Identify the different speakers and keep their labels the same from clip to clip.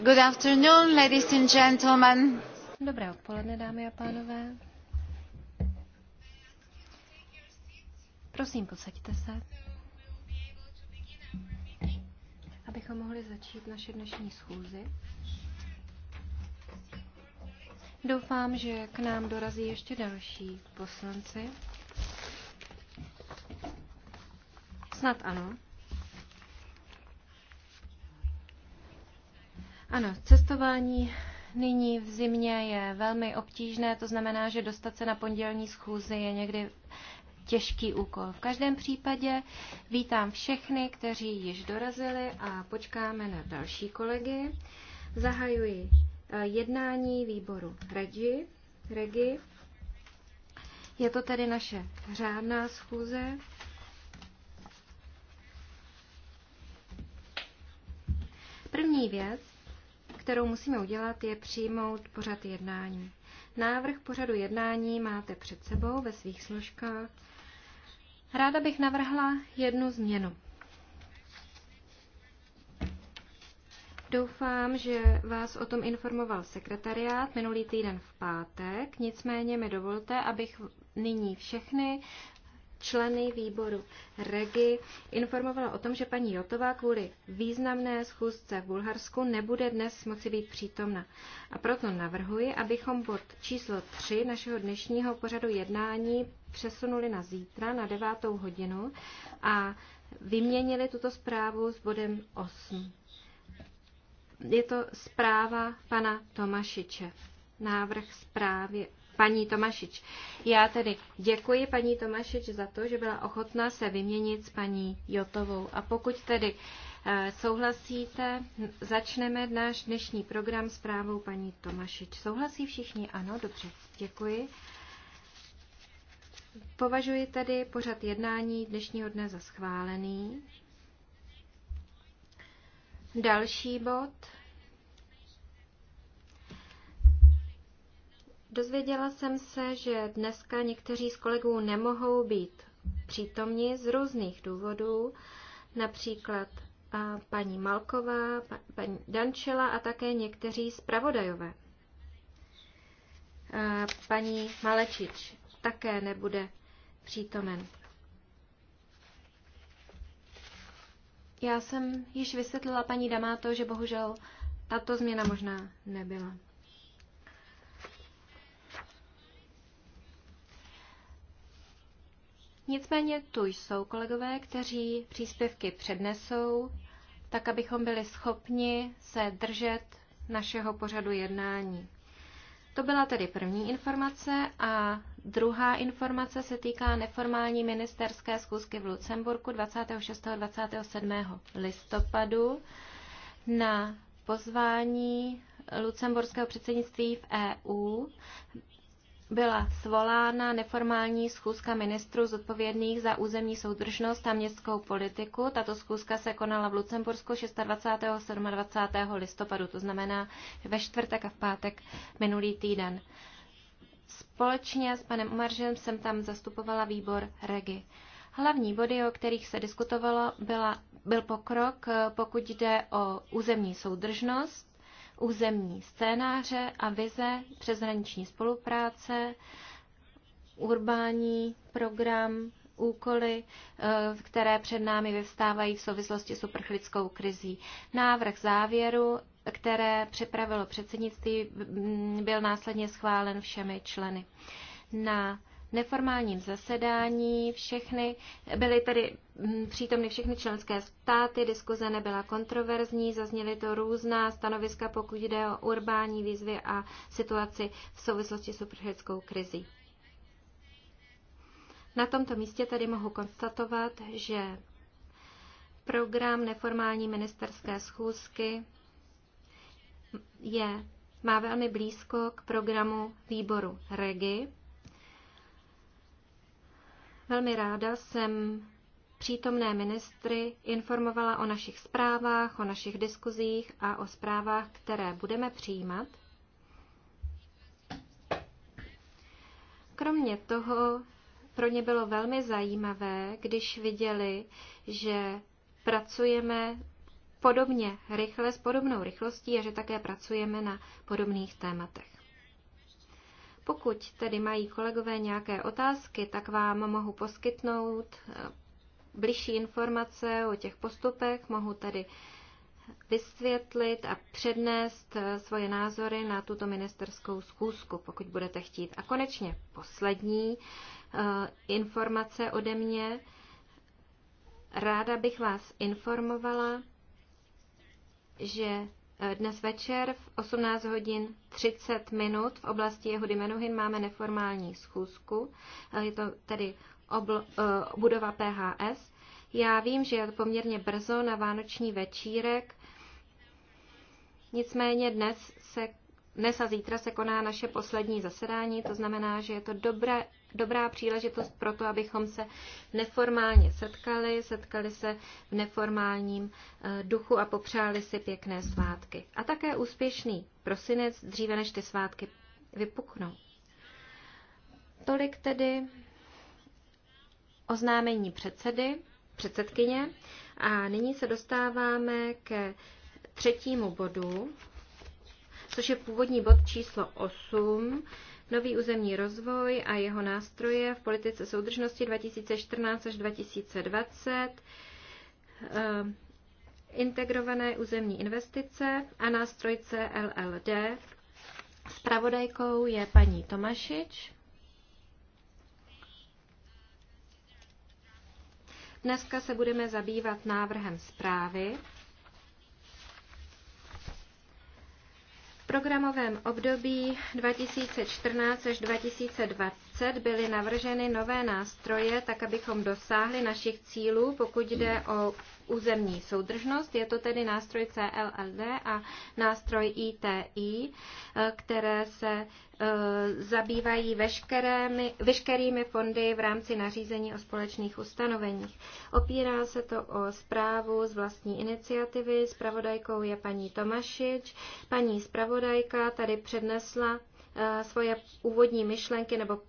Speaker 1: Good afternoon, ladies and gentlemen. Dobré odpoledne, dámy a pánové. Prosím, posaďte se, abychom mohli začít naše dnešní schůzi. Doufám, že k nám dorazí ještě další poslanci. Snad ano. Ano, cestování nyní v zimě je velmi obtížné, to znamená, že dostat se na pondělní schůzi je někdy těžký úkol. V každém případě vítám všechny, kteří již dorazili a počkáme na další kolegy. Zahajuji eh, jednání výboru Regi. Regi. Je to tedy naše řádná schůze. První věc, kterou musíme udělat, je přijmout pořad jednání. Návrh pořadu jednání máte před sebou ve svých složkách. Ráda bych navrhla jednu změnu. Doufám, že vás o tom informoval sekretariát minulý týden v pátek, nicméně mi dovolte, abych nyní všechny členy výboru REGI informovala o tom, že paní Jotová kvůli významné schůzce v Bulharsku nebude dnes moci být přítomna. A proto navrhuji, abychom bod číslo 3 našeho dnešního pořadu jednání přesunuli na zítra na 9. hodinu a vyměnili tuto zprávu s bodem 8. Je to zpráva pana Tomašiče. Návrh zprávy paní Tomašič. Já tedy děkuji paní Tomašič za to, že byla ochotná se vyměnit s paní Jotovou. A pokud tedy eh, souhlasíte, začneme náš dnešní program s právou paní Tomašič. Souhlasí všichni? Ano, dobře, děkuji. Považuji tedy pořad jednání dnešního dne za schválený. Další bod Dozvěděla jsem se, že dneska někteří z kolegů nemohou být přítomni z různých důvodů, například paní Malková, paní Dančela a také někteří zpravodajové. Paní Malečič také nebude přítomen. Já jsem již vysvětlila paní Damáto, že bohužel tato změna možná nebyla. Nicméně tu jsou kolegové, kteří příspěvky přednesou, tak abychom byli schopni se držet našeho pořadu jednání. To byla tedy první informace a druhá informace se týká neformální ministerské schůzky v Lucemburku 26. a 27. listopadu na pozvání lucemburského předsednictví v EU byla svolána neformální schůzka ministrů zodpovědných za územní soudržnost a městskou politiku. Tato schůzka se konala v Lucembursku 26. a 27. listopadu, to znamená ve čtvrtek a v pátek minulý týden. Společně s panem Umaržem jsem tam zastupovala výbor REGI. Hlavní body, o kterých se diskutovalo, byla, byl pokrok, pokud jde o územní soudržnost, územní scénáře a vize přeshraniční spolupráce, urbání program, úkoly, eh, které před námi vyvstávají v souvislosti s uprchlickou krizí. Návrh závěru, které připravilo předsednictví, byl následně schválen všemi členy. Na neformálním zasedání všechny, byly tady mm, přítomny všechny členské státy, diskuze nebyla kontroverzní, zazněly to různá stanoviska, pokud jde o urbání výzvy a situaci v souvislosti s uprchlickou krizí. Na tomto místě tady mohu konstatovat, že program neformální ministerské schůzky je, má velmi blízko k programu výboru REGI, Velmi ráda jsem přítomné ministry informovala o našich zprávách, o našich diskuzích a o zprávách, které budeme přijímat. Kromě toho pro ně bylo velmi zajímavé, když viděli, že pracujeme podobně rychle, s podobnou rychlostí a že také pracujeme na podobných tématech. Pokud tedy mají kolegové nějaké otázky, tak vám mohu poskytnout eh, bližší informace o těch postupech, mohu tedy vysvětlit a přednést eh, svoje názory na tuto ministerskou schůzku, pokud budete chtít. A konečně poslední eh, informace ode mě. Ráda bych vás informovala, že dnes večer v 18 hodin 30 minut v oblasti Jehudy Menuhin máme neformální schůzku. Je to tedy obl, eh, budova PHS. Já vím, že je to poměrně brzo na vánoční večírek, nicméně dnes se dnes a zítra se koná naše poslední zasedání, to znamená, že je to dobré, dobrá příležitost pro to, abychom se neformálně setkali, setkali se v neformálním eh, duchu a popřáli si pěkné svátky. A také úspěšný prosinec, dříve než ty svátky vypuknou. Tolik tedy oznámení předsedy, předsedkyně. A nyní se dostáváme ke třetímu bodu, což je původní bod číslo 8, nový územní rozvoj a jeho nástroje v politice soudržnosti 2014 až 2020, eh, integrované územní investice a nástroj CLLD. Spravodajkou je paní Tomašič. Dneska se budeme zabývat návrhem zprávy. programovém období 2014 až 2020 2020 byly navrženy nové nástroje, tak abychom dosáhli našich cílů, pokud jde o územní soudržnost. Je to tedy nástroj CLLD a nástroj ITI, které se e, zabývají veškerými, veškerými fondy v rámci nařízení o společných ustanoveních. Opírá se to o zprávu z vlastní iniciativy. Spravodajkou je paní Tomašič. Paní spravodajka tady přednesla Eh, svoje úvodní myšlenky nebo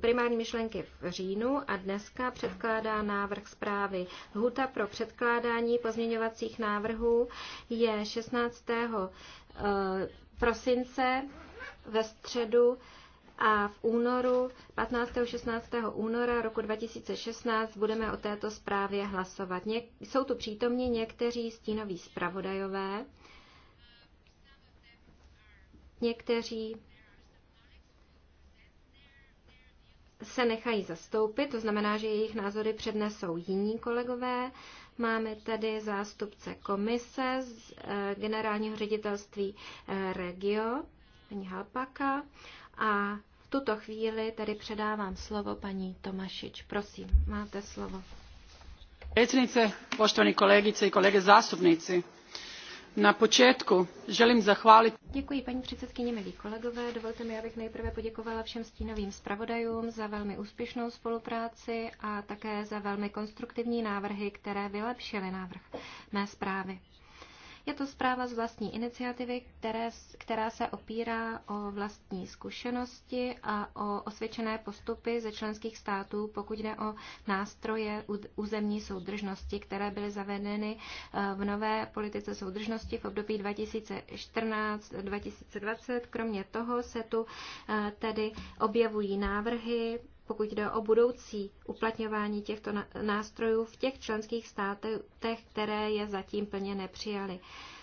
Speaker 1: primární myšlenky v říjnu a dneska předkládá návrh zprávy. Lhuta pro předkládání pozměňovacích návrhů je 16. Eh, prosince ve středu a v únoru, 15. 16. února roku 2016, budeme o této zprávě hlasovat. Něk- jsou tu přítomni někteří stínoví zpravodajové, někteří se nechají zastoupit, to znamená, že jejich názory přednesou jiní kolegové. Máme tady zástupce komise z eh, generálního ředitelství eh, Regio, paní Halpaka, a v tuto chvíli tady předávám slovo paní Tomašič. Prosím, máte slovo.
Speaker 2: Předsednice, poštovani kolegice i kolege zástupníci,
Speaker 1: na počátku želím zachválit. Děkuji paní předsedkyně, milí kolegové. Dovolte mi, abych nejprve poděkovala všem stínovým zpravodajům za velmi úspěšnou spolupráci a také za velmi konstruktivní návrhy, které vylepšily návrh mé zprávy. Je to zpráva z vlastní iniciativy, které, která se opírá o vlastní zkušenosti a o osvědčené postupy ze členských států, pokud jde o nástroje územní soudržnosti, které byly zavedeny eh, v nové politice soudržnosti v období 2014-2020. Kromě toho se tu eh, tedy objevují návrhy pokud jde o budoucí uplatňování těchto nástrojů v těch členských státech, které je zatím plně nepřijaly.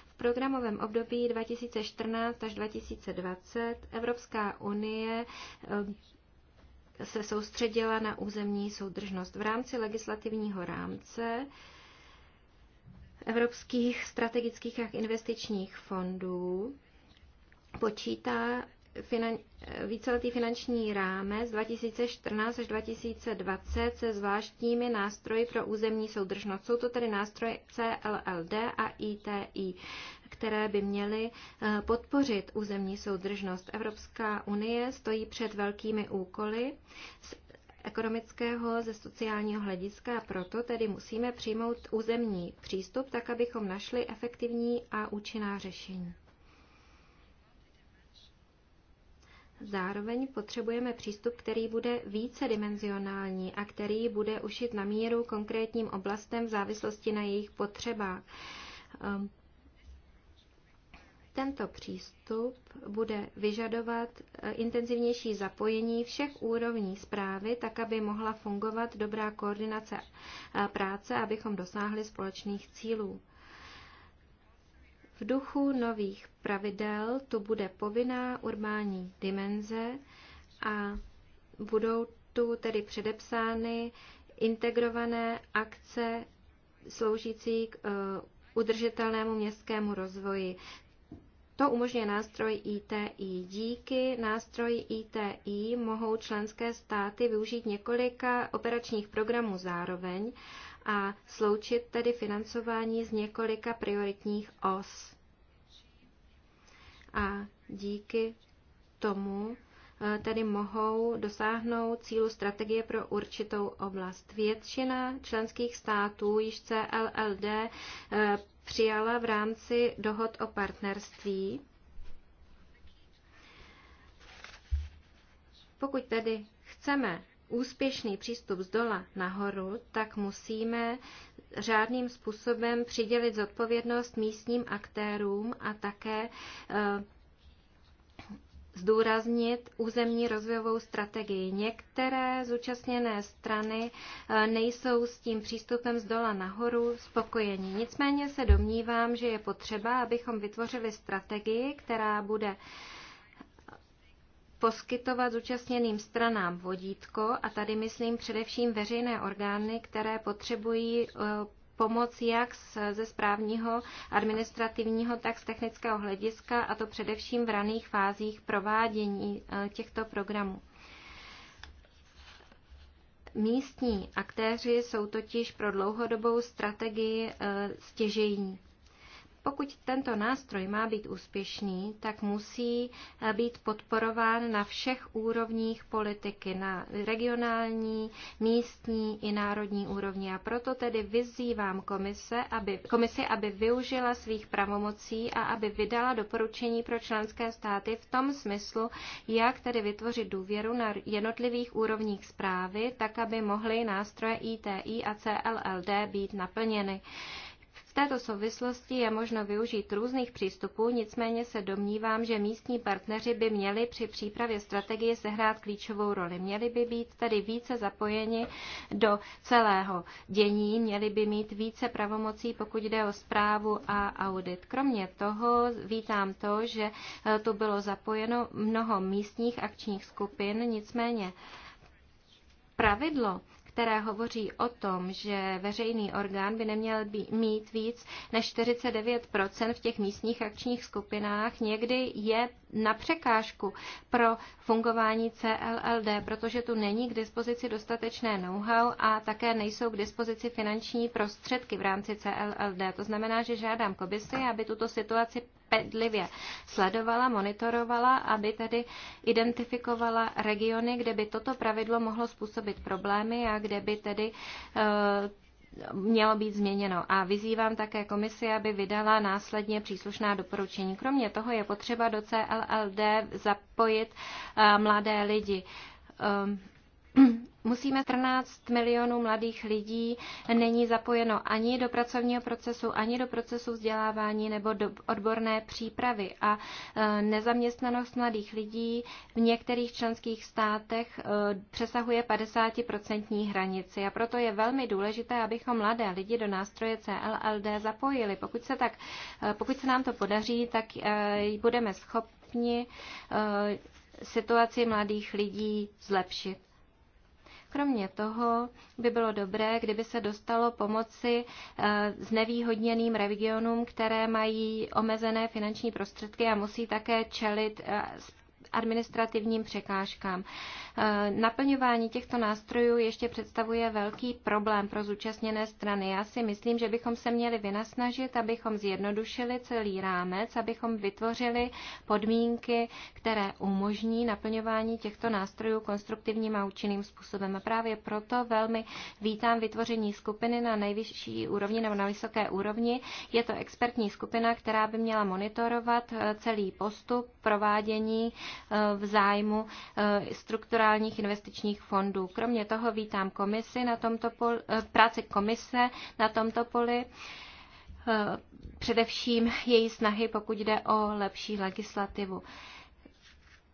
Speaker 1: V programovém období 2014 až 2020 Evropská unie eh, se soustředila na územní soudržnost. V rámci legislativního rámce evropských strategických a investičních fondů počítá finan, víceletý finanční rámec 2014 až 2020 se zvláštními nástroji pro územní soudržnost. Jsou to tedy nástroje CLLD a ITI, které by měly eh, podpořit územní soudržnost. Evropská unie stojí před velkými úkoly z ekonomického, ze sociálního hlediska a proto tedy musíme přijmout územní přístup, tak abychom našli efektivní a účinná řešení. Zároveň potřebujeme přístup, který bude více dimenzionální a který bude ušit na míru konkrétním oblastem v závislosti na jejich potřebách. Ehm, tento přístup bude vyžadovat e, intenzivnější zapojení všech úrovní zprávy, tak aby mohla fungovat dobrá koordinace e, práce, abychom dosáhli společných cílů. V duchu nových pravidel tu bude povinná urbání dimenze a budou tu tedy předepsány integrované akce sloužící k e, udržitelnému městskému rozvoji. To umožňuje nástroj ITI. Díky nástroji ITI mohou členské státy využít několika operačních programů zároveň a sloučit tedy financování z několika prioritních os. A díky tomu eh, tedy mohou dosáhnout cílu strategie pro určitou oblast. Většina členských států již CLLD eh, přijala v rámci dohod o partnerství. Pokud tedy chceme úspěšný přístup z dola nahoru, tak musíme řádným způsobem přidělit zodpovědnost místním aktérům a také eh, zdůraznit územní rozvojovou strategii. Některé zúčastněné strany eh, nejsou s tím přístupem z dola nahoru spokojeni. Nicméně se domnívám, že je potřeba, abychom vytvořili strategii, která bude poskytovat zúčastněným stranám vodítko a tady myslím především veřejné orgány, které potřebují eh, pomoc jak ze správního, administrativního, tak z technického hlediska, a to především v raných fázích provádění eh, těchto programů. Místní aktéři jsou totiž pro dlouhodobou strategii eh, stěžejní. Pokud tento nástroj má být úspěšný, tak musí eh, být podporován na všech úrovních politiky, na regionální, místní i národní úrovni. A proto tedy vyzývám komise, aby, komisi, aby využila svých pravomocí a aby vydala doporučení pro členské státy v tom smyslu, jak tedy vytvořit důvěru na jednotlivých úrovních zprávy, tak aby mohly nástroje ITI a CLLD být naplněny této souvislosti je možno využít různých přístupů, nicméně se domnívám, že místní partneři by měli při přípravě strategie sehrát klíčovou roli. Měli by být tedy více zapojeni do celého dění, měli by mít více pravomocí, pokud jde o zprávu a audit. Kromě toho vítám to, že eh, tu bylo zapojeno mnoho místních akčních skupin, nicméně pravidlo, které hovoří o tom, že veřejný orgán by neměl být, mít víc než 49 v těch místních akčních skupinách, někdy je na překážku pro fungování CLLD, protože tu není k dispozici dostatečné know-how a také nejsou k dispozici finanční prostředky v rámci CLLD. To znamená, že žádám komisi, aby tuto situaci bedlivě sledovala, monitorovala, aby tedy identifikovala regiony, kde by toto pravidlo mohlo způsobit problémy a kde by tedy eh, mělo být změněno. A vyzývám také komisi, aby vydala následně příslušná doporučení. Kromě toho je potřeba do CLLD zapojit eh, mladé lidi ehm, Musíme 14 milionů mladých lidí není zapojeno ani do pracovního procesu, ani do procesu vzdělávání nebo do odborné přípravy. A e, nezaměstnanost mladých lidí v některých členských státech e, přesahuje 50% hranici. A proto je velmi důležité, abychom mladé lidi do nástroje CLLD zapojili. Pokud se, tak, e, pokud se nám to podaří, tak budeme schopni situaci mladých lidí zlepšit. Kromě toho by bylo dobré, kdyby se dostalo pomoci eh, znevýhodněným regionům, které mají omezené finanční prostředky a musí také čelit s eh, administrativním překážkám. Eh, naplňování těchto nástrojů ještě představuje velký problém pro zúčastněné strany. Já si myslím, že bychom se měli vynasnažit, abychom zjednodušili celý rámec, abychom vytvořili podmínky, které umožní naplňování těchto nástrojů konstruktivním a účinným způsobem. A právě proto velmi vítám vytvoření skupiny na nejvyšší úrovni nebo na vysoké úrovni. Je to expertní skupina, která by měla monitorovat eh, celý postup provádění v zájmu eh, strukturálních investičních fondů. Kromě toho vítám komisi na tomto poli, eh, práci komise na tomto poli eh, především její snahy, pokud jde o lepší legislativu.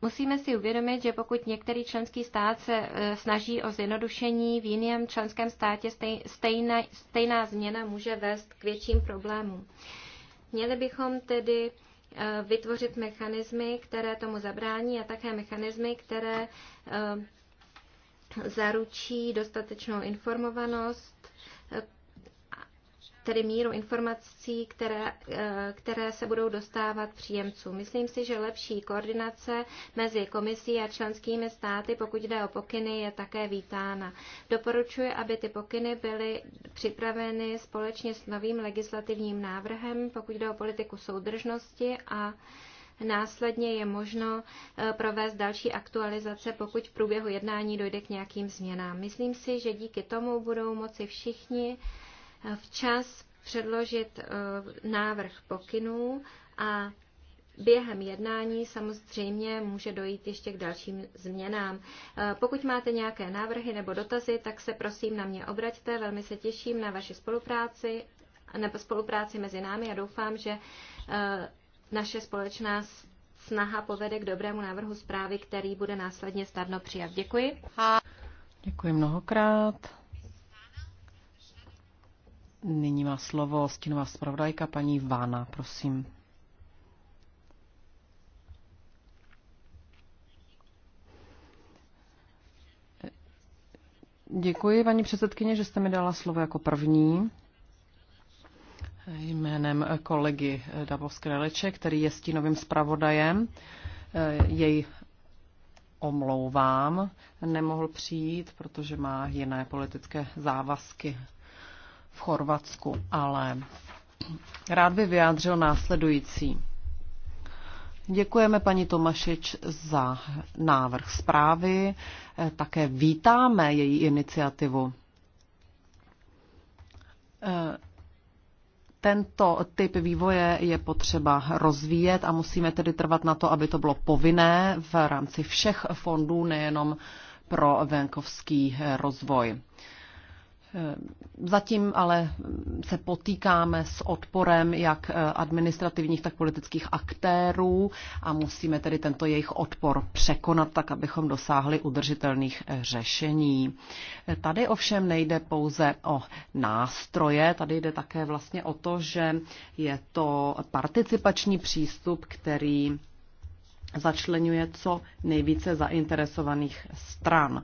Speaker 1: Musíme si uvědomit, že pokud některý členský stát se snaží o zjednodušení, v jiném členském státě stejná, stejná změna může vést k větším problémům. Měli bychom tedy Eh, vytvořit mechanismy, které tomu zabrání a také mechanismy, které eh, zaručí dostatečnou informovanost tedy míru informací, které, eh, které se budou dostávat příjemcům. Myslím si, že lepší koordinace mezi komisí a členskými státy, pokud jde o pokyny, je také vítána. Doporučuji, aby ty pokyny byly připraveny společně s novým legislativním návrhem, pokud jde o politiku soudržnosti a Následně je možno eh, provést další aktualizace, pokud v průběhu jednání dojde k nějakým změnám. Myslím si, že díky tomu budou moci všichni včas předložit eh, návrh pokynů a Během jednání samozřejmě může dojít ještě k dalším změnám. Eh, pokud máte nějaké návrhy nebo dotazy, tak se prosím na mě obraťte. Velmi se těším na vaši spolupráci nebo spolupráci mezi námi a doufám, že eh, naše společná snaha povede k dobrému návrhu zprávy, který bude následně snadno přijat. Děkuji.
Speaker 2: Děkuji mnohokrát. Nyní má slovo stínová zpravodajka paní Vána, prosím. Děkuji, paní předsedkyně, že jste mi dala slovo jako první. Jménem kolegy Davos Kreleče, který je stínovým zpravodajem, jej omlouvám, nemohl přijít, protože má jiné politické závazky v Chorvatsku, ale rád by vyjádřil následující. Děkujeme paní Tomašič za návrh zprávy. Eh, také vítáme její iniciativu. Eh, tento typ vývoje je potřeba rozvíjet a musíme tedy trvat na to, aby to bylo povinné v rámci všech fondů, nejenom pro venkovský rozvoj. Eh, zatím ale se potýkáme s odporem jak eh, administrativních, tak politických aktérů a musíme tedy tento jejich odpor překonat tak, abychom dosáhli udržitelných eh, řešení. Tady ovšem nejde pouze o nástroje, tady jde také vlastně o to, že je to participační přístup, který začlenuje co nejvíce zainteresovaných stran.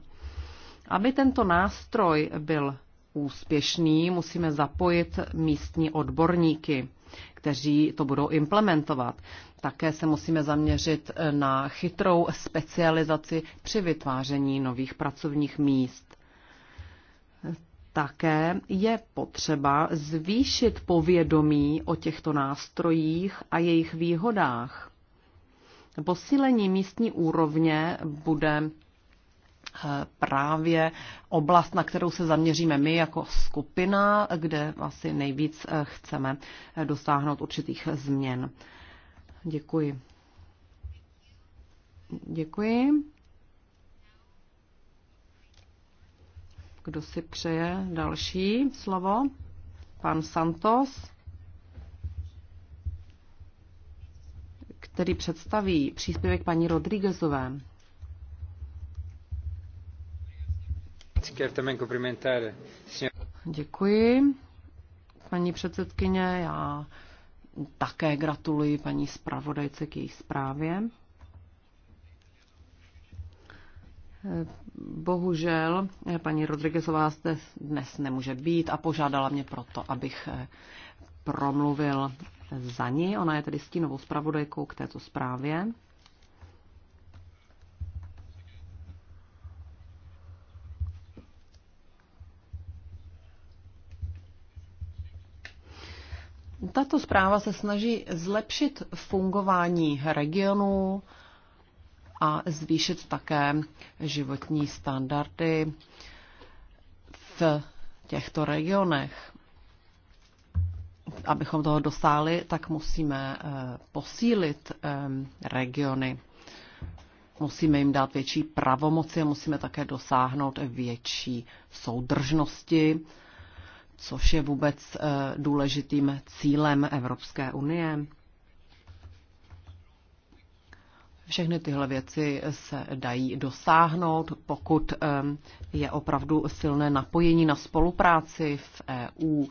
Speaker 2: Aby tento nástroj byl úspěšný, musíme zapojit místní odborníky, kteří to budou implementovat. Také se musíme zaměřit na chytrou specializaci při vytváření nových pracovních míst. Také je potřeba zvýšit povědomí o těchto nástrojích a jejich výhodách. Posílení místní úrovně bude právě oblast, na kterou se zaměříme my jako skupina, kde asi nejvíc eh, chceme eh, dosáhnout určitých změn. Děkuji. Děkuji. Kdo si přeje další slovo? Pan Santos, který představí příspěvek paní Rodriguezové. Děkuji. Paní předsedkyně, já také gratuluji paní zpravodajce k její zprávě. Bohužel paní Rodriguezová zde dnes nemůže být a požádala mě proto, abych promluvil za ní. Ona je tedy stínovou zpravodajkou k této zprávě. Tato zpráva se snaží zlepšit fungování regionu a zvýšit také životní standardy v těchto regionech. Abychom toho dosáhli, tak musíme eh, posílit ehm, regiony. Musíme jim dát větší pravomoci a musíme také dosáhnout větší soudržnosti což je vůbec eh, důležitým cílem Evropské unie. Všechny tyhle věci se dají dosáhnout, pokud eh, je opravdu silné napojení na spolupráci v EU.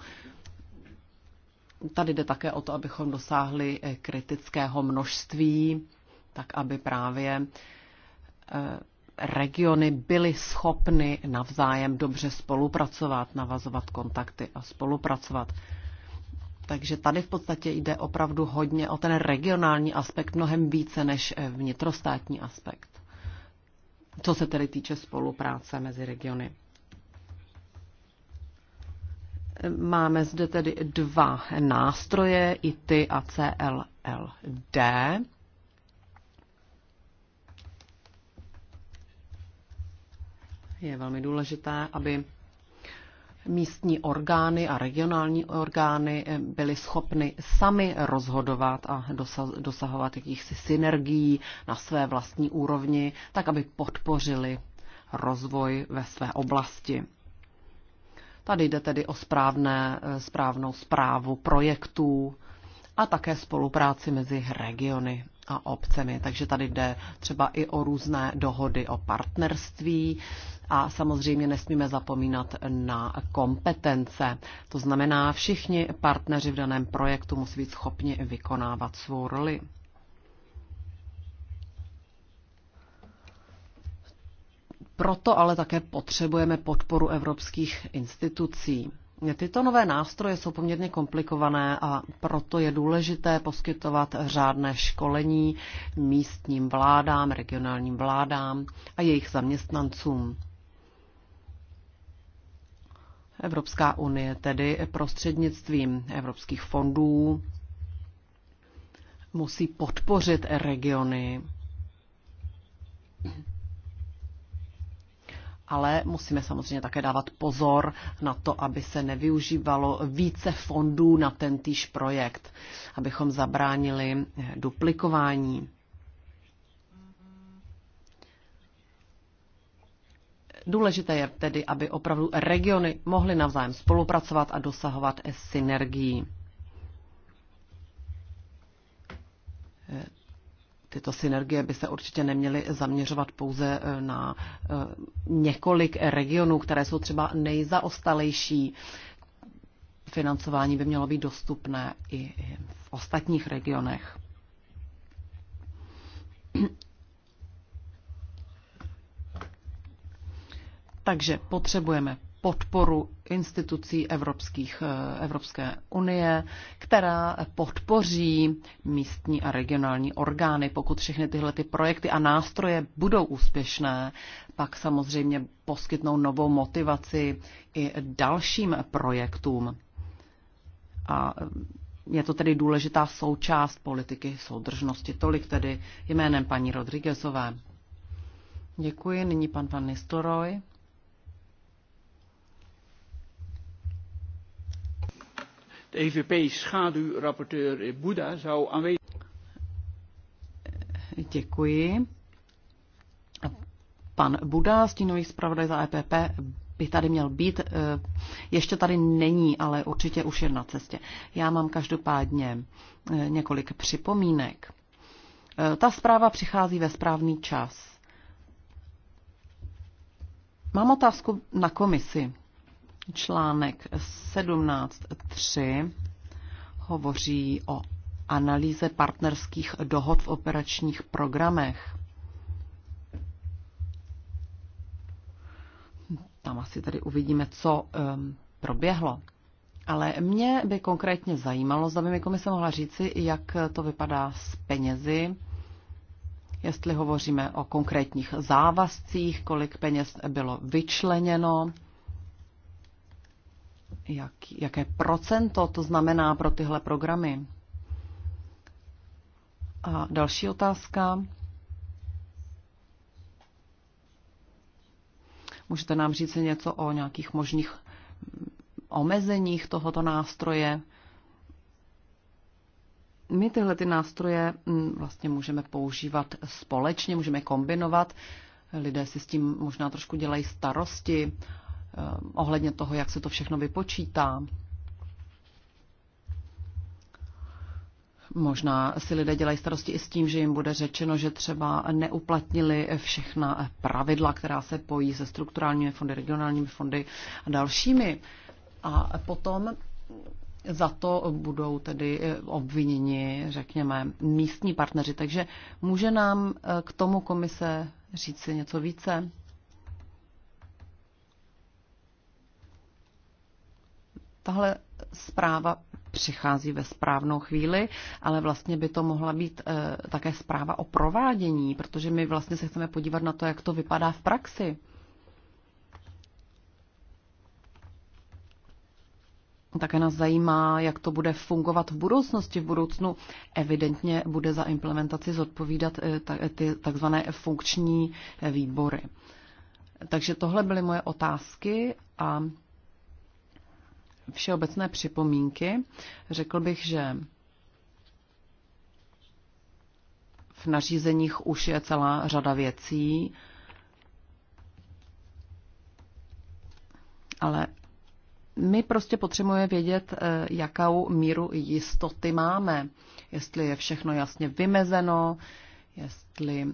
Speaker 2: Tady jde také o to, abychom dosáhli eh, kritického množství, tak aby právě regiony byly schopny navzájem dobře spolupracovat, navazovat kontakty a spolupracovat. Takže tady v podstatě jde opravdu hodně o ten regionální aspekt mnohem více než eh, vnitrostátní aspekt, co se tedy týče spolupráce mezi regiony. Máme zde tedy dva nástroje, IT a CLLD. je velmi důležité, aby místní orgány a regionální orgány eh, byly schopny sami rozhodovat a dosahovat jakýchsi synergií na své vlastní úrovni, tak aby podpořili rozvoj ve své oblasti. Tady jde tedy o správné, eh, správnou zprávu projektů a také spolupráci mezi regiony a obcemi. Takže tady jde třeba i o různé dohody o partnerství a samozřejmě nesmíme zapomínat na kompetence. To znamená, všichni partneři v daném projektu musí být schopni vykonávat svou roli. Proto ale také potřebujeme podporu evropských institucí. Tyto nové nástroje jsou poměrně komplikované a proto je důležité poskytovat řádné školení místním vládám, regionálním vládám a jejich zaměstnancům. Evropská unie tedy prostřednictvím evropských fondů musí podpořit regiony ale musíme samozřejmě také dávat pozor na to, aby se nevyužívalo více fondů na ten týž projekt, abychom zabránili eh, duplikování. Důležité je tedy, aby opravdu regiony mohly navzájem spolupracovat a dosahovat synergií. tyto synergie by se určitě neměly zaměřovat pouze eh, na eh, několik regionů, které jsou třeba nejzaostalejší. Financování by mělo být dostupné i v ostatních regionech. Takže potřebujeme podporu institucí Evropských, Evropské unie, která podpoří místní a regionální orgány. Pokud všechny tyhle ty projekty a nástroje budou úspěšné, pak samozřejmě poskytnou novou motivaci i dalším projektům. A je to tedy důležitá součást politiky soudržnosti. Tolik tedy jménem paní Rodriguezové. Děkuji. Nyní pan Van Nistelrooy.
Speaker 3: EVP-schaduwrapporteur Buda zou
Speaker 2: aanwezig Děkuji. Pan Buda, stínový zpravodaj za EPP, by tady měl být. Eh, ještě tady není, ale určitě už je na cestě. Já mám každopádně eh, několik připomínek. Eh, ta zpráva přichází ve správný čas. Mám otázku na komisi. Článek 17.3 hovoří o analýze partnerských dohod v operačních programech. Tam asi tady uvidíme, co um, proběhlo. Ale mě by konkrétně zajímalo, zda by mi komise mohla říci, jak to vypadá s penězi, jestli hovoříme o konkrétních závazcích, kolik peněz bylo vyčleněno jak, jaké procento to znamená pro tyhle programy. A další otázka. Můžete nám říct něco o nějakých možných omezeních tohoto nástroje? My tyhle ty nástroje mm, vlastně můžeme používat společně, můžeme kombinovat. Lidé si s tím možná trošku dělají starosti Eh, ohledně toho, jak se to všechno vypočítá. Možná si lidé dělají starosti i s tím, že jim bude řečeno, že třeba neuplatnili všechna pravidla, která se pojí se strukturálními fondy, regionálními fondy a dalšími. A potom za to budou tedy eh, obviněni, řekněme, místní partneři. Takže může nám eh, k tomu komise říct si něco více? tahle zpráva přichází ve správnou chvíli, ale vlastně by to mohla být e, také zpráva o provádění, protože my vlastně se chceme podívat na to, jak to vypadá v praxi. Také nás zajímá, jak to bude fungovat v budoucnosti. V budoucnu evidentně bude za implementaci zodpovídat eh, ty takzvané funkční eh, výbory. Takže tohle byly moje otázky a všeobecné připomínky. Řekl bych, že v nařízeních už je celá řada věcí, ale my prostě potřebujeme vědět, eh, jakou míru jistoty máme, jestli je všechno jasně vymezeno, jestli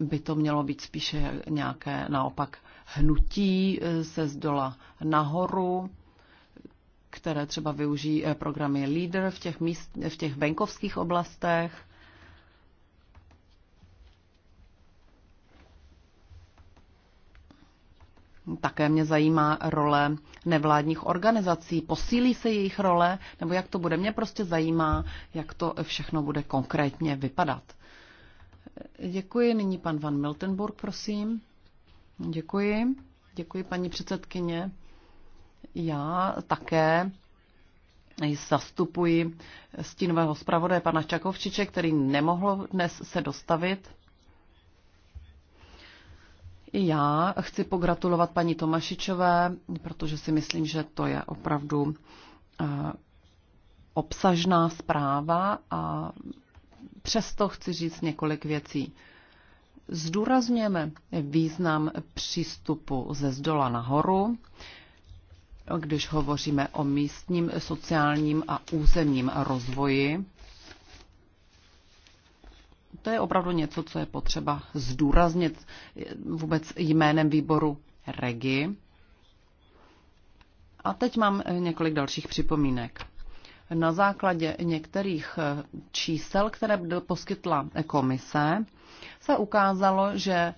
Speaker 2: by to mělo být spíše nějaké naopak hnutí se eh, z dola nahoru, které třeba využijí eh, programy LEADER v těch, míst, v těch venkovských oblastech. Také mě zajímá role nevládních organizací. Posílí se jejich role, nebo jak to bude? Mě prostě zajímá, jak to všechno bude konkrétně vypadat. Děkuji. Nyní pan Van Miltenburg, prosím. Děkuji. Děkuji, paní předsedkyně. Já také zastupuji stínového zpravodaje pana Čakovčiče, který nemohl dnes se dostavit. I já chci pogratulovat paní Tomašičové, protože si myslím, že to je opravdu eh, obsažná zpráva a přesto chci říct několik věcí zdůrazněme význam přístupu ze zdola nahoru, když hovoříme o místním, sociálním a územním rozvoji. To je opravdu něco, co je potřeba zdůraznit vůbec jménem výboru REGI. A teď mám několik dalších připomínek. Na základě některých čísel, které poskytla komise, se ukázalo, že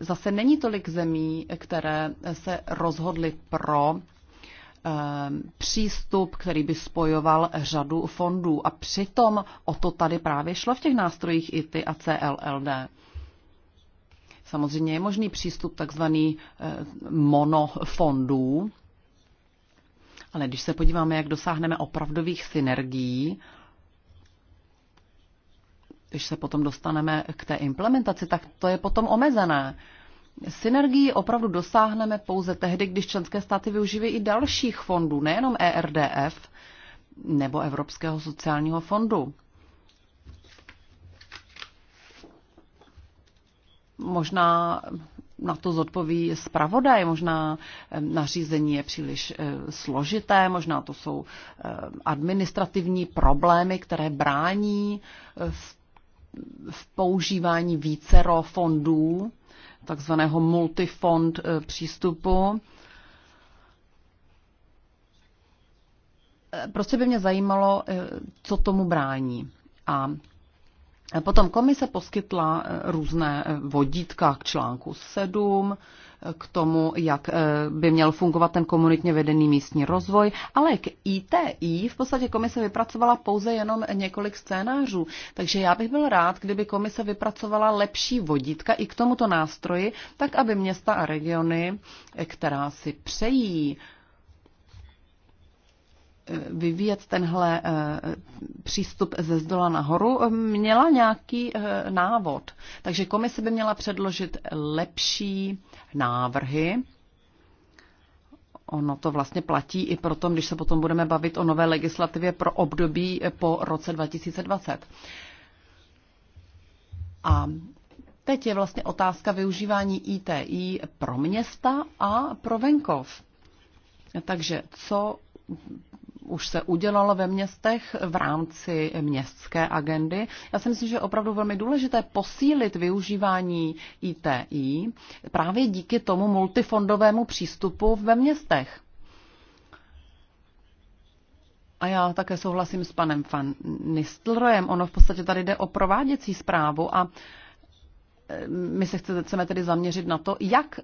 Speaker 2: zase není tolik zemí, které se rozhodly pro ehm, přístup, který by spojoval řadu fondů. A přitom o to tady právě šlo v těch nástrojích iti a CLLD. Samozřejmě je možný přístup takzvaný eh, monofondů, ale když se podíváme, jak dosáhneme opravdových synergií, když se potom dostaneme k té implementaci, tak to je potom omezené. Synergii opravdu dosáhneme pouze tehdy, když členské státy využijí i dalších fondů, nejenom ERDF nebo Evropského sociálního fondu. Možná na to zodpoví zpravodaj, možná eh, nařízení je příliš eh, složité, možná to jsou eh, administrativní problémy, které brání v v používání vícero fondů, takzvaného multifond eh, přístupu. Eh, prostě by mě zajímalo, eh, co tomu brání. A potom komise poskytla různé vodítka k článku 7, k tomu, jak eh, by měl fungovat ten komunitně vedený místní rozvoj, ale k ITI v podstatě komise vypracovala pouze jenom několik scénářů. Takže já bych byl rád, kdyby komise vypracovala lepší vodítka i k tomuto nástroji, tak aby města a regiony, eh, která si přejí vyvíjet tenhle eh, přístup ze zdola nahoru, eh, měla nějaký eh, návod. Takže komise by měla předložit lepší návrhy. Ono to vlastně platí i pro tom, když se potom budeme bavit o nové legislativě pro období po roce 2020. A teď je vlastně otázka využívání ITI pro města a pro venkov. Takže co už se udělalo ve městech v rámci městské agendy. Já si myslím, že je opravdu velmi důležité posílit využívání ITI právě díky tomu multifondovému přístupu ve městech. A já také souhlasím s panem Van Nistelrojem. Ono v podstatě tady jde o prováděcí zprávu a eh, my se chceme tedy zaměřit na to, jak eh,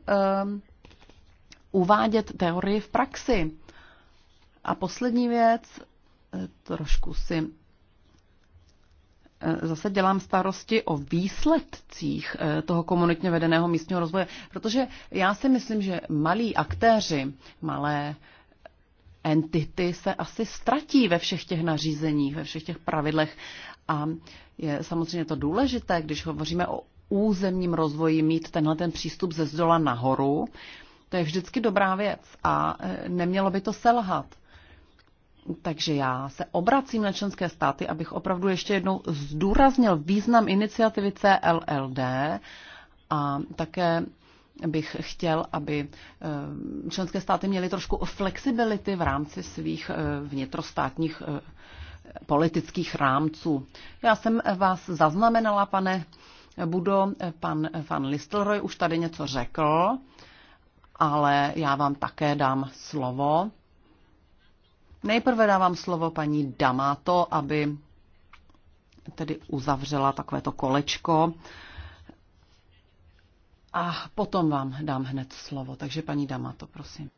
Speaker 2: uvádět teorie v praxi. A poslední věc, eh, trošku si eh, zase dělám starosti o výsledcích eh, toho komunitně vedeného místního rozvoje, protože já si myslím, že malí aktéři, malé entity se asi ztratí ve všech těch nařízeních, ve všech těch pravidlech a je samozřejmě to důležité, když hovoříme o územním rozvoji, mít tenhle ten přístup ze zdola nahoru, to je vždycky dobrá věc a nemělo by to selhat. Takže já se obracím na členské státy, abych opravdu ještě jednou zdůraznil význam iniciativy CLLD a také bych chtěl, aby eh, členské státy měly trošku flexibility v rámci svých eh, vnitrostátních eh, politických rámců. Já jsem vás zaznamenala, pane Budo, pan, pan Listelroy už tady něco řekl, ale já vám také dám slovo Nejprve dávám slovo paní Damato, aby tedy uzavřela takovéto kolečko. A potom vám dám hned slovo. Takže paní Damato, prosím.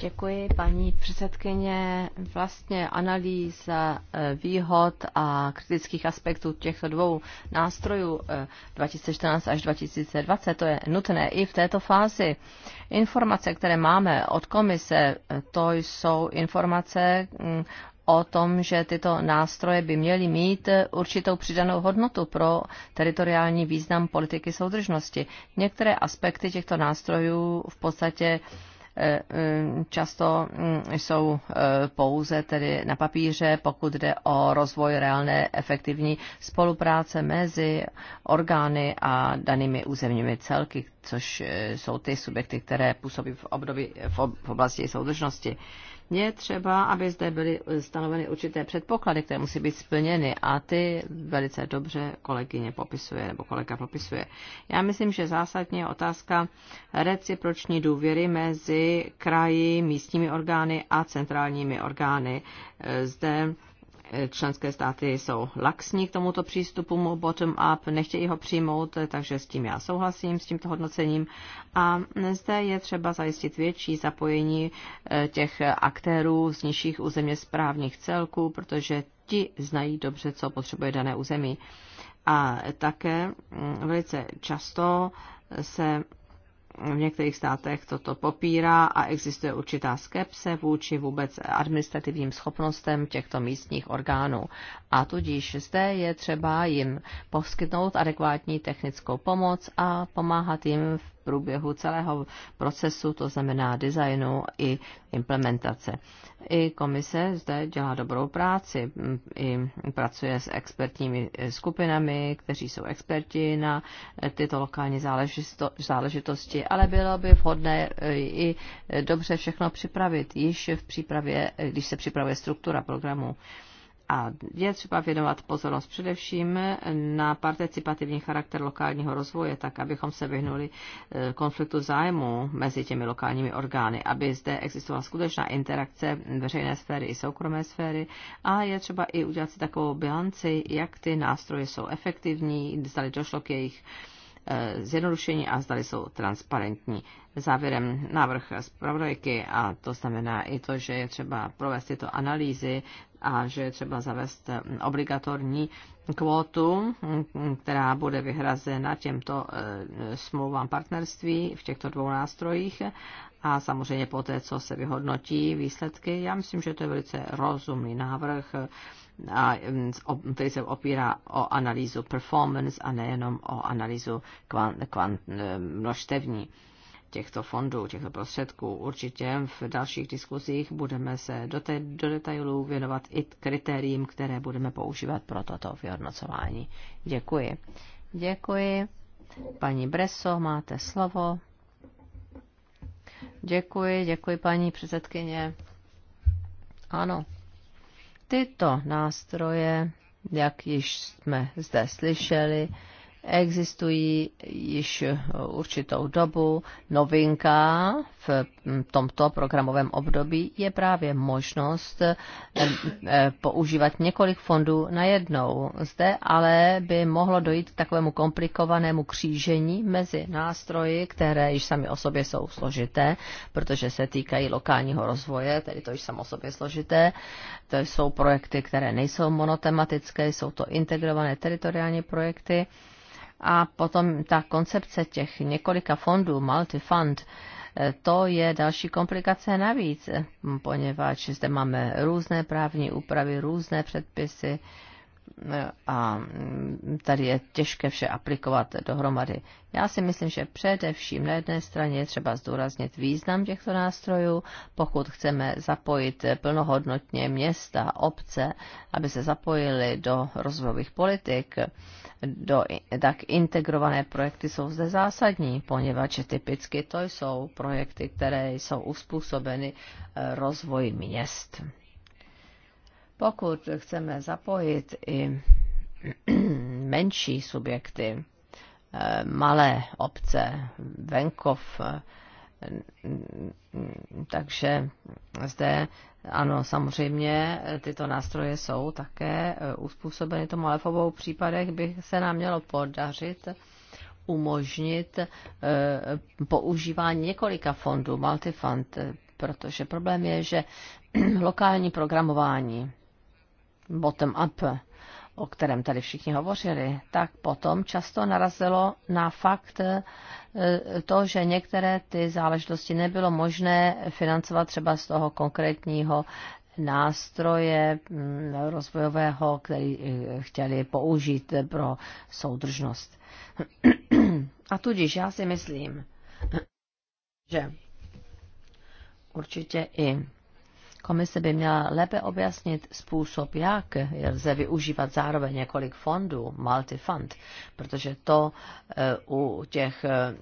Speaker 2: Děkuji, paní
Speaker 3: předsedkyně. Vlastně analýza eh, výhod a kritických aspektů těchto dvou nástrojů 2014 eh, až 2020, to je nutné i v této fázi. Informace, které máme od komise, eh, to jsou informace mm, o tom, že tyto nástroje by měly mít určitou přidanou hodnotu pro teritoriální význam politiky soudržnosti. Některé aspekty těchto nástrojů v podstatě Eh, eh, často mm, jsou eh, pouze tedy na papíře, pokud jde o rozvoj reálné efektivní spolupráce mezi orgány a danými územními celky, což jsou ty subjekty, které působí v období v oblasti soudržnosti je třeba, aby zde byly stanoveny určité předpoklady, které musí být splněny a ty velice dobře kolegyně popisuje nebo kolega popisuje. Já myslím, že zásadně je otázka reciproční důvěry mezi kraji, místními orgány a centrálními orgány. Zde členské státy jsou laxní k tomuto přístupu bottom-up, nechtějí ho přijmout, takže s tím já souhlasím, s tímto hodnocením. A zde je třeba zajistit větší zapojení eh, těch aktérů z nižších územně správních celků, protože ti znají dobře, co potřebuje dané území. A také mm, velice často se v některých státech toto popírá a existuje určitá skepse vůči vůbec administrativním schopnostem těchto místních orgánů. A tudíž zde je třeba jim poskytnout adekvátní technickou pomoc a pomáhat jim v průběhu celého procesu, to znamená designu i implementace. I komise zde dělá dobrou práci, i pracuje s expertními skupinami, kteří jsou experti na tyto lokální záležitosti, ale bylo by vhodné e, i dobře všechno připravit již v přípravě, když se připravuje struktura programu. A je třeba věnovat pozornost především na participativní charakter lokálního rozvoje, tak abychom se vyhnuli eh, konfliktu zájmu mezi těmi lokálními orgány, aby zde existovala skutečná interakce veřejné sféry i soukromé sféry. A je třeba i udělat si takovou bilanci, jak ty nástroje jsou efektivní, zdali došlo k jejich eh, zjednodušení a zdali jsou transparentní. Závěrem návrh zpravodajky a to znamená i to, že je třeba provést tyto analýzy a že je třeba zavést eh, obligatorní kvótu, mm, která bude vyhrazena těmto eh, smlouvám partnerství v těchto dvou nástrojích a samozřejmě po té, co se vyhodnotí výsledky. Já myslím, že to je velice rozumný návrh, eh, a, mm, který se opírá o analýzu performance a nejenom o analýzu kvant, kvant, množstevní těchto fondů, těchto prostředků. Určitě v dalších diskuzích budeme se do, te, do detailů věnovat i kritériím, které budeme používat pro toto vyhodnocování. Děkuji. Děkuji. Paní Breso, máte slovo. Děkuji, děkuji paní předsedkyně. Ano, tyto nástroje, jak již jsme zde slyšeli, existují již určitou dobu. Novinka v tomto programovém období je právě možnost eh, eh, používat několik fondů na jednou. Zde ale by mohlo dojít k takovému komplikovanému křížení mezi nástroji, které již sami o sobě jsou složité, protože se týkají lokálního rozvoje, tedy to již samo o sobě složité. To jsou projekty, které nejsou monotematické, jsou to integrované teritoriální projekty. A potom ta koncepce těch několika fondů, multifund, eh, to je další komplikace navíc, eh, poněvadž zde máme různé právní úpravy, různé předpisy, a tady je těžké vše aplikovat dohromady. Já si myslím, že především na jedné straně je třeba zdůraznit význam těchto nástrojů, pokud chceme zapojit plnohodnotně města, obce, aby se zapojili do rozvojových politik, do, tak integrované projekty jsou zde zásadní, poněvadž typicky to jsou projekty, které jsou uspůsobeny eh, rozvoji měst. Pokud chceme zapojit i menší subjekty, eh, malé obce, venkov, eh, takže zde ano, samozřejmě tyto nástroje jsou také eh, uspůsobeny tomu, ale v obou případech by se nám mělo podařit umožnit používání několika fondů, multifund, protože problém je, že lokální programování bottom-up, o kterém tady všichni hovořili, tak potom často narazilo na fakt e, to, že některé ty záležitosti nebylo možné financovat třeba z toho konkrétního nástroje mm, rozvojového, který e, chtěli použít pro soudržnost. A tudíž já si myslím, že určitě i Komise by měla lépe objasnit způsob, jak lze využívat zároveň několik fondů, multifund, protože to eh, u těch eh,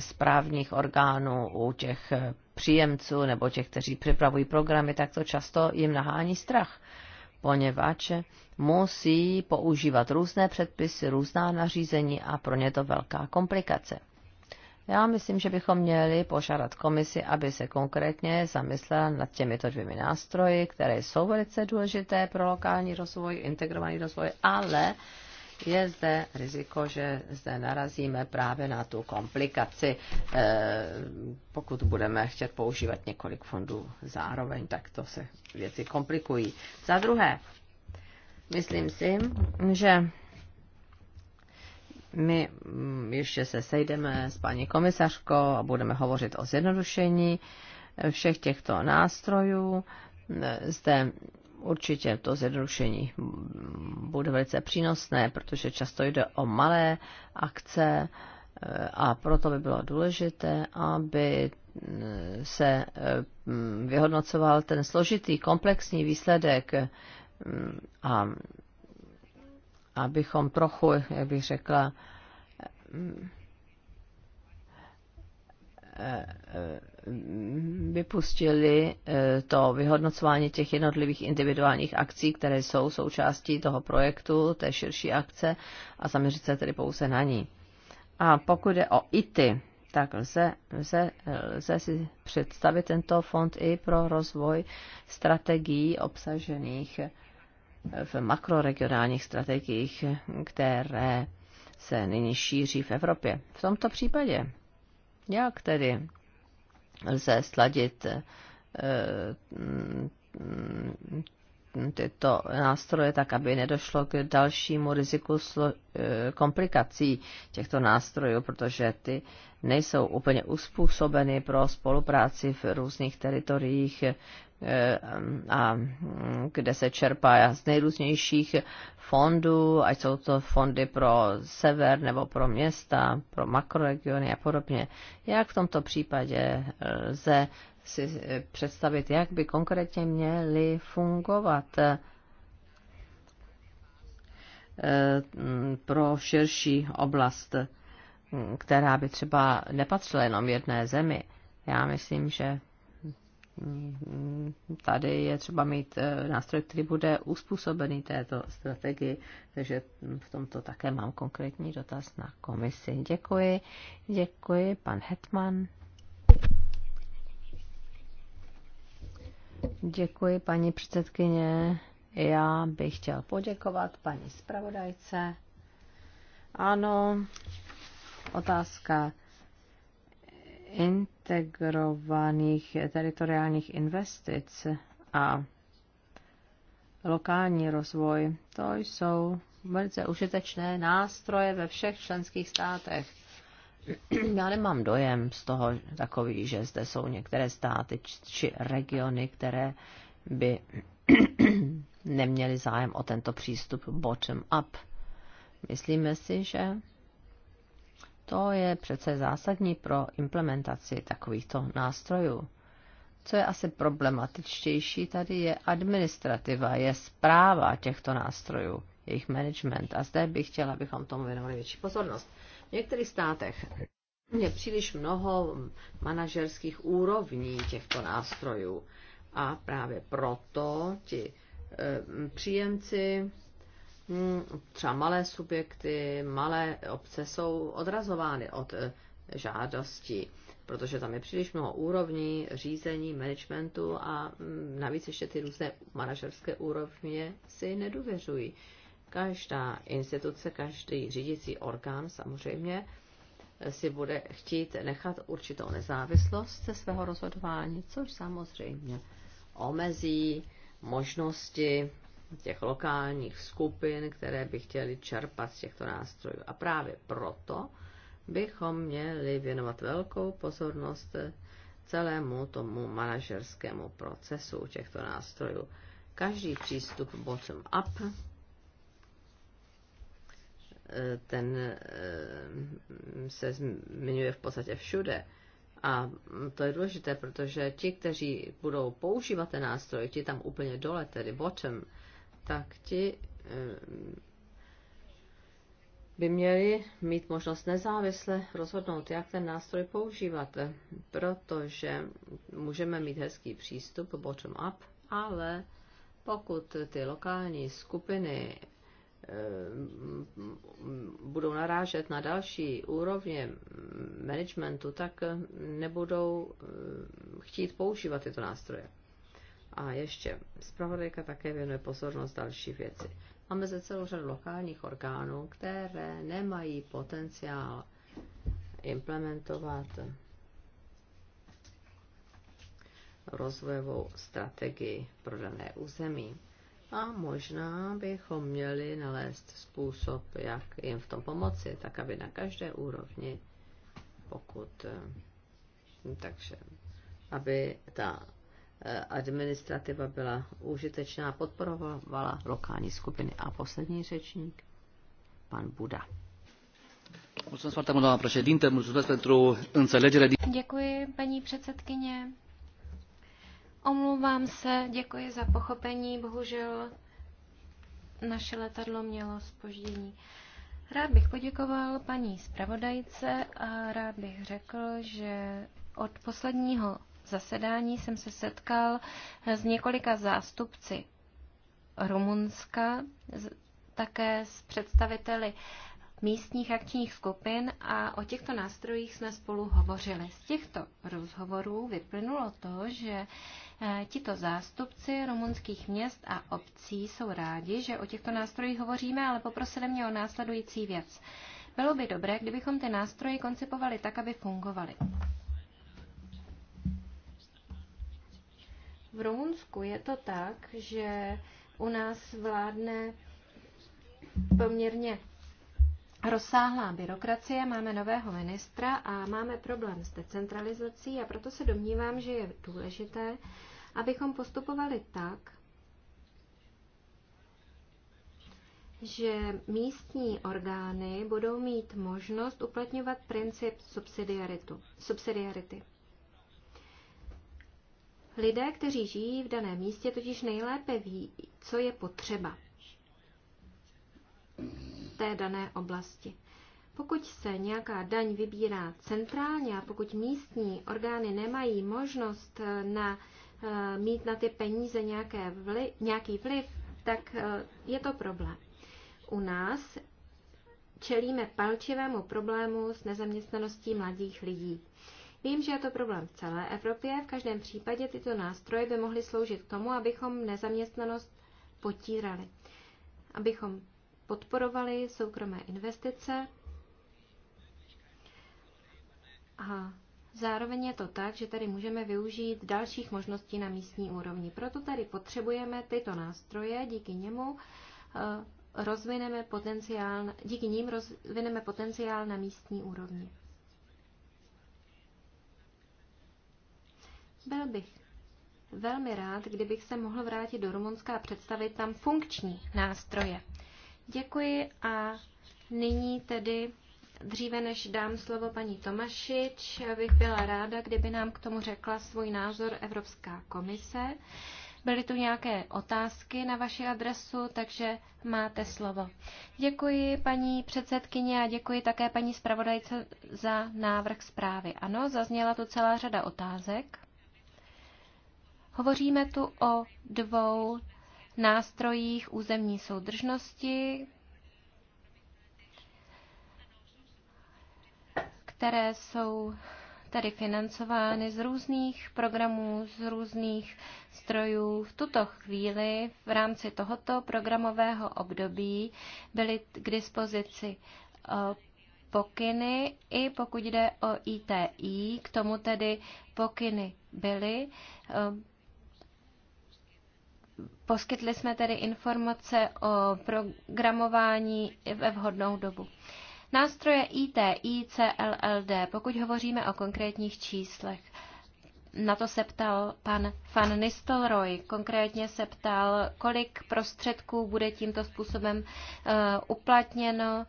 Speaker 3: správních orgánů, u těch eh, příjemců nebo těch, kteří připravují programy, tak to často jim nahání strach poněvadž musí používat různé předpisy, různá nařízení a pro ně to velká komplikace. Já myslím, že bychom měli požádat komisi, aby se konkrétně zamyslela nad těmito dvěmi nástroji, které jsou velice důležité pro lokální rozvoj, integrovaný rozvoj, ale je zde riziko, že zde narazíme právě na tu komplikaci, eh, pokud budeme chtět používat několik fondů zároveň, tak to se věci komplikují. Za druhé, myslím si, že my mm, ještě se sejdeme s paní komisařkou a budeme hovořit o zjednodušení eh, všech těchto nástrojů. Mm, eh, zde určitě to zjednodušení mm, bude velice přínosné, protože často jde o malé akce eh, a proto by bylo důležité, aby se vyhodnocoval ten složitý, komplexní výsledek a abychom trochu, jak bych řekla, vypustili eh, to vyhodnocování těch jednotlivých individuálních akcí, které jsou součástí toho projektu, té širší akce a zaměřit se tedy pouze na ní. A pokud je o ITY, tak lze, lze, lze si představit tento fond i pro rozvoj strategií obsažených v makroregionálních strategiích, které se nyní šíří v Evropě. V tomto případě, jak tedy lze sladit eh, tyto nástroje tak, aby nedošlo k dalšímu riziku slo- e, komplikací těchto nástrojů, protože ty nejsou úplně uspůsobeny pro spolupráci v různých teritoriích e, a mm, kde se čerpá z nejrůznějších fondů, ať jsou to fondy pro sever nebo pro města, pro makroregiony a podobně. Jak v tomto případě lze si eh, představit, jak by konkrétně měly fungovat eh, mm, pro širší oblast, mm, která by třeba nepatřila jenom jedné zemi. Já myslím, že mm, tady je třeba mít eh, nástroj, který bude uspůsobený této strategii, takže v tomto také mám konkrétní dotaz na komisi. Děkuji, děkuji, pan Hetman. Děkuji, paní předsedkyně. Já bych chtěl poděkovat paní zpravodajce. Ano, otázka integrovaných teritoriálních investic a lokální rozvoj, to jsou velice užitečné nástroje ve všech členských státech já nemám dojem z toho takový, že zde jsou některé státy či regiony, které by neměly zájem o tento přístup bottom-up. Myslíme si, že to je přece zásadní pro implementaci takovýchto nástrojů. Co je asi problematičtější tady je administrativa, je zpráva těchto nástrojů, jejich management. A zde bych chtěla, abychom tomu věnovali větší pozornost. V některých státech je příliš mnoho manažerských úrovní těchto nástrojů a právě proto ti eh, příjemci, hm, třeba malé subjekty, malé obce jsou odrazovány od eh, žádosti, protože tam je příliš mnoho úrovní řízení, managementu a hm, navíc ještě ty různé manažerské úrovně si nedůvěřují. Každá instituce, každý řídící orgán samozřejmě si bude chtít nechat určitou nezávislost ze svého rozhodování, což samozřejmě omezí možnosti těch lokálních skupin, které by chtěly čerpat z těchto nástrojů. A právě proto bychom měli věnovat velkou pozornost celému tomu manažerskému procesu těchto nástrojů. Každý přístup bottom-up ten eh, se zmiňuje v podstatě všude. A to je důležité, protože ti, kteří budou používat ten nástroj, ti tam úplně dole, tedy bottom, tak ti eh, by měli mít možnost nezávisle rozhodnout, jak ten nástroj používat, protože můžeme mít hezký přístup bottom-up, ale pokud ty lokální skupiny Eh, budou narážet na další úrovně managementu, tak eh, nebudou eh, chtít používat tyto nástroje. A ještě, zpravodajka také věnuje pozornost další věci. Máme ze celou řadu lokálních orgánů, které nemají potenciál implementovat rozvojovou strategii pro dané území a možná bychom měli nalézt způsob, jak jim v tom pomoci, tak aby na každé úrovni, pokud eh, takže, aby ta eh, administrativa byla užitečná, podporovala lokální skupiny. A poslední řečník,
Speaker 2: pan Buda.
Speaker 1: Děkuji, paní předsedkyně. Omlouvám se, děkuji za pochopení. Bohužel naše letadlo mělo spoždění. Rád bych poděkoval paní zpravodajce a rád bych řekl, že od posledního zasedání jsem se setkal s několika zástupci Rumunska, také s představiteli místních akčních skupin a o těchto nástrojích jsme spolu hovořili. Z těchto rozhovorů vyplynulo to, že eh, tito zástupci rumunských měst a obcí jsou rádi, že o těchto nástrojích hovoříme, ale poprosili mě o následující věc. Bylo by dobré, kdybychom ty nástroje koncipovali tak, aby fungovaly. V Rumunsku je to tak, že u nás vládne poměrně rozsáhlá byrokracie, máme nového ministra a máme problém s decentralizací a proto se domnívám, že je důležité, abychom postupovali tak, že místní orgány budou mít možnost uplatňovat princip subsidiarity. Lidé, kteří žijí v daném místě, totiž nejlépe ví, co je potřeba té dané oblasti. Pokud se nějaká daň vybírá centrálně a pokud místní orgány nemají možnost eh, na, eh, mít na ty peníze nějaké vli, nějaký vliv, tak eh, je to problém. U nás čelíme palčivému problému s nezaměstnaností mladých lidí. Vím, že je to problém v celé Evropě, v každém případě tyto nástroje by mohly sloužit k tomu, abychom nezaměstnanost potírali, abychom podporovali soukromé investice a zároveň je to tak, že tady můžeme využít dalších možností na místní úrovni. Proto tady potřebujeme tyto nástroje, díky němu eh, rozvineme potenciál, díky ním rozvineme potenciál na místní úrovni. Byl bych velmi rád, kdybych se mohl vrátit do Rumunska a představit tam funkční nástroje. Děkuji a nyní tedy Dříve než dám slovo paní Tomašič, bych byla ráda, kdyby nám k tomu řekla svůj názor Evropská komise. Byly tu nějaké otázky na vaši adresu, takže máte slovo. Děkuji paní předsedkyně a děkuji také paní zpravodajce za návrh zprávy. Ano, zazněla tu celá řada otázek. Hovoříme tu o dvou nástrojích územní soudržnosti, které jsou tady financovány z různých programů, z různých strojů. V tuto chvíli v rámci tohoto programového období byly k dispozici e, pokyny, i pokud jde o ITI, k tomu tedy pokyny byly. E, Poskytli jsme tedy informace o programování ve vhodnou dobu. Nástroje IT, ICLLD, pokud hovoříme o konkrétních číslech, na to se ptal pan Van Nistelrooy. Konkrétně se ptal, kolik prostředků bude tímto způsobem uh, uplatněno.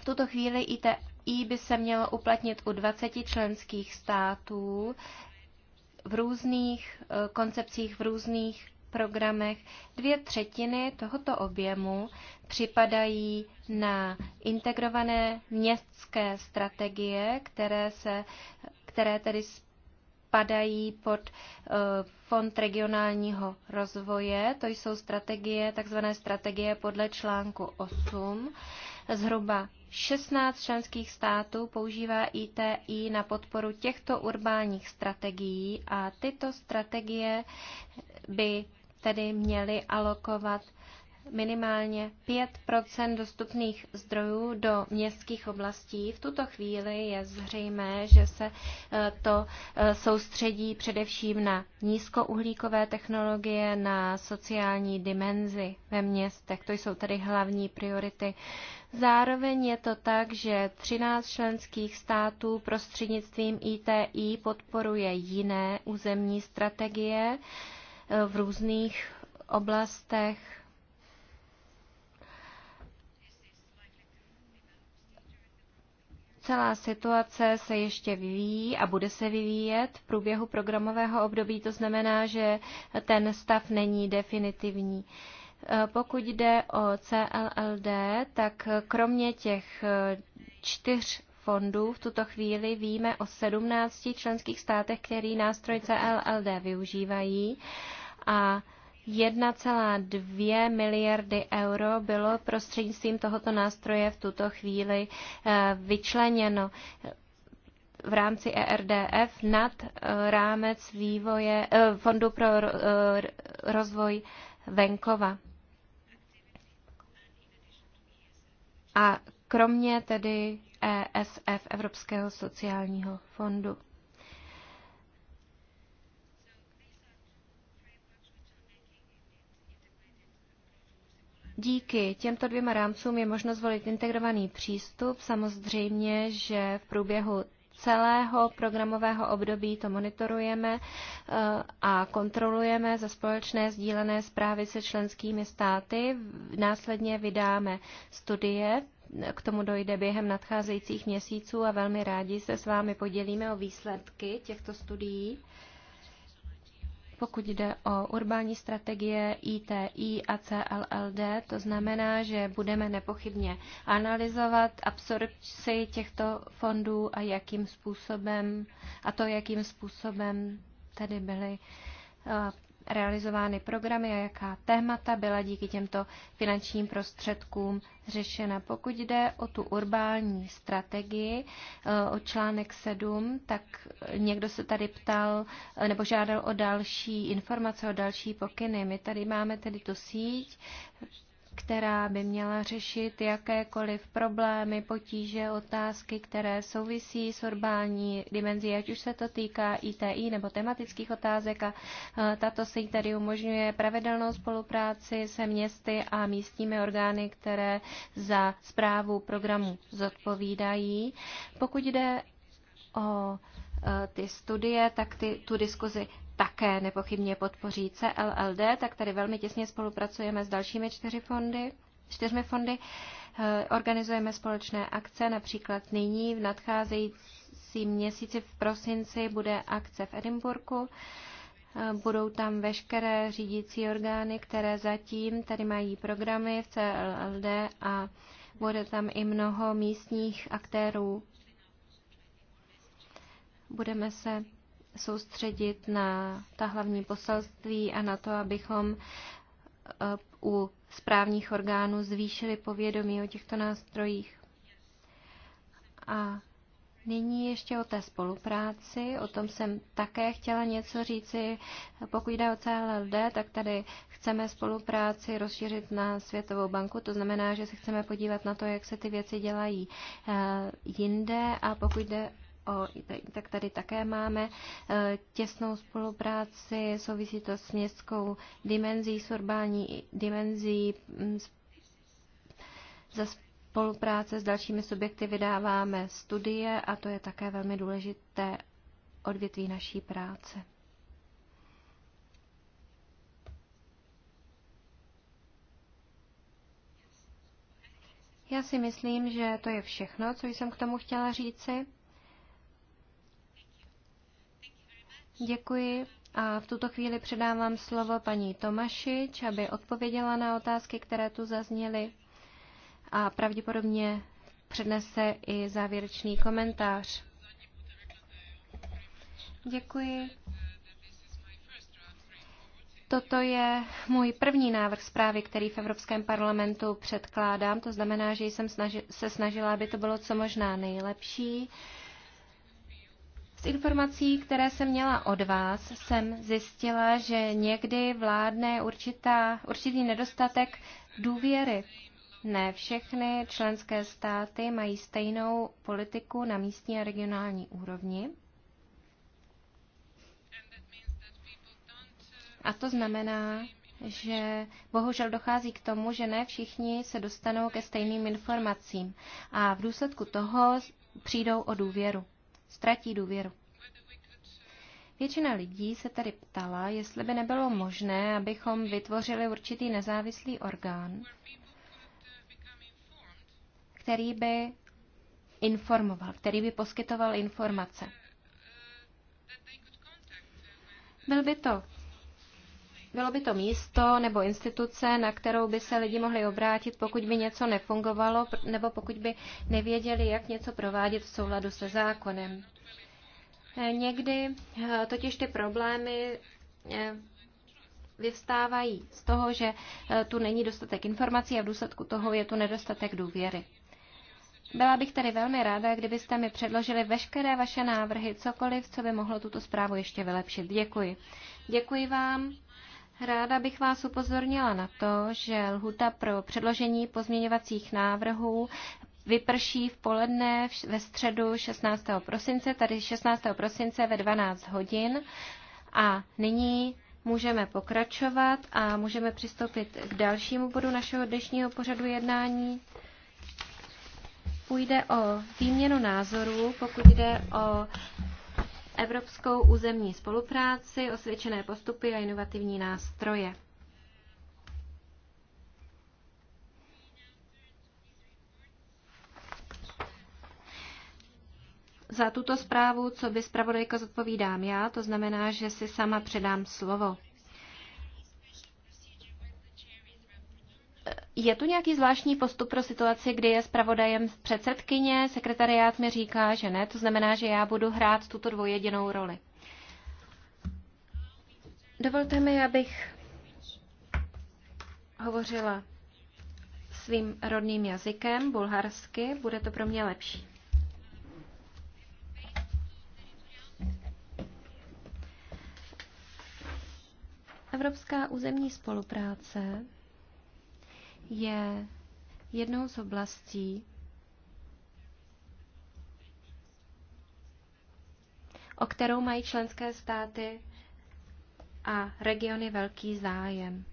Speaker 1: V tuto chvíli ITI by se mělo uplatnit u 20 členských států v různých eh, koncepcích, v různých programech. Dvě třetiny tohoto objemu připadají na integrované městské strategie, které, se, které tedy spadají pod eh, Fond regionálního rozvoje. To jsou strategie, takzvané strategie podle článku 8. Zhruba 16 členských států používá ITI na podporu těchto urbánních strategií a tyto strategie by tedy měly alokovat minimálně 5 dostupných zdrojů do městských oblastí. V tuto chvíli je zřejmé, že se e, to e, soustředí především na nízkouhlíkové technologie, na sociální dimenzi ve městech. To jsou tedy hlavní priority Zároveň je to tak, že 13 členských států prostřednictvím ITI podporuje jiné územní strategie eh, v různých oblastech celá situace se ještě vyvíjí a bude se vyvíjet v průběhu programového období, to znamená, že ten stav není definitivní. Pokud jde o CLLD, tak kromě těch eh, čtyř fondů v tuto chvíli víme o 17 členských státech, který nástroj CLLD využívají a 1,2 miliardy euro bylo prostřednictvím tohoto nástroje v tuto chvíli eh, vyčleněno v rámci ERDF nad eh, rámec vývoje Fondu pro rozvoj venkova. a kromě tedy ESF, Evropského sociálního fondu. Díky těmto dvěma rámcům je možno zvolit integrovaný přístup. Samozřejmě, že v průběhu celého programového období to monitorujeme eh, a kontrolujeme za společné sdílené zprávy se členskými státy. Následně vydáme studie eh, k tomu dojde během nadcházejících měsíců a velmi rádi se s vámi podělíme o výsledky těchto studií pokud jde o urbání strategie ITI a CLLD, to znamená, že budeme nepochybně analyzovat absorpci těchto fondů a jakým způsobem, a to, jakým způsobem tedy byly eh, realizovány programy a jaká témata byla díky těmto finančním prostředkům řešena. Pokud jde o tu urbální strategii, eh, o článek 7, tak někdo se tady ptal eh, nebo žádal o další informace, o další pokyny. My tady máme tedy tu síť která by měla řešit jakékoliv problémy, potíže, otázky, které souvisí s urbální dimenzí, ať už se to týká ITI nebo tematických otázek. A tato síť tady umožňuje pravidelnou spolupráci se městy a místními orgány, které za zprávu programu zodpovídají. Pokud jde o ty studie, tak ty, tu diskuzi také nepochybně podpoří CLLD, tak tady velmi těsně spolupracujeme s dalšími čtyři fondy, čtyřmi fondy. Eh, organizujeme společné akce, například nyní v nadcházejícím měsíci v prosinci bude akce v Edinburgu. Eh, budou tam veškeré řídící orgány, které zatím tady mají programy v CLLD a bude tam i mnoho místních aktérů. Budeme se soustředit na ta hlavní poselství a na to, abychom eh, u správních orgánů zvýšili povědomí o těchto nástrojích. A nyní ještě o té spolupráci, o tom jsem také chtěla něco říci. Pokud jde o CLLD, tak tady chceme spolupráci rozšířit na Světovou banku, to znamená, že se chceme podívat na to, jak se ty věci dělají eh, jinde a pokud jde o, tak tady také máme e, těsnou spolupráci, souvisí to s městskou dimenzí, s urbání dimenzí, mm, za spolupráce s dalšími subjekty vydáváme studie a to je také velmi důležité odvětví naší práce. Já si myslím, že to je všechno, co jsem k tomu chtěla říci. Děkuji. A v tuto chvíli předávám slovo paní Tomašič, aby odpověděla na otázky, které tu zazněly a pravděpodobně přednese i závěrečný komentář. Děkuji. Toto je můj první návrh zprávy, který v Evropském parlamentu předkládám. To znamená, že jsem se snažila, aby to bylo co možná nejlepší. Z informací, které jsem měla od vás, jsem zjistila, že někdy vládne určitá, určitý nedostatek důvěry. Ne všechny členské státy mají stejnou politiku na místní a regionální úrovni. A to znamená, že bohužel dochází k tomu, že ne všichni se dostanou ke stejným informacím a v důsledku toho přijdou o důvěru ztratí důvěru. Většina lidí se tady ptala, jestli by nebylo možné, abychom vytvořili určitý nezávislý orgán, který by informoval, který by poskytoval informace. Byl by to bylo by to místo nebo instituce, na kterou by se lidi mohli obrátit, pokud by něco nefungovalo nebo pokud by nevěděli, jak něco provádět v souladu se zákonem. Eh, někdy eh, totiž ty problémy eh, vyvstávají z toho, že tu není dostatek informací a v důsledku toho je tu nedostatek důvěry. Byla bych tedy velmi ráda, kdybyste mi předložili veškeré vaše návrhy, cokoliv, co by mohlo tuto zprávu ještě vylepšit. Děkuji. Děkuji vám. Ráda bych vás upozornila na to, že lhuta pro předložení pozměňovacích návrhů vyprší v poledne ve středu 16. prosince, tady 16. prosince ve 12 hodin. A nyní můžeme pokračovat a můžeme přistoupit k dalšímu bodu našeho dnešního pořadu jednání. Půjde o výměnu názorů, pokud jde o evropskou územní spolupráci, osvědčené postupy a inovativní nástroje. Za tuto zprávu, co by zpravodajka zodpovídám já, to znamená, že si sama předám slovo. Je tu nějaký zvláštní postup pro situaci, kdy je zpravodajem předsedkyně, sekretariát mi říká, že ne, to znamená, že já budu hrát tuto dvojedinou roli. Dovolte mi, abych hovořila svým rodným jazykem, bulharsky, bude to pro mě lepší. Evropská územní spolupráce je jednou z oblastí, o kterou mají členské státy a regiony velký zájem.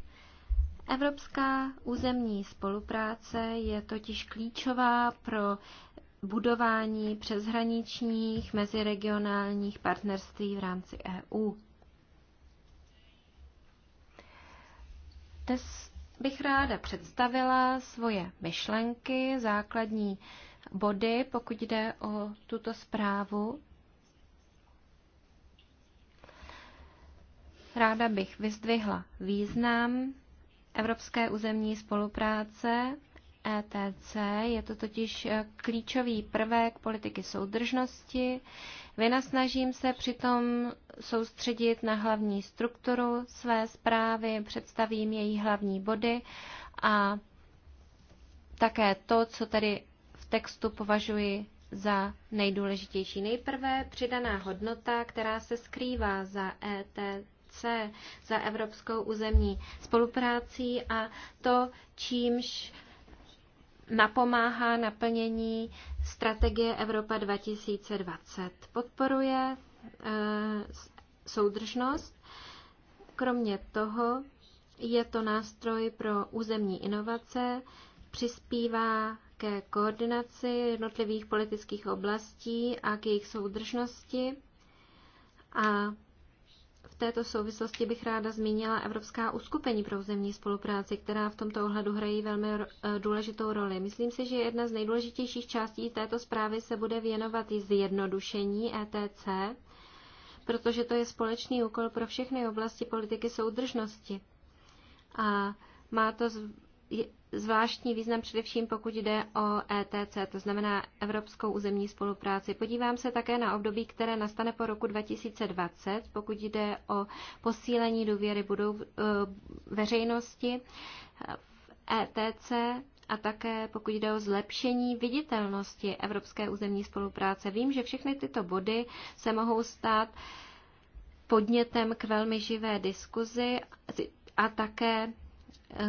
Speaker 1: Evropská územní spolupráce je totiž klíčová pro budování přeshraničních meziregionálních partnerství v rámci EU bych ráda představila svoje myšlenky, základní body, pokud jde o tuto zprávu. Ráda bych vyzdvihla význam evropské územní spolupráce ETC. Je to totiž e, klíčový prvek politiky soudržnosti. Vynasnažím se přitom soustředit na hlavní strukturu své zprávy, představím její hlavní body a také to, co tady v textu považuji za nejdůležitější. Nejprve přidaná hodnota, která se skrývá za ETC, za Evropskou územní spoluprácí a to, čímž napomáhá naplnění strategie Evropa 2020. Podporuje eh, soudržnost. Kromě toho je to nástroj pro územní inovace, přispívá ke koordinaci jednotlivých politických oblastí a k jejich soudržnosti a této souvislosti bych ráda zmínila Evropská uskupení pro územní spolupráci, která v tomto ohledu hrají velmi eh, důležitou roli. Myslím si, že jedna z nejdůležitějších částí této zprávy se bude věnovat i zjednodušení ETC, protože to je společný úkol pro všechny oblasti politiky soudržnosti. A má to zvláštní význam především pokud jde o ETC, to znamená Evropskou územní spolupráci. Podívám se také na období, které nastane po roku 2020, pokud jde o posílení důvěry budou eh, veřejnosti v ETC a také pokud jde o zlepšení viditelnosti Evropské územní spolupráce. Vím, že všechny tyto body se mohou stát podnětem k velmi živé diskuzi a také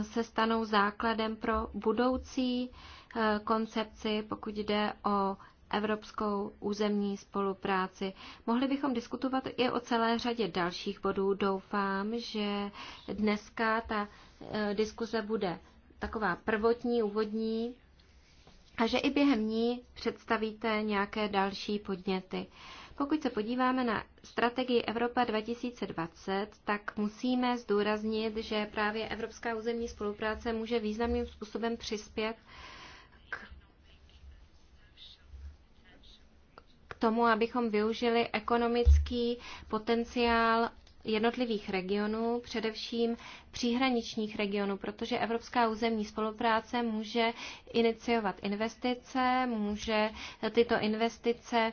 Speaker 1: se stanou základem pro budoucí eh, koncepci, pokud jde o evropskou územní spolupráci. Mohli bychom diskutovat i o celé řadě dalších bodů. Doufám, že dneska ta eh, diskuze bude taková prvotní, úvodní a že i během ní představíte nějaké další podněty. Pokud se podíváme na strategii Evropa 2020, tak musíme zdůraznit, že právě evropská územní spolupráce může významným způsobem přispět k, k tomu, abychom využili ekonomický potenciál jednotlivých regionů, především příhraničních regionů, protože evropská územní spolupráce může iniciovat investice, může tyto investice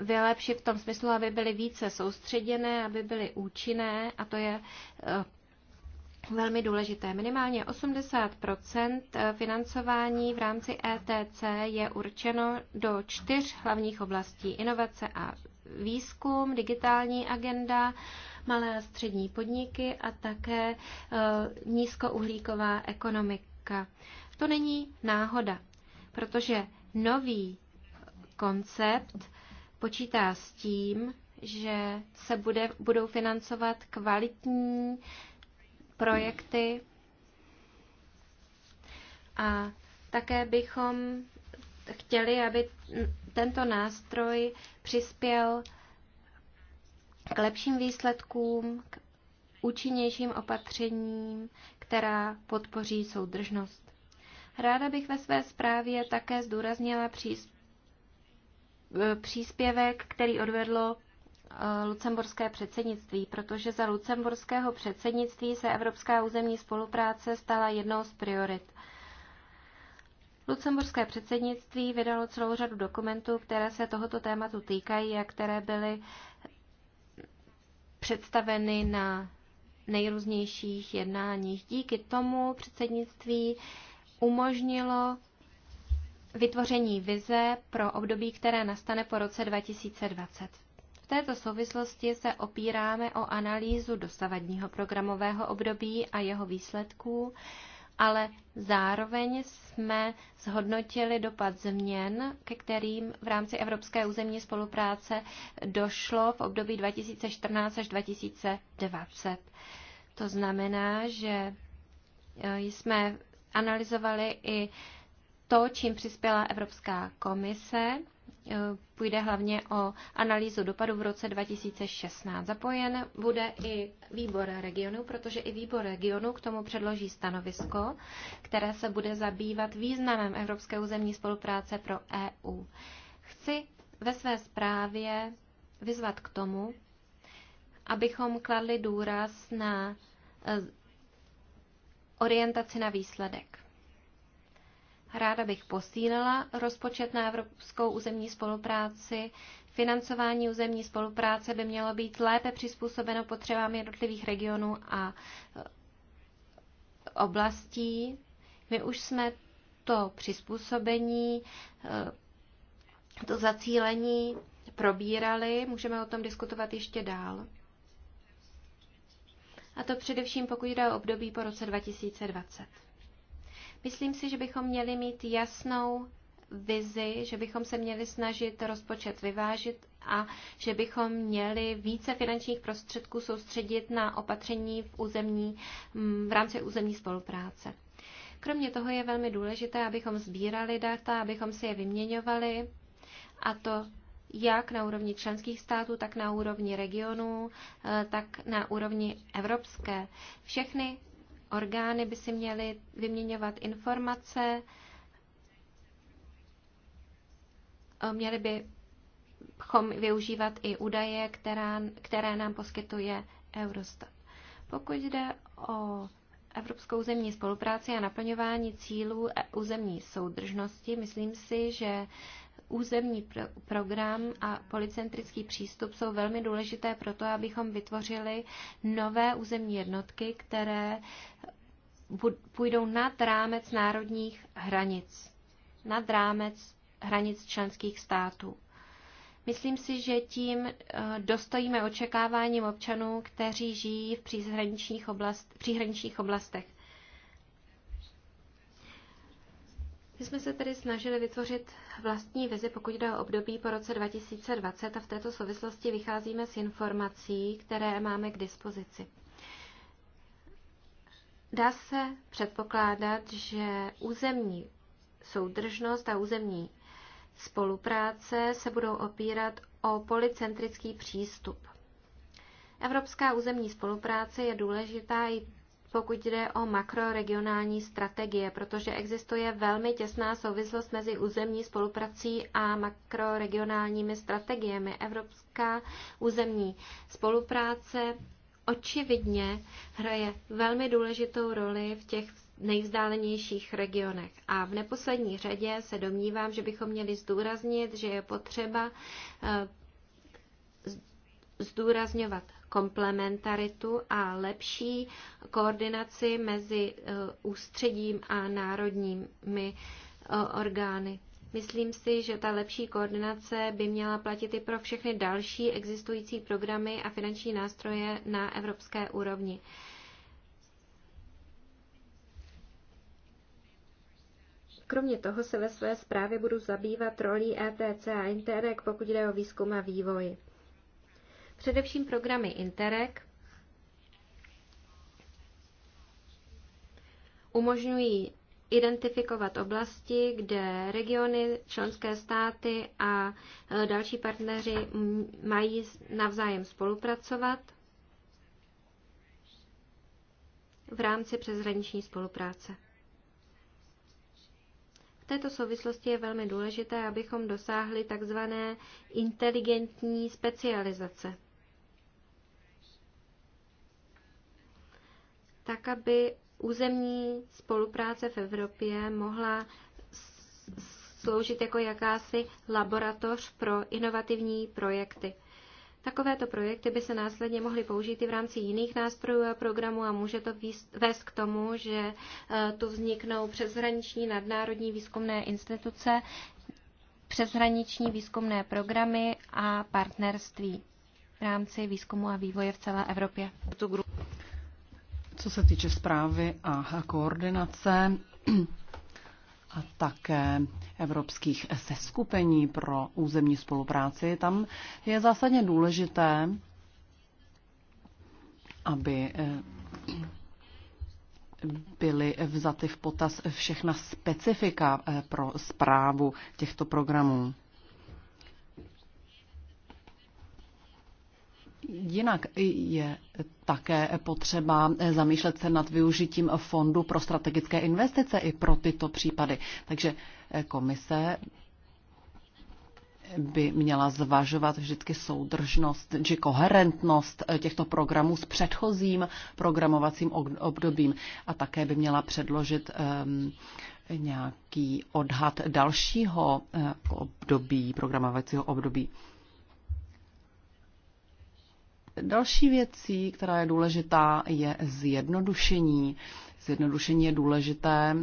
Speaker 1: vylepšit v tom smyslu, aby byly více soustředěné, aby byly účinné a to je eh, velmi důležité. Minimálně 80 eh, financování v rámci ETC je určeno do čtyř hlavních oblastí. Inovace a výzkum, digitální agenda, malé a střední podniky a také eh, nízkouhlíková ekonomika. To není náhoda, protože nový koncept počítá s tím, že se bude, budou financovat kvalitní projekty a také bychom chtěli, aby tento nástroj přispěl k lepším výsledkům, k účinnějším opatřením, která podpoří soudržnost. Ráda bych ve své zprávě také zdůraznila příspěvek E, příspěvek, který odvedlo e, lucemburské předsednictví, protože za lucemburského předsednictví se evropská územní spolupráce stala jednou z priorit. Lucemburské předsednictví vydalo celou řadu dokumentů, které se tohoto tématu týkají a které byly představeny na nejrůznějších jednáních. Díky tomu předsednictví umožnilo vytvoření vize pro období, které nastane po roce 2020. V této souvislosti se opíráme o analýzu dosavadního programového období a jeho výsledků, ale zároveň jsme zhodnotili dopad změn, ke kterým v rámci Evropské územní spolupráce došlo v období 2014 až 2020. To znamená, že e, jsme analyzovali i to, čím přispěla Evropská komise, eh, půjde hlavně o analýzu dopadu v roce 2016. Zapojen bude i výbor regionu, protože i výbor regionu k tomu předloží stanovisko, které se bude zabývat významem Evropské územní spolupráce pro EU. Chci ve své zprávě vyzvat k tomu, abychom kladli důraz na eh, orientaci na výsledek. Ráda bych posílila rozpočet na evropskou územní spolupráci. Financování územní spolupráce by mělo být lépe přizpůsobeno potřebám jednotlivých regionů a e, oblastí. My už jsme to přizpůsobení, e, to zacílení probírali, můžeme o tom diskutovat ještě dál. A to především pokud jde o období po roce 2020. Myslím si, že bychom měli mít jasnou vizi, že bychom se měli snažit rozpočet vyvážit a že bychom měli více finančních prostředků soustředit na opatření v, územní, mm, v rámci územní spolupráce. Kromě toho je velmi důležité, abychom sbírali data, abychom si je vyměňovali a to jak na úrovni členských států, tak na úrovni regionů, eh, tak na úrovni evropské. Všechny orgány by si měly vyměňovat informace, měli bychom využívat i údaje, která, které nám poskytuje Eurostat. Pokud jde o Evropskou zemní spolupráci a naplňování cílů e- územní soudržnosti, myslím si, že územní pro, program a policentrický přístup jsou velmi důležité pro to, abychom vytvořili nové územní jednotky, které půjdou nad rámec národních hranic, nad rámec hranic členských států. Myslím si, že tím eh, dostojíme očekáváním občanů, kteří žijí v příhraničních, oblast, příhraničních oblastech. My jsme se tedy snažili vytvořit vlastní vizi, pokud jde o období po roce 2020 a v této souvislosti vycházíme z informací, které máme k dispozici. Dá se předpokládat, že územní soudržnost a územní spolupráce se budou opírat o policentrický přístup. Evropská územní spolupráce je důležitá i pokud jde o makroregionální strategie, protože existuje velmi těsná souvislost mezi územní spoluprací a makroregionálními strategiemi. Evropská územní spolupráce očividně hraje velmi důležitou roli v těch nejvzdálenějších regionech. A v neposlední řadě se domnívám, že bychom měli zdůraznit, že je potřeba eh, zdůrazňovat komplementaritu a lepší koordinaci mezi eh, ústředím a národními eh, orgány. Myslím si, že ta lepší koordinace by měla platit i pro všechny další existující programy a finanční nástroje na evropské úrovni. Kromě toho se ve své zprávě budu zabývat rolí ETC a Interreg, pokud jde o výzkum a vývoj. Především programy Interreg umožňují identifikovat oblasti, kde regiony, členské státy a e, další partneři mají navzájem spolupracovat v rámci přeshraniční spolupráce. V této souvislosti je velmi důležité, abychom dosáhli takzvané inteligentní specializace. tak aby územní spolupráce v Evropě mohla sloužit jako jakási laboratoř pro inovativní projekty. Takovéto projekty by se následně mohly použít i v rámci jiných nástrojů a programů a může to vést k tomu, že e, tu vzniknou přeshraniční nadnárodní výzkumné instituce, přeshraniční výzkumné programy a partnerství v rámci výzkumu a vývoje v celé Evropě
Speaker 2: co se týče zprávy a koordinace a také evropských seskupení pro územní spolupráci, tam je zásadně důležité, aby eh, byly vzaty v potaz všechna specifika eh, pro zprávu těchto programů. Jinak je také potřeba zamýšlet se nad využitím fondu pro strategické investice i pro tyto případy. Takže komise by měla zvažovat vždycky soudržnost či koherentnost těchto programů s předchozím programovacím obdobím a také by měla předložit um, nějaký odhad dalšího eh, období, programovacího období. Další věcí, která je důležitá, je zjednodušení. Zjednodušení je důležité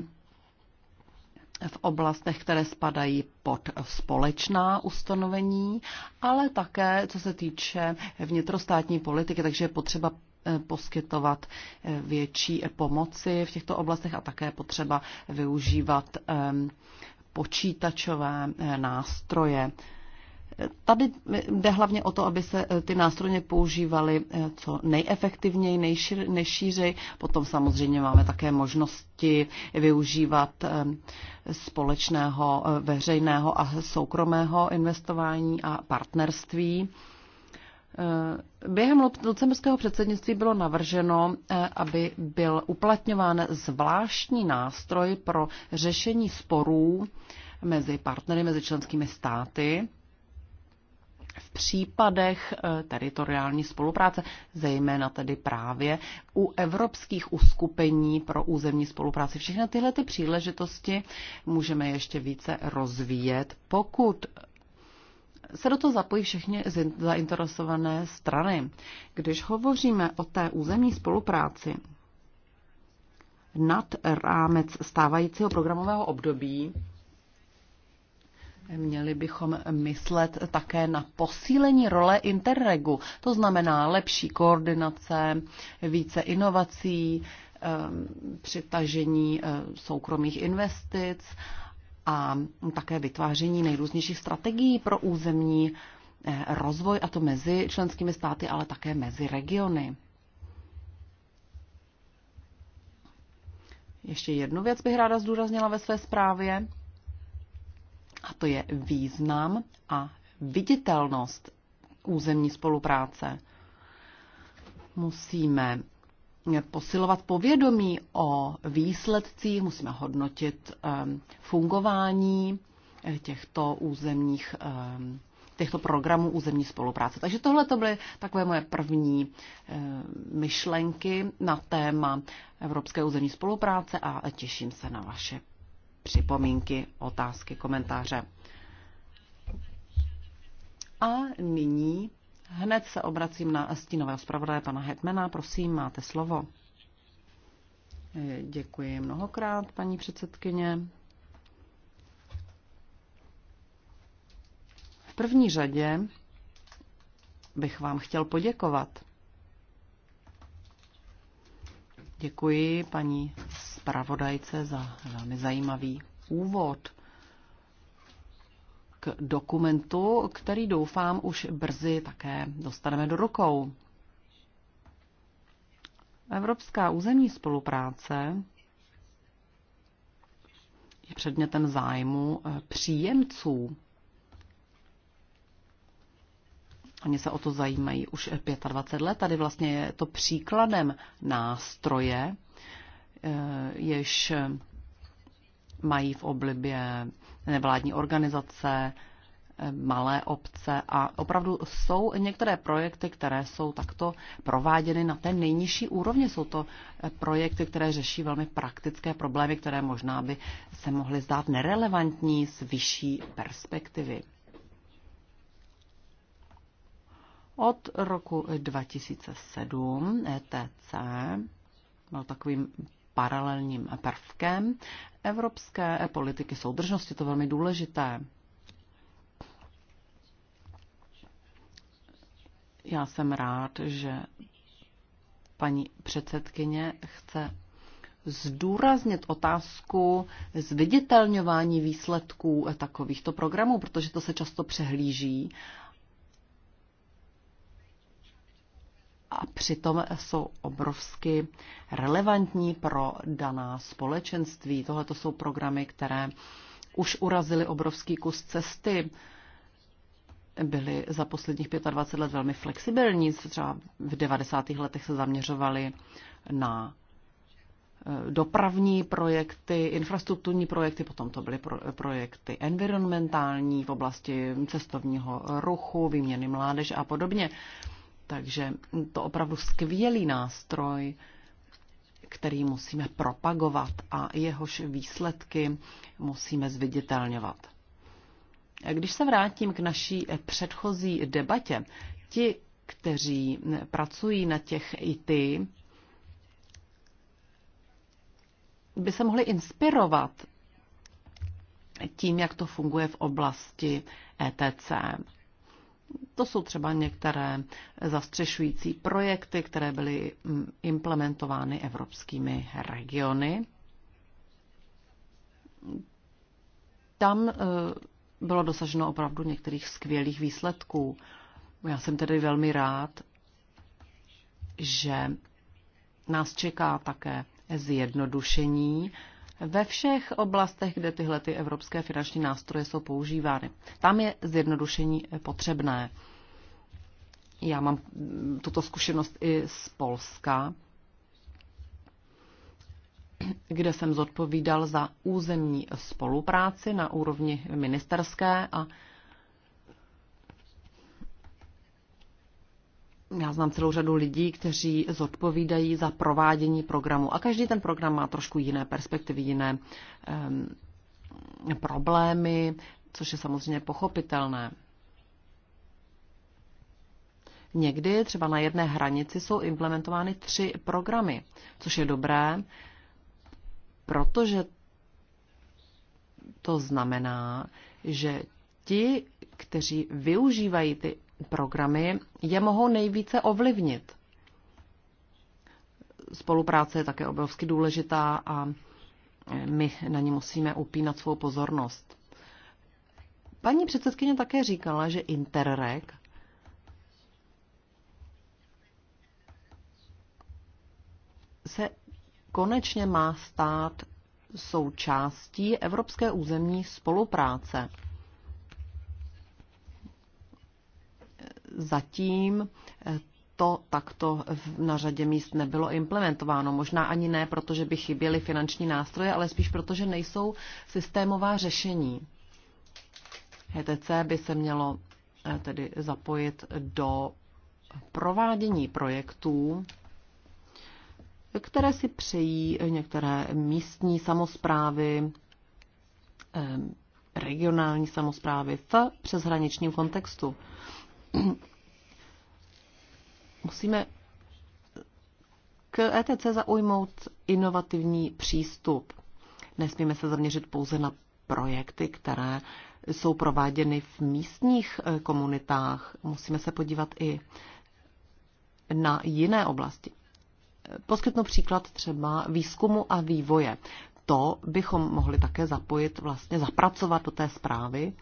Speaker 2: v oblastech, které spadají pod společná ustanovení, ale také co se týče vnitrostátní politiky, takže je potřeba eh, poskytovat eh, větší pomoci v těchto oblastech a také potřeba využívat ehm, počítačové eh, nástroje Tady jde hlavně o to, aby se eh, ty nástroje používaly eh, co nejefektivněji, nejšíř, nejšířej. Potom samozřejmě máme také možnosti využívat eh, společného veřejného a soukromého investování a partnerství. Během lucemburského předsednictví bylo navrženo, aby byl uplatňován zvláštní nástroj pro řešení sporů mezi partnery, mezi členskými státy v případech eh, teritoriální spolupráce, zejména tedy právě u evropských uskupení pro územní spolupráci. Všechny tyhle ty příležitosti můžeme ještě více rozvíjet, pokud se do toho zapojí všechny zainteresované strany. Když hovoříme o té územní spolupráci nad rámec stávajícího programového období, Měli bychom myslet také na posílení role Interregu, to znamená lepší koordinace, více inovací, přitažení eh, soukromých investic a také vytváření nejrůznějších strategií pro územní eh, rozvoj, a to mezi členskými státy, ale také mezi regiony. Ještě jednu věc bych ráda zdůraznila ve své zprávě a to je význam a viditelnost územní spolupráce. Musíme posilovat povědomí o výsledcích, musíme hodnotit ehm, fungování eh, těchto územních ehm, těchto programů územní spolupráce. Takže tohle to byly takové moje první ehm, myšlenky na téma Evropské územní spolupráce a těším se na vaše připomínky, otázky, komentáře. A nyní hned se obracím na stínového zpravodaje pana Hetmana. Prosím, máte slovo. Děkuji mnohokrát, paní předsedkyně. V první řadě bych vám chtěl poděkovat. Děkuji paní zpravodajce za velmi zajímavý úvod k dokumentu, který doufám už brzy také dostaneme do rukou. Evropská územní spolupráce je předmětem zájmu eh, příjemců. Oni se o to zajímají už 25 let. Tady vlastně je to příkladem nástroje, Eh, jež mají v oblibě nevládní organizace, eh, malé obce a opravdu jsou některé projekty, které jsou takto prováděny na té nejnižší úrovni. Jsou to eh, projekty, které řeší velmi praktické problémy, které možná by se mohly zdát nerelevantní z vyšší perspektivy. Od roku 2007 ETC byl takovým paralelním prvkem evropské politiky soudržnosti. To je velmi důležité. Já jsem rád, že paní předsedkyně chce zdůraznit otázku zviditelňování výsledků takovýchto programů, protože to se často přehlíží a přitom jsou obrovsky relevantní pro daná společenství. Tohle to jsou programy, které už urazily obrovský kus cesty, byly za posledních 25 let velmi flexibilní. Třeba v 90. letech se zaměřovali na eh, dopravní projekty, infrastrukturní projekty, potom to byly pro, projekty environmentální v oblasti cestovního ruchu, výměny mládeže a podobně. Takže to opravdu skvělý nástroj, který musíme propagovat a jehož výsledky musíme zviditelňovat. Když se vrátím k naší předchozí debatě, ti, kteří pracují na těch IT, by se mohli inspirovat tím, jak to funguje v oblasti ETC. To jsou třeba některé zastřešující projekty, které byly mm, implementovány evropskými regiony. Tam e, bylo dosaženo opravdu některých skvělých výsledků. Já jsem tedy velmi rád, že nás čeká také zjednodušení ve všech oblastech, kde tyhle ty evropské finanční nástroje jsou používány. Tam je zjednodušení potřebné. Já mám tuto zkušenost i z Polska, kde jsem zodpovídal za územní spolupráci na úrovni ministerské a já znám celou řadu lidí, kteří zodpovídají za provádění programu. A každý ten program má trošku jiné perspektivy, jiné um, problémy, což je samozřejmě pochopitelné. Někdy třeba na jedné hranici jsou implementovány tři programy, což je dobré, protože to znamená, že ti, kteří využívají ty programy je mohou nejvíce ovlivnit. Spolupráce je také obrovsky důležitá a my na ní musíme upínat svou pozornost. Paní předsedkyně také říkala, že Interreg se konečně má stát součástí evropské územní spolupráce. zatím eh, to takto na řadě míst nebylo implementováno. Možná ani ne, protože by chyběly finanční nástroje, ale spíš proto, že nejsou systémová řešení. HTC e by se mělo eh, tedy zapojit do provádění projektů, které si přejí některé místní samozprávy, eh, regionální samozprávy v přeshraničním kontextu musíme k ETC zaujmout inovativní přístup. Nesmíme se zaměřit pouze na projekty, které jsou prováděny v místních e, komunitách. Musíme se podívat i na jiné oblasti. Poskytnu příklad třeba výzkumu a vývoje. To bychom mohli také zapojit, vlastně zapracovat do té zprávy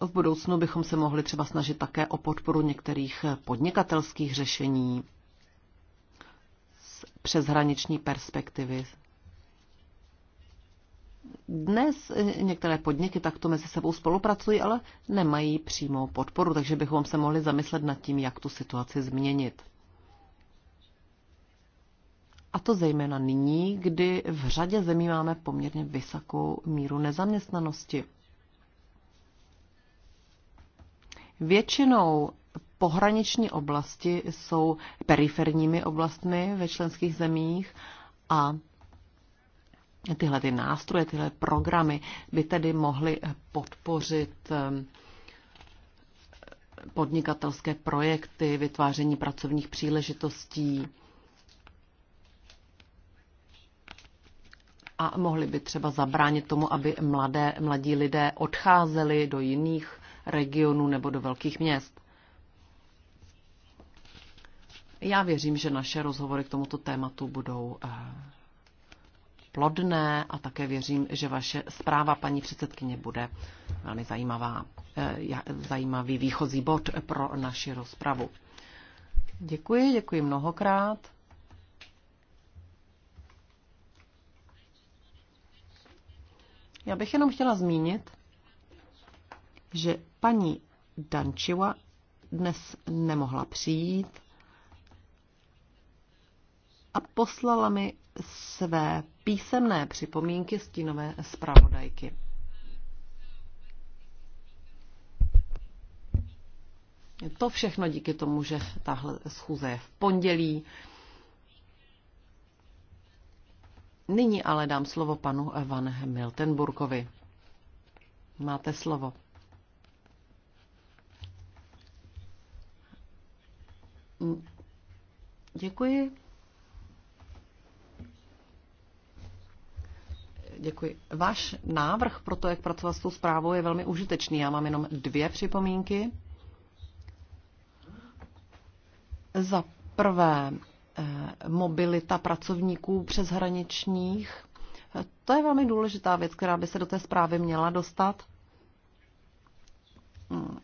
Speaker 2: v budoucnu bychom se mohli třeba snažit také o podporu některých podnikatelských řešení z přeshraniční perspektivy. Dnes některé podniky takto mezi sebou spolupracují, ale nemají přímou podporu, takže bychom se mohli zamyslet nad tím, jak tu situaci změnit. A to zejména nyní, kdy v řadě zemí máme poměrně vysokou míru nezaměstnanosti. Většinou pohraniční oblasti jsou periferními oblastmi ve členských zemích a tyhle ty nástroje, tyhle programy by tedy mohly podpořit ehm, podnikatelské projekty, vytváření pracovních příležitostí a mohly by třeba zabránit tomu, aby mladé, mladí lidé odcházeli do jiných regionů nebo do velkých měst. Já věřím, že naše rozhovory k tomuto tématu budou eh, plodné a také věřím, že vaše zpráva, paní předsedkyně, bude velmi zajímavá, eh, zajímavý výchozí bod pro naši rozpravu. Děkuji, děkuji mnohokrát. Já bych jenom chtěla zmínit, že paní Dančiva dnes nemohla přijít a poslala mi své písemné připomínky stínové zpravodajky. To všechno díky tomu, že tahle schůze je v pondělí. Nyní ale dám slovo panu Evan Miltenburkovi. Máte slovo. Mm. Děkuji. Děkuji. Váš návrh pro to, jak pracovat s tou zprávou, je velmi užitečný. Já mám jenom dvě připomínky. Za prvé, eh, mobilita pracovníků přeshraničních. To je velmi důležitá věc, která by se do té zprávy měla dostat. Mm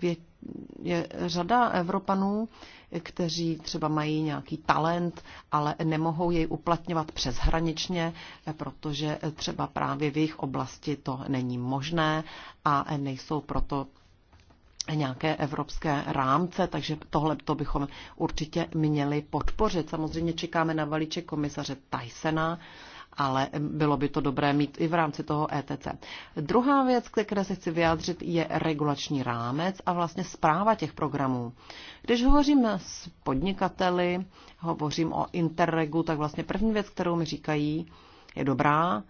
Speaker 2: vě, je řada Evropanů, kteří třeba mají nějaký talent, ale nemohou jej uplatňovat přeshraničně, protože třeba právě v jejich oblasti to není možné a nejsou proto nějaké evropské rámce, takže tohle to bychom určitě měli podpořit. Samozřejmě čekáme na balíček komisaře Tysena, ale bylo by to dobré mít i v rámci toho ETC. Druhá věc, které se chci vyjádřit, je regulační rámec a vlastně zpráva těch programů. Když hovořím s podnikateli, hovořím o Interregu, tak vlastně první věc, kterou mi říkají, je dobrá,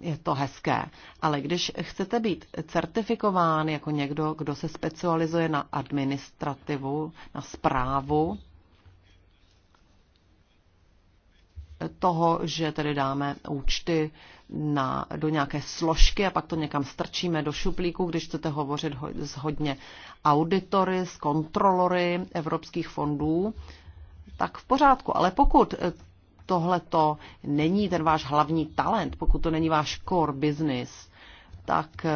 Speaker 2: je to hezké. Ale když chcete být certifikován jako někdo, kdo se specializuje na administrativu, na zprávu, toho, že tedy dáme účty na, do nějaké složky a pak to někam strčíme do šuplíku, když chcete hovořit ho, s hodně auditory, s kontrolory evropských fondů, tak v pořádku. Ale pokud eh, tohle to není ten váš hlavní talent, pokud to není váš core business, tak eh,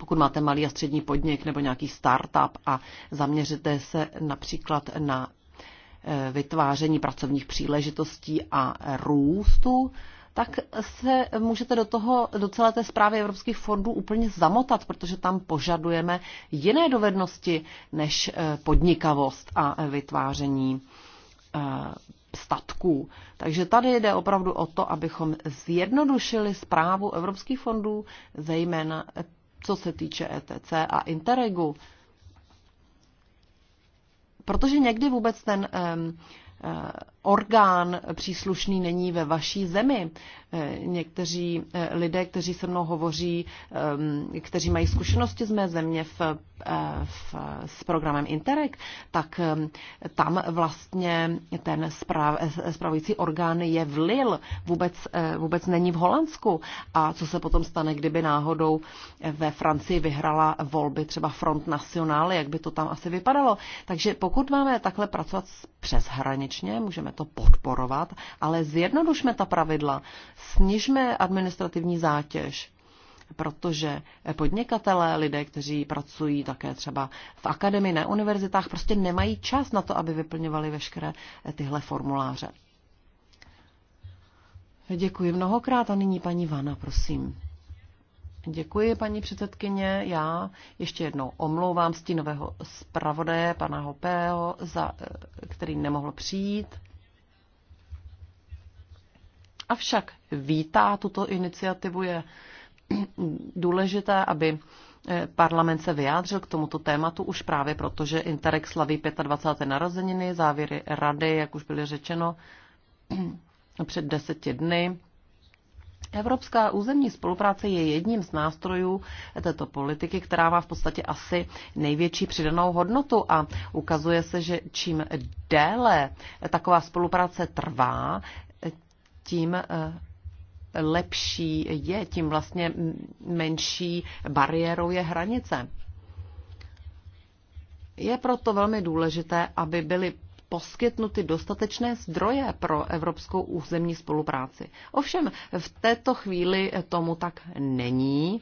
Speaker 2: pokud máte malý a střední podnik nebo nějaký startup a zaměříte se například na vytváření pracovních příležitostí a růstu, tak se můžete do, toho, do celé té zprávy evropských fondů úplně zamotat, protože tam požadujeme jiné dovednosti než eh, podnikavost a eh, vytváření eh, statků. Takže tady jde opravdu o to, abychom zjednodušili zprávu evropských fondů, zejména co se týče ETC a Interregu protože někdy vůbec ten orgán příslušný není ve vaší zemi. Eh, někteří eh, lidé, kteří se mnou hovoří, ehm, kteří mají zkušenosti z mé země v, eh, v, s programem Interreg, tak ehm, tam vlastně ten správ, spravující orgán je v Lille, vůbec, vůbec není v Holandsku. A co se potom stane, kdyby náhodou ve Francii vyhrala volby třeba Front National, jak by to tam asi vypadalo. Takže pokud máme takhle pracovat přeshraničně, můžeme to podporovat, ale zjednodušme ta pravidla, snižme administrativní zátěž protože podnikatelé, lidé, kteří pracují také třeba v akademii, na univerzitách, prostě nemají čas na to, aby vyplňovali veškeré tyhle formuláře. Děkuji mnohokrát a nyní paní Vana, prosím. Děkuji, paní předsedkyně. Já ještě jednou omlouvám stínového zpravodaje, pana Hopého, za, eh, který nemohl přijít avšak vítá tuto iniciativu. Je důležité, aby eh, parlament se vyjádřil k tomuto tématu už právě proto, že Interreg slaví 25. narozeniny, závěry rady, jak už byly řečeno, před deseti dny. Evropská územní spolupráce je jedním z nástrojů této politiky, která má v podstatě asi největší přidanou hodnotu a ukazuje se, že čím déle taková spolupráce trvá, tím eh, lepší je, tím vlastně menší bariérou je hranice. Je proto velmi důležité, aby byly poskytnuty dostatečné zdroje pro evropskou územní spolupráci. Ovšem v této chvíli tomu tak není.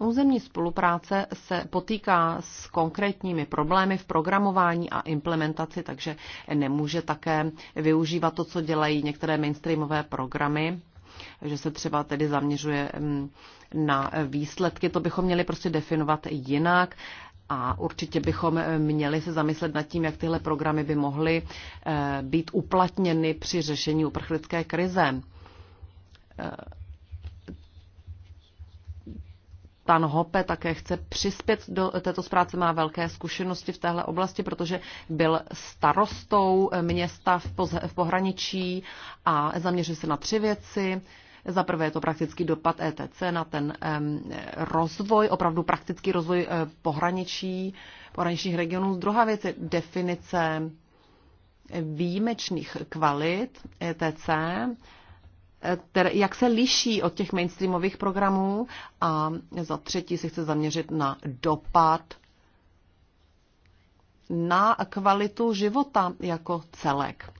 Speaker 2: Územní spolupráce se potýká s konkrétními problémy v programování a implementaci, takže nemůže také využívat to, co dělají některé mainstreamové programy, že se třeba tedy zaměřuje mm, na výsledky. To bychom měli prostě definovat jinak. A určitě bychom měli se zamyslet nad tím, jak tyhle programy by mohly eh, být uplatněny při řešení uprchlické krize eh, Pan Hope také chce přispět do této zpráce, má velké zkušenosti v téhle oblasti, protože byl starostou města v, poz- v pohraničí a zaměřil se na tři věci. Za prvé je to praktický dopad ETC na ten um, rozvoj, opravdu praktický rozvoj uh, pohraničí, pohraničních regionů. Druhá věc je definice výjimečných kvalit ETC které, jak se liší od těch mainstreamových programů a za třetí se chce zaměřit na dopad na kvalitu života jako celek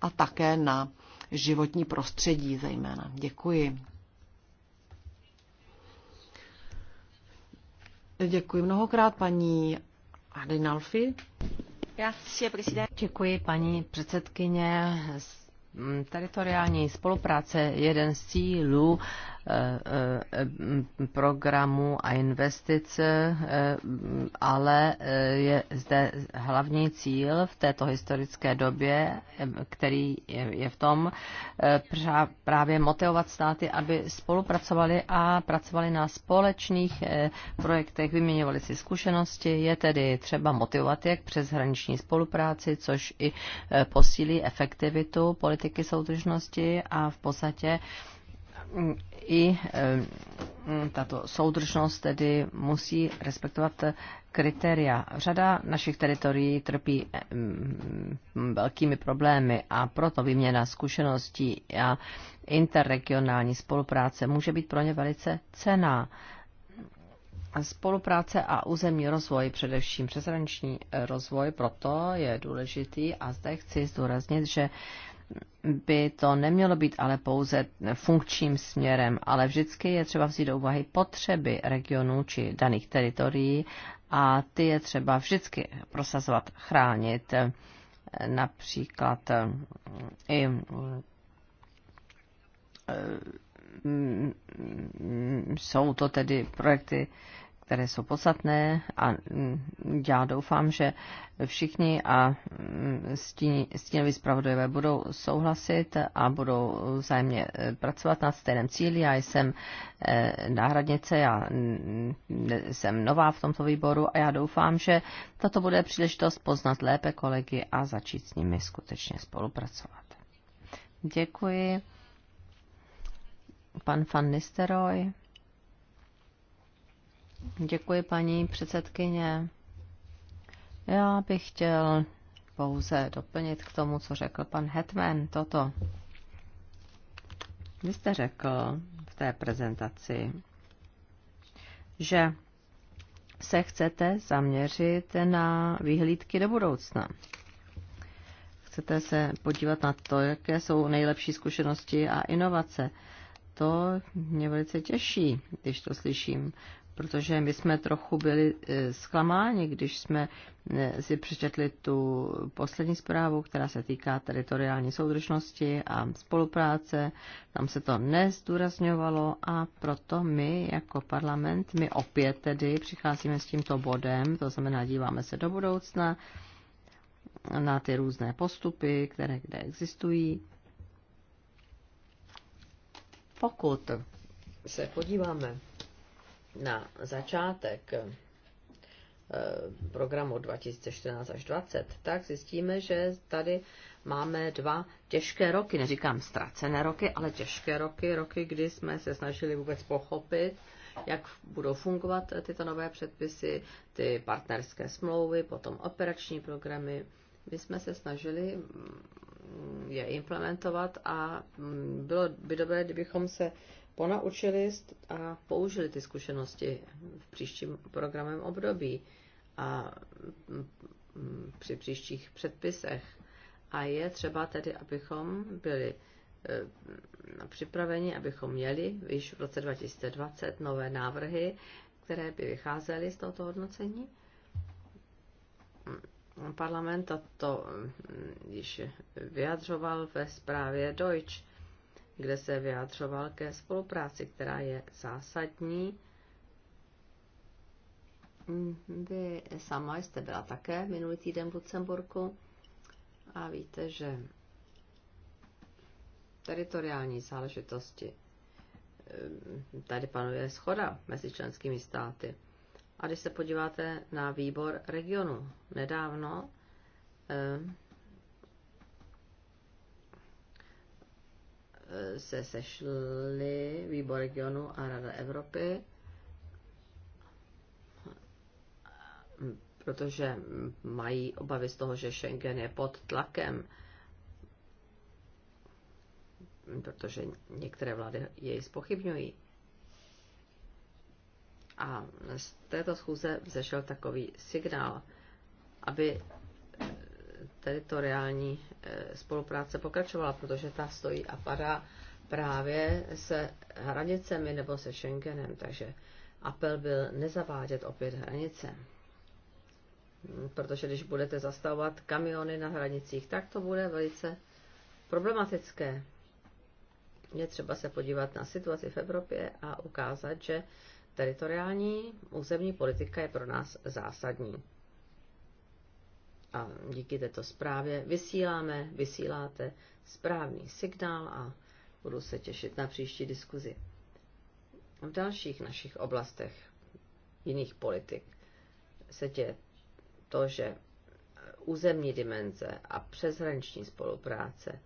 Speaker 2: a také na životní prostředí zejména. Děkuji. Děkuji mnohokrát paní Adinalfi. Děkuji paní předsedkyně teritoriální
Speaker 3: spolupráce je jeden z cílů programu a investic, ale je zde hlavní cíl v této historické době, který je v tom právě motivovat státy, aby spolupracovali a pracovali na společných eh, projektech, vyměňovali si zkušenosti. Je tedy třeba motivovat jak přes hraniční spolupráci, což i eh, posílí efektivitu politiky soudržnosti a v podstatě i eh, tato soudržnost tedy musí respektovat kritéria. Řada našich teritorií trpí eh, mm, velkými problémy a proto výměna zkušeností a interregionální spolupráce může být pro ně velice cená. Spolupráce a územní rozvoj, především přeshraniční eh, rozvoj, proto je důležitý a zde chci zdůraznit, že by to nemělo být ale pouze funkčním směrem, ale vždycky je třeba vzít do úvahy potřeby regionů či daných teritorií a ty je třeba vždycky prosazovat, chránit. Například eh, i eh, jsou to tedy projekty které jsou podstatné a mm, já doufám, že všichni a mm, stín, stínoví zpravodajové budou souhlasit a budou vzájemně e, pracovat na stejném cíli. Já jsem e, náhradnice, já mm, jsem nová v tomto výboru a já doufám, že tato bude příležitost poznat lépe kolegy a začít s nimi skutečně spolupracovat. Děkuji. Pan van Nisteroy. Děkuji, paní předsedkyně. Já bych chtěl pouze doplnit k tomu, co řekl pan Hetman, toto. Vy jste řekl v té prezentaci, že se chcete zaměřit na vyhlídky do budoucna. Chcete se podívat na to, jaké jsou nejlepší zkušenosti a inovace. To mě velice těší, když to slyším, protože my jsme trochu byli e, zklamáni, když jsme e, si přečetli tu poslední zprávu, která se týká teritoriální soudržnosti a spolupráce. Tam se to nezdůrazňovalo a proto my jako parlament, my opět tedy přicházíme s tímto bodem, to znamená díváme se do budoucna na ty různé postupy, které kde existují. Pokud se podíváme na začátek eh, programu 2014 až 2020, tak zjistíme, že tady máme dva těžké roky, neříkám ztracené roky, ale těžké roky, roky, kdy jsme se snažili vůbec pochopit, jak budou fungovat eh, tyto nové předpisy, ty partnerské smlouvy, potom operační programy. My jsme se snažili mm, je implementovat a mm, bylo by dobré, kdybychom se ponaučili a použili ty zkušenosti v příštím programem období a při příštích předpisech. A je třeba tedy, abychom byli eh, připraveni, abychom měli již v roce 2020 nové návrhy, které by vycházely z tohoto hodnocení. Parlament to již vyjadřoval ve zprávě Deutsch kde se vyjadřoval ke spolupráci, která je zásadní. Vy sama jste byla také minulý týden v Lucemburku a víte, že teritoriální záležitosti ehm, tady panuje schoda mezi členskými státy. A když se podíváte na výbor regionu nedávno, ehm, se sešly výbor regionu a Rada Evropy, protože mají obavy z toho, že Schengen je pod tlakem, protože některé vlády jej spochybňují. A z této schůze vzešel takový signál, aby teritoriální eh, spolupráce pokračovala, protože ta stojí a padá právě se hranicemi nebo se Schengenem, takže apel byl nezavádět opět hranice. Hmm, protože když budete zastavovat kamiony na hranicích, tak to bude velice problematické. Je třeba se podívat na situaci v Evropě a ukázat, že teritoriální územní politika je pro nás zásadní a díky této zprávě vysíláme, vysíláte správný signál a budu se těšit na příští diskuzi. V dalších našich oblastech jiných politik se tě to, že územní dimenze a přeshraniční spolupráce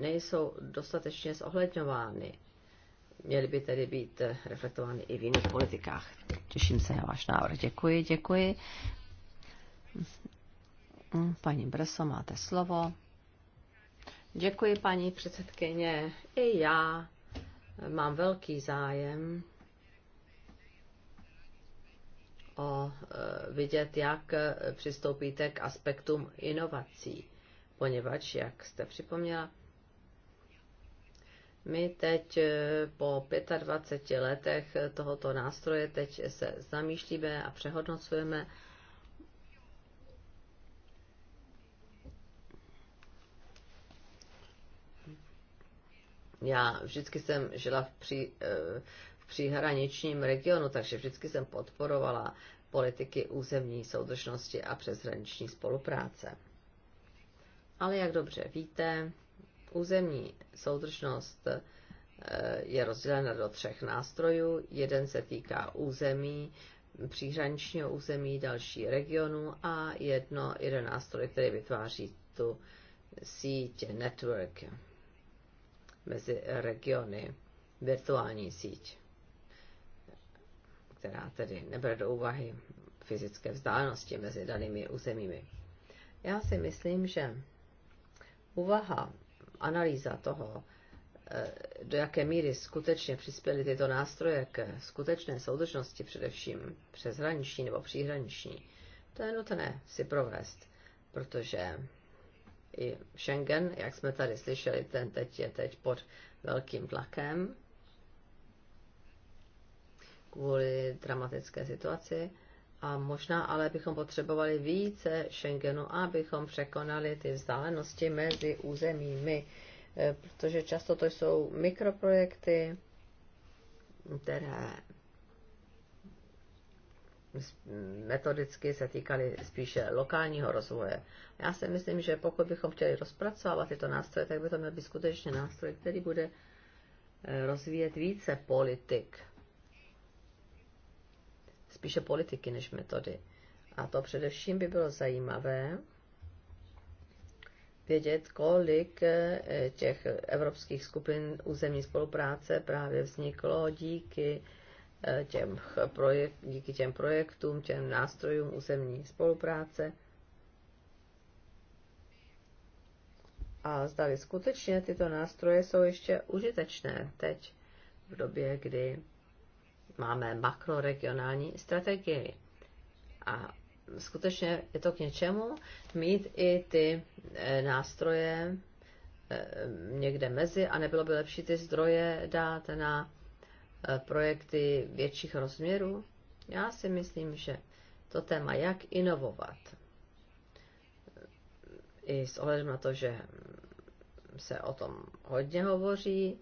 Speaker 3: nejsou dostatečně zohledňovány. Měly by tedy být reflektovány i v jiných politikách. Těším se na váš návrh. Děkuji, děkuji. Paní Breso, máte slovo. Děkuji, paní předsedkyně. I já mám velký zájem o eh, vidět, jak eh, přistoupíte k aspektům inovací, poněvadž, jak jste připomněla, my teď eh, po 25 letech tohoto nástroje teď se zamýšlíme a přehodnocujeme já vždycky jsem žila v, pří, eh, v příhraničním regionu, takže vždycky jsem podporovala politiky územní soudržnosti a přeshraniční spolupráce. Ale jak dobře víte, územní soudržnost eh, je rozdělena do třech nástrojů. Jeden se týká území, příhraničního území, další regionu a jedno, jeden nástroj, který vytváří tu sítě, network mezi regiony, virtuální síť, která tedy nebere do úvahy fyzické vzdálenosti mezi danými územími. Já si myslím, že úvaha, analýza toho, eh, do jaké míry skutečně přispěly tyto nástroje k skutečné soudržnosti, především přeshraniční nebo příhraniční, to je nutné si provést, protože i Schengen, jak jsme tady slyšeli, ten teď je teď pod velkým tlakem kvůli dramatické situaci. A možná ale bychom potřebovali více Schengenu, abychom překonali ty vzdálenosti mezi územími, e, protože často to jsou mikroprojekty, které metodicky se týkaly spíše lokálního rozvoje. Já si myslím, že pokud bychom chtěli rozpracovat tyto nástroje, tak by to měl být skutečně nástroj, který bude eh, rozvíjet více politik. Spíše politiky než metody. A to především by bylo zajímavé vědět, kolik eh, těch evropských skupin územní spolupráce právě vzniklo díky Eh, těm projekt, díky těm projektům, těm nástrojům územní spolupráce. A zdali skutečně tyto nástroje jsou ještě užitečné teď, v době, kdy máme makroregionální strategii. A skutečně je to k něčemu mít i ty eh, nástroje eh, někde mezi a nebylo by lepší ty zdroje dát na Eh, projekty větších rozměrů? Já si myslím, že to téma, jak inovovat, i s ohledem na to, že se o tom hodně hovoří,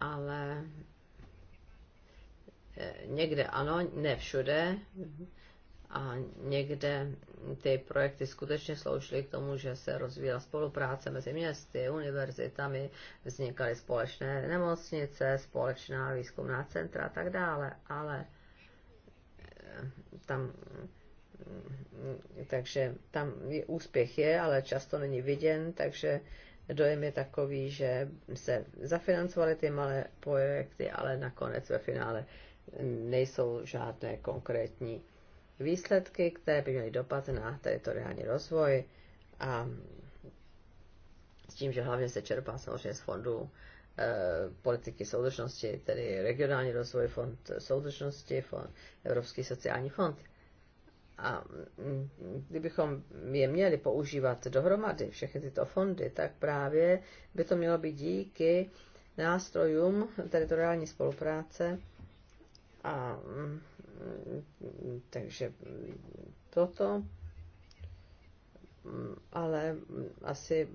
Speaker 3: ale eh, někde ano, ne všude a někde ty projekty skutečně sloužily k tomu, že se rozvíjela spolupráce mezi městy, univerzitami, vznikaly společné nemocnice, společná výzkumná centra a tak dále, ale eh, tam mm, takže tam je, úspěch je, ale často není viděn, takže dojem je takový, že se zafinancovaly ty malé projekty, ale nakonec ve finále nejsou žádné konkrétní výsledky, které by měly dopad na teritoriální rozvoj a s tím, že hlavně se čerpá samozřejmě z fondů e, eh, politiky soudržnosti, tedy regionální rozvoj, fond soudržnosti, fond, Evropský sociální fond. A mm, kdybychom je měli používat dohromady, všechny tyto fondy, tak právě by to mělo být díky nástrojům teritoriální spolupráce a mm, Mm, takže toto, mm, ale asi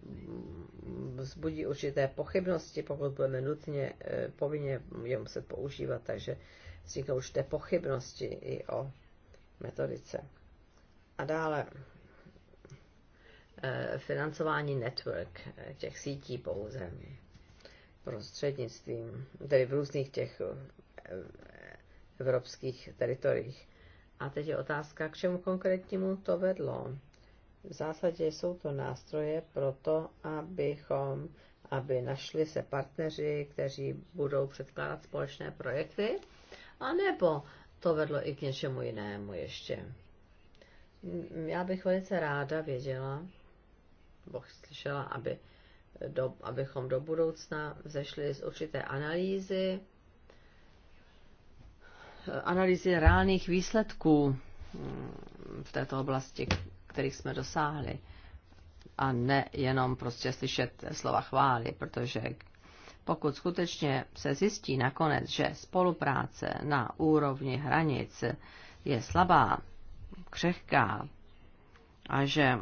Speaker 3: vzbudí určité pochybnosti, pokud budeme nutně eh, povinně je muset používat, takže vzniknou určité pochybnosti i o metodice. A dále eh, financování network eh, těch sítí pouze prostřednictvím, tedy v různých těch evropských teritoriích. A teď je otázka, k čemu konkrétnímu to vedlo. V zásadě jsou to nástroje pro to, abychom, aby našli se partneři, kteří budou předkládat společné projekty, anebo to vedlo i k něčemu jinému ještě. Já bych velice ráda věděla, nebo slyšela, aby do, abychom do budoucna vzešli z určité analýzy, analýzy reálných výsledků mm, v této oblasti, kterých jsme dosáhli. A ne jenom prostě slyšet slova chvály, protože pokud skutečně se zjistí nakonec, že spolupráce na úrovni hranic je slabá, křehká a že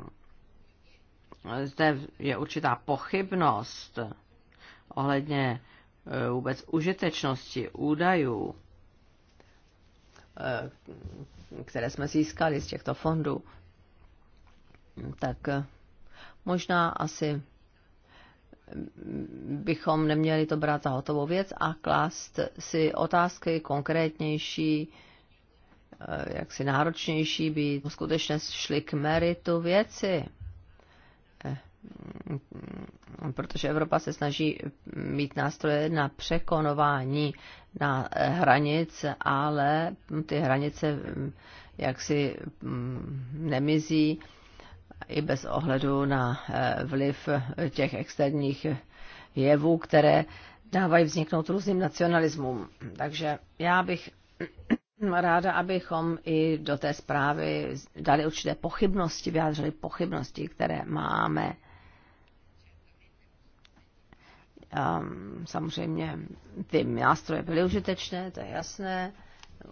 Speaker 3: zde je určitá pochybnost ohledně eh, vůbec užitečnosti údajů, Eh, které jsme získali z těchto fondů, tak eh, možná asi bychom neměli to brát za hotovou věc a klást si otázky konkrétnější, eh, jaksi náročnější, být skutečně šli k meritu věci protože Evropa se snaží mít nástroje na překonování na hranic, ale ty hranice mm, jaksi mm, nemizí i bez ohledu na eh, vliv těch externích jevů, které dávají vzniknout různým nacionalismům. Takže já bych ráda, abychom i do té zprávy dali určité pochybnosti, vyjádřili pochybnosti, které máme um, samozřejmě ty nástroje byly užitečné, to je jasné,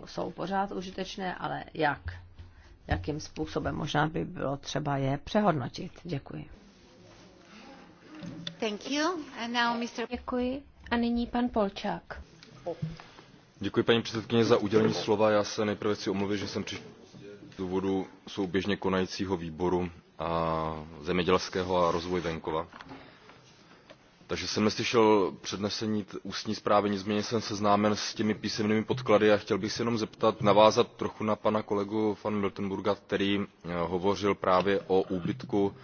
Speaker 3: jsou pořád užitečné, ale jak? Jakým způsobem možná by bylo třeba je přehodnotit? Děkuji.
Speaker 1: Thank you. And now Mr. Děkuji. A nyní pan Polčák.
Speaker 4: Děkuji paní předsedkyně za udělení slova. Já se nejprve chci omluvit, že jsem přišel z důvodu souběžně konajícího výboru a zemědělského a rozvoj venkova takže jsem neslyšel přednesení ústní zprávy nicméně jsem seznámen s těmi písemnými podklady a chtěl bych se jenom zeptat navázat trochu na pana kolegu van miltenburga který eh, hovořil právě o úbytku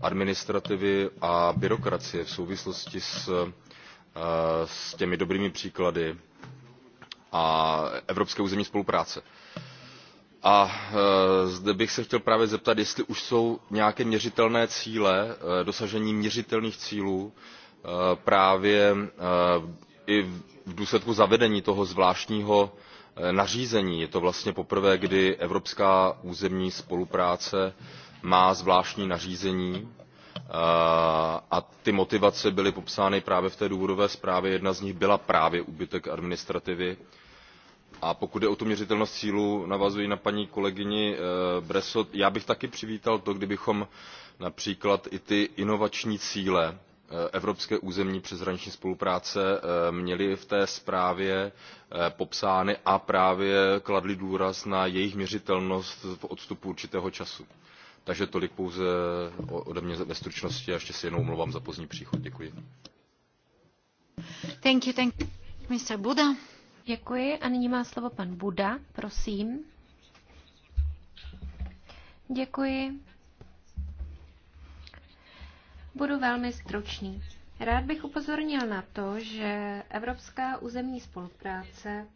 Speaker 4: administrativy a byrokracie v souvislosti s, eh, s těmi dobrými příklady a evropské územní spolupráce a eh, zde bych se chtěl právě zeptat jestli už jsou nějaké měřitelné cíle dosažení měřitelných cílů Eh, právě eh, i v důsledku zavedení toho zvláštního eh, nařízení je to vlastně poprvé kdy evropská územní spolupráce má zvláštní nařízení a ty motivace byly popsány právě v té důvodové zprávě jedna z nich byla právě úbytek administrativy a pokud jde o tu měřitelnost cílů navazuji na paní kolegyni bresso já bych taky přivítal to kdybychom například i ty inovační cíle Eh, evropské územní přeshraniční spolupráce eh, měly v té zprávě eh, popsány a právě kladly důraz na jejich měřitelnost v odstupu určitého času. takže tolik pouze ode mě ve stručnosti a ještě se jednou omlouvám za pozdní příchod. děkuji.
Speaker 1: Thank you, thank you. Buda. Děkuji a nyní má slovo pan Buda, prosím. Děkuji. Budu velmi stručný. Rád bych upozornil na to, že Evropská územní spolupráce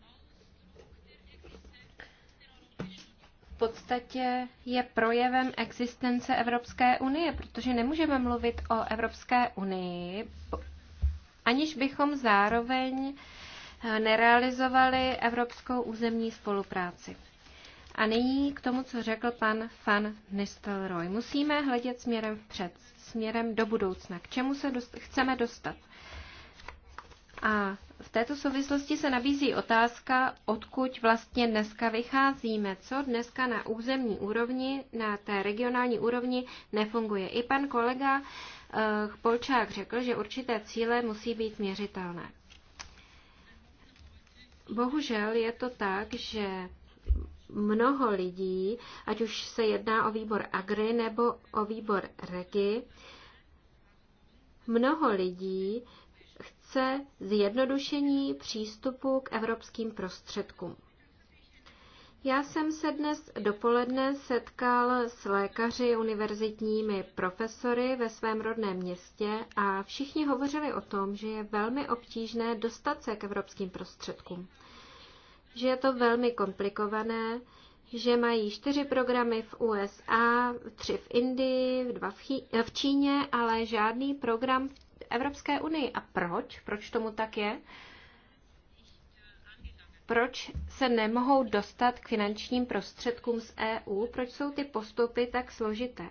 Speaker 1: v podstatě je projevem existence Evropské unie, protože nemůžeme mluvit o Evropské unii, aniž bychom zároveň eh, nerealizovali evropskou územní spolupráci. A nyní k tomu, co řekl pan Van Nistelrooy. Musíme hledět směrem vpřed směrem do budoucna, k čemu se dost, chceme dostat. A v této souvislosti se nabízí otázka, odkud vlastně dneska vycházíme, co dneska na územní úrovni, na té regionální úrovni nefunguje. I pan kolega eh, Polčák řekl, že určité cíle musí být měřitelné. Bohužel je to tak, že mnoho lidí, ať už se jedná o výbor Agri nebo o výbor Regi, mnoho lidí chce zjednodušení přístupu k evropským prostředkům. Já jsem se dnes dopoledne setkal s lékaři, univerzitními profesory ve svém rodném městě a všichni hovořili o tom, že je velmi obtížné dostat se k evropským prostředkům že je to velmi komplikované, že mají čtyři programy v USA, tři v Indii, dva v, Chí- eh, v Číně, ale žádný program v Evropské unii. A proč? Proč tomu tak je? Proč se nemohou dostat k finančním prostředkům z EU? Proč jsou ty postupy tak složité?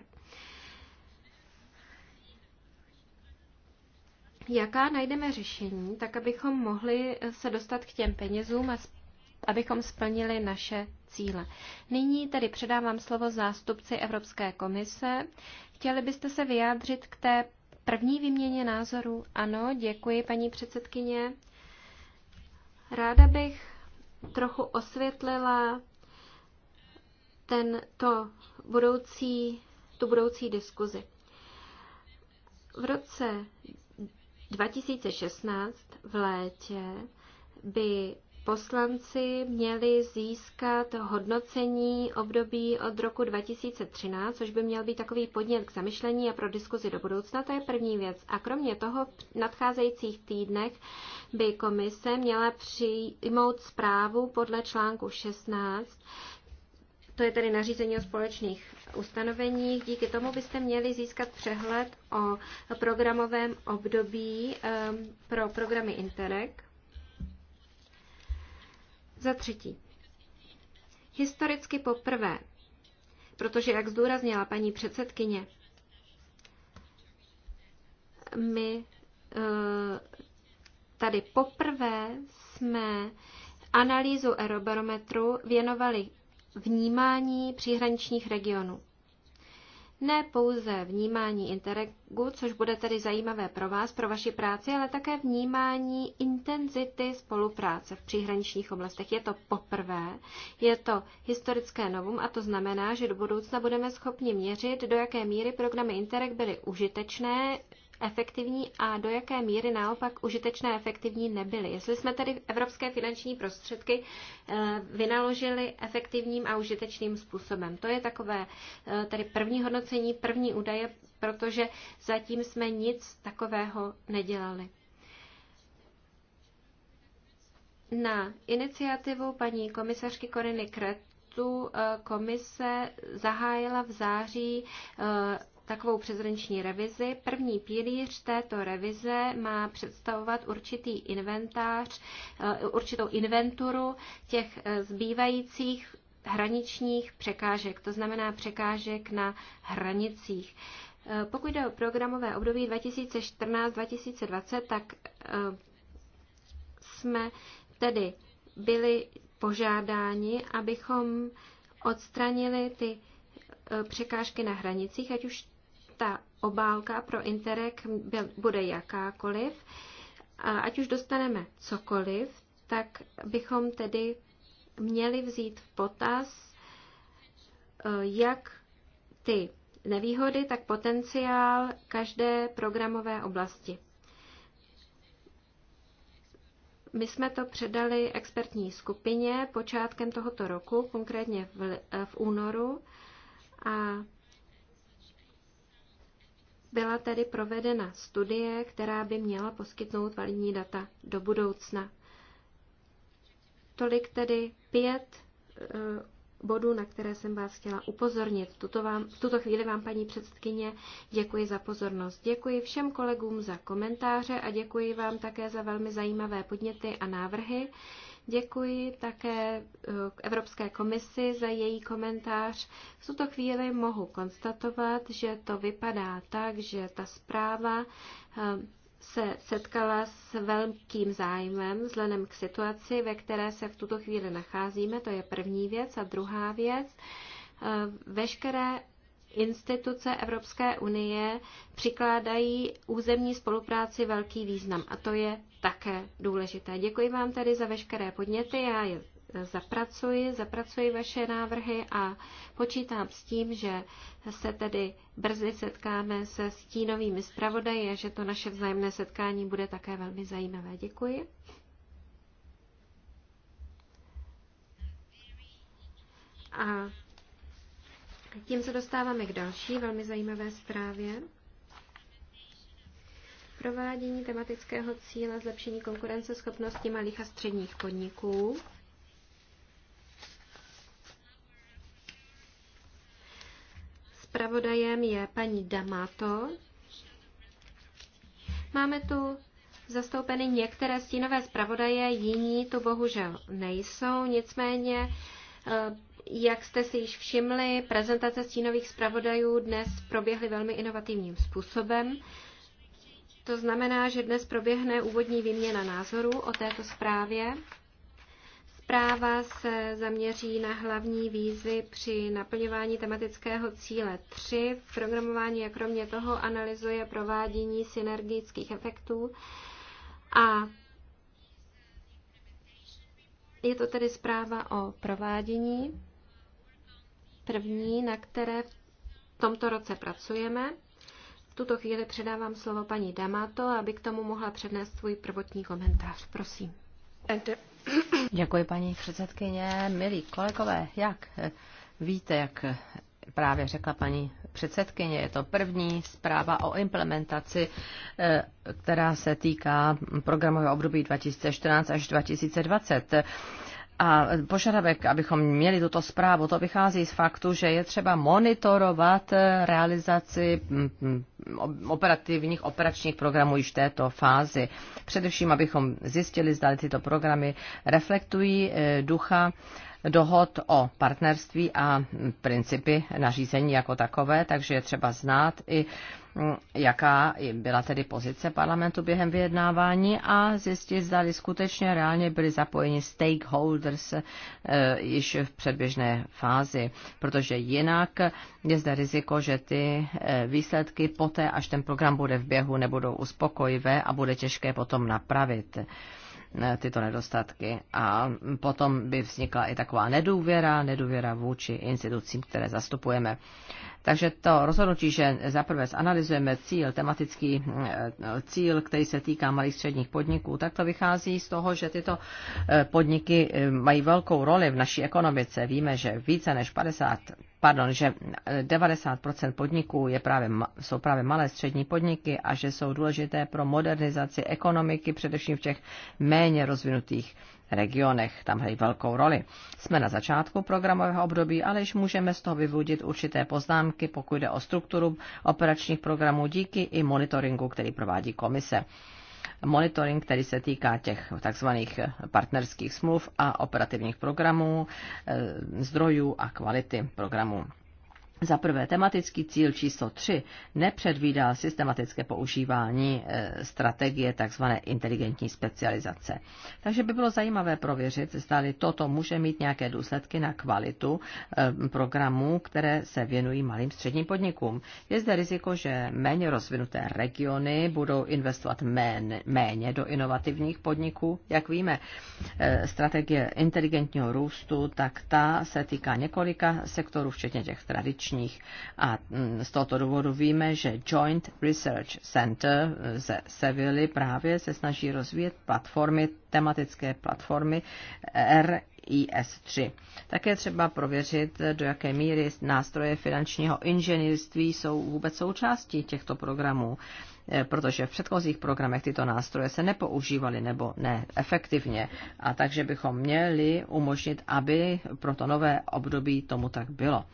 Speaker 1: Jaká najdeme řešení, tak abychom mohli se dostat k těm penězům a abychom splnili naše cíle. Nyní tedy předávám slovo zástupci Evropské komise. Chtěli byste se vyjádřit k té první výměně názorů? Ano, děkuji, paní předsedkyně. Ráda bych trochu osvětlila tento budoucí, tu budoucí diskuzi. V roce 2016 v létě by poslanci měli získat hodnocení období od roku 2013, což by měl být takový podnět k zamyšlení a pro diskuzi do budoucna, to je první věc. A kromě toho v nadcházejících týdnech by komise měla přijmout zprávu podle článku 16, to je tedy nařízení o společných ustanoveních. Díky tomu byste měli získat přehled o programovém období ehm, pro programy Interreg. Za třetí, historicky poprvé, protože, jak zdůraznila paní předsedkyně, my eh, tady poprvé jsme analýzu aerobarometru věnovali vnímání příhraničních regionů ne pouze vnímání interagu, což bude tedy zajímavé pro vás, pro vaši práci, ale také vnímání intenzity spolupráce v příhraničních oblastech. Je to poprvé, je to historické novum a to znamená, že do budoucna budeme schopni měřit, do jaké míry programy Interreg byly užitečné efektivní a do jaké míry naopak užitečné efektivní nebyly. Jestli jsme tedy evropské finanční prostředky eh, vynaložili efektivním a užitečným způsobem. To je takové eh, tedy první hodnocení, první údaje, protože zatím jsme nic takového nedělali. Na iniciativu paní komisařky Koriny Kretu tu eh, komise zahájila v září takovou přezrenční revizi. První pilíř této revize má představovat určitý inventář, eh, určitou inventuru těch eh, zbývajících hraničních překážek, to znamená překážek na hranicích. Eh, pokud jde o programové období 2014-2020, tak jsme tedy byli požádáni, abychom odstranili ty překážky na hranicích, ať už ta obálka pro Interreg bude jakákoliv, a ať už dostaneme cokoliv, tak bychom tedy měli vzít v potaz e, jak ty nevýhody, tak potenciál každé programové oblasti. My jsme to předali expertní skupině počátkem tohoto roku, konkrétně v, e, v únoru, a byla tedy provedena studie, která by měla poskytnout validní data do budoucna. Tolik tedy pět eh, bodů, na které jsem vás chtěla upozornit. Tuto vám, v tuto chvíli vám, paní předsedkyně, děkuji za pozornost. Děkuji všem kolegům za komentáře a děkuji vám také za velmi zajímavé podněty a návrhy. Děkuji také eh, Evropské komisi za její komentář. V tuto chvíli mohu konstatovat, že to vypadá tak, že ta zpráva eh, se setkala s velkým zájmem vzhledem k situaci, ve které se v tuto chvíli nacházíme. To je první věc. A druhá věc, eh, veškeré instituce Evropské unie přikládají územní spolupráci velký význam. A to je také důležité. Děkuji vám tedy za veškeré podněty, já je zapracuji, zapracuji vaše návrhy a počítám s tím, že se tedy brzy setkáme se stínovými zpravodaji a že to naše vzájemné setkání bude také velmi zajímavé. Děkuji. A tím se dostáváme k další velmi zajímavé zprávě provádění tematického cíle zlepšení konkurenceschopnosti malých a středních podniků. Spravodajem je paní Damato. Máme tu zastoupeny některé stínové zpravodaje, jiní tu bohužel nejsou, nicméně eh, jak jste si již všimli, prezentace stínových zpravodajů dnes proběhly velmi inovativním způsobem. To znamená, že dnes proběhne úvodní výměna názorů o této zprávě. Zpráva se zaměří na hlavní výzvy při naplňování tematického cíle 3 v programování a kromě toho analyzuje provádění synergických efektů a je to tedy zpráva o provádění, první, na které v tomto roce pracujeme. V tuto chvíli předávám slovo paní Damato, aby k tomu mohla přednést svůj prvotní komentář. Prosím.
Speaker 3: Děkuji, paní předsedkyně. Milí kolegové, jak víte, jak právě řekla paní předsedkyně, je to první zpráva o implementaci, eh, která se týká programového období 2014 až 2020. A požadavek, abychom měli tuto zprávu, to vychází z faktu, že je třeba monitorovat eh, realizaci mm, mm, operativních operačních programů již v této fázi. Především, abychom zjistili, zda tyto programy reflektují eh, ducha dohod o partnerství a mm, principy nařízení jako takové, takže je třeba znát i jaká byla tedy pozice parlamentu během vyjednávání a zjistit, zda skutečně reálně byli zapojeni stakeholders eh, již v předběžné fázi, protože jinak je zde riziko, že ty eh, výsledky poté, až ten program bude v běhu, nebudou uspokojivé a bude těžké potom napravit eh, tyto nedostatky. A potom by vznikla i taková nedůvěra, nedůvěra vůči institucím, které zastupujeme. Takže to rozhodnutí, že zaprvé zanalizujeme cíl, tematický eh, cíl, který se týká malých středních podniků, tak to vychází z toho, že tyto eh, podniky eh, mají velkou roli v naší ekonomice. Víme, že více než 50 pardon, že 90% podniků je právě, jsou právě malé střední podniky a že jsou důležité pro modernizaci ekonomiky, především v těch méně rozvinutých regionech. Tam hrají velkou roli. Jsme na začátku programového období, ale již můžeme z toho vyvodit určité poznámky, pokud jde o strukturu operačních programů díky i monitoringu, který provádí komise monitoring, který se týká těch takzvaných partnerských smluv a operativních programů, eh, zdrojů a kvality programů. Za prvé, tematický cíl číslo 3 nepředvídá systematické používání e, strategie tzv. inteligentní specializace. Takže by bylo zajímavé prověřit, zda toto může mít nějaké důsledky na kvalitu e, programů, které se věnují malým středním podnikům. Je zde riziko, že méně rozvinuté regiony budou investovat méně, méně do inovativních podniků. Jak víme, e, strategie inteligentního růstu, tak ta se týká několika sektorů, včetně těch tradičních finančních. A mm, z tohoto důvodu víme, že Joint Research Center eh, ze Sevilly právě se snaží rozvíjet platformy, tematické platformy eh, R IS3. Také třeba prověřit, eh, do jaké míry nástroje finančního inženýrství jsou vůbec součástí těchto programů, protože v předchozích programech tyto nástroje se nepoužívaly nebo ne efektivně. A takže bychom měli umožnit, aby pro to nové období tomu tak bylo.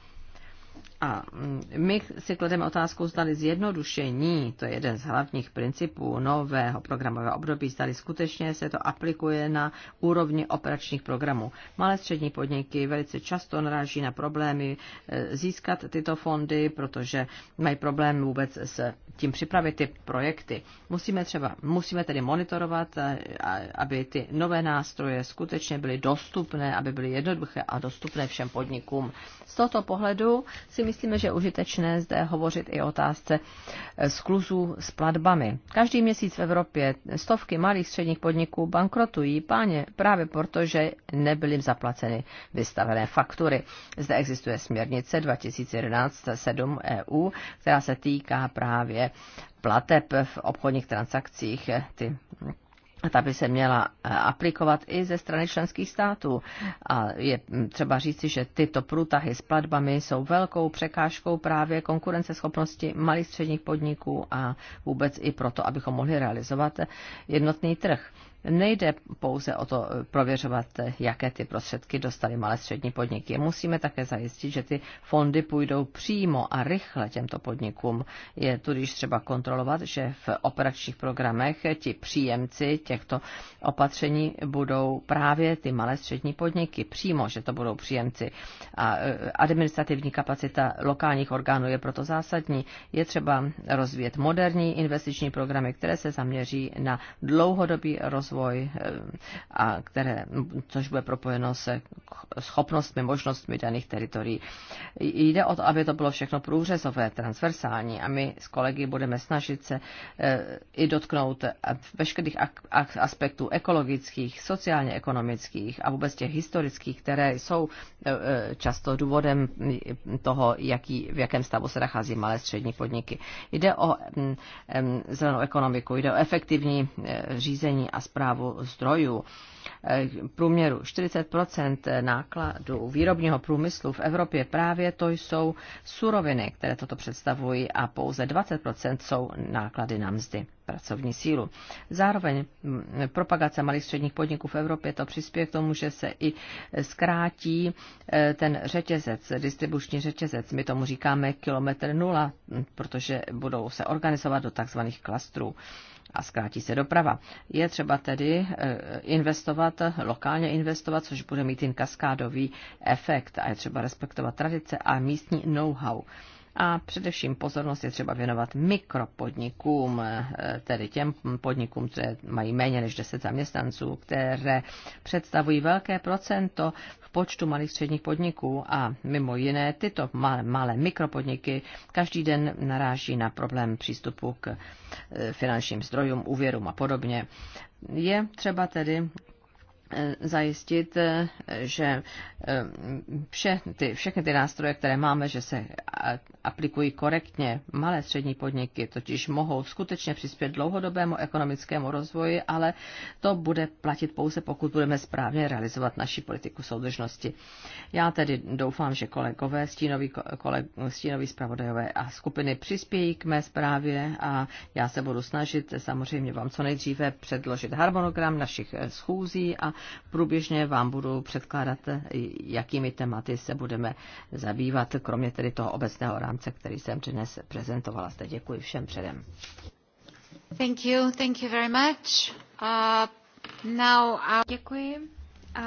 Speaker 3: A mm, my si klademe otázku, zdali zjednodušení, to je jeden z hlavních principů nového programového období, zdali skutečně se to aplikuje na úrovni operačních programů. Malé střední podniky velice často naráží na problémy e, získat tyto fondy, protože mají problém vůbec s tím připravit ty projekty. Musíme třeba, musíme tedy monitorovat, e, aby ty nové nástroje skutečně byly dostupné, aby byly jednoduché a dostupné všem podnikům. Z tohoto pohledu si myslíme, že je užitečné zde hovořit i o otázce eh, skluzů s platbami. Každý měsíc v Evropě stovky malých středních podniků bankrotují páně právě proto, že nebyly zaplaceny vystavené faktury. Zde existuje směrnice 2011-7 EU, která se týká právě plateb v obchodních transakcích. Ty a ta by se měla eh, aplikovat i ze strany členských států. A je mm, třeba říci, že tyto průtahy s platbami jsou velkou překážkou právě konkurenceschopnosti malých středních podniků a vůbec i proto, abychom mohli realizovat jednotný trh. Nejde pouze o to eh, prověřovat, eh, jaké ty prostředky dostaly malé střední podniky. Musíme také zajistit, že ty fondy půjdou přímo a rychle těmto podnikům. Je tudíž třeba kontrolovat, že v operačních programech ti příjemci těchto opatření budou právě ty malé střední podniky přímo, že to budou příjemci. A eh, administrativní kapacita lokálních orgánů je proto zásadní. Je třeba rozvíjet moderní investiční programy, které se zaměří na dlouhodobý rozvoj rozvoj, eh, a které, což bude propojeno se schopnostmi, možnostmi daných teritorií. Jde o to, aby to bylo všechno průřezové, transversální a my s kolegy budeme snažit se eh, i dotknout eh, veškerých aspektů ekologických, sociálně-ekonomických a vůbec těch historických, které jsou často důvodem mm, toho, jaký, v jakém stavu se nachází malé střední podniky. Jde o mm, mm, zelenou ekonomiku, jde o efektivní řízení a zprávy zprávu zdrojů. Eh, průměru 40 nákladů výrobního průmyslu v Evropě právě to jsou suroviny, které toto představují a pouze 20 jsou náklady na mzdy pracovní sílu. Zároveň mm, propagace malých středních podniků v Evropě to přispěje k tomu, že se i zkrátí eh, ten řetězec, distribuční řetězec. My tomu říkáme kilometr nula, protože budou se organizovat do takzvaných klastrů a zkrátí se doprava. Je třeba tedy e, investovat, lokálně investovat, což bude mít jen kaskádový efekt a je třeba respektovat tradice a místní know-how. A především pozornost je třeba věnovat mikropodnikům, eh, tedy těm podnikům, které mají méně než 10 zaměstnanců, které představují velké procento v počtu malých středních podniků a mimo jiné tyto malé, malé mikropodniky každý den naráží na problém přístupu k eh, finančním zdrojům, úvěrům a podobně. Je třeba tedy zajistit, že eh, vše ty, všechny ty nástroje, které máme, že se aplikují korektně. Malé střední podniky totiž mohou skutečně přispět dlouhodobému ekonomickému rozvoji, ale to bude platit pouze, pokud budeme správně realizovat naši politiku soudržnosti. Já tedy doufám, že kolegové, stínoví, koleg, stínoví zpravodajové a skupiny přispějí k mé zprávě a já se budu snažit samozřejmě vám co nejdříve předložit harmonogram našich eh, schůzí a průběžně vám budu předkládat, jakými tématy se budeme zabývat, kromě tedy toho obecného rámce, který jsem dnes prezentovala. Zde děkuji všem předem.
Speaker 1: Thank you, thank you very much. Uh, now I'll... Uh, děkuji. A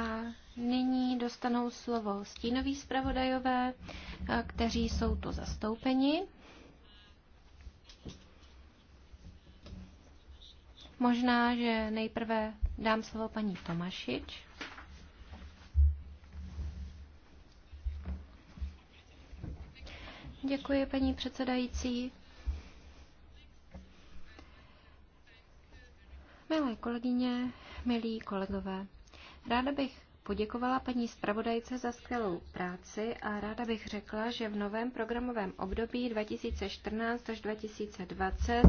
Speaker 1: nyní dostanou slovo stínoví zpravodajové, uh, kteří jsou tu zastoupeni. Možná, že nejprve dám slovo paní Tomašič. Děkuji, paní předsedající. Milé kolegyně, milí kolegové, ráda bych poděkovala paní zpravodajce za skvělou práci a ráda bych řekla, že v novém programovém období 2014 až 2020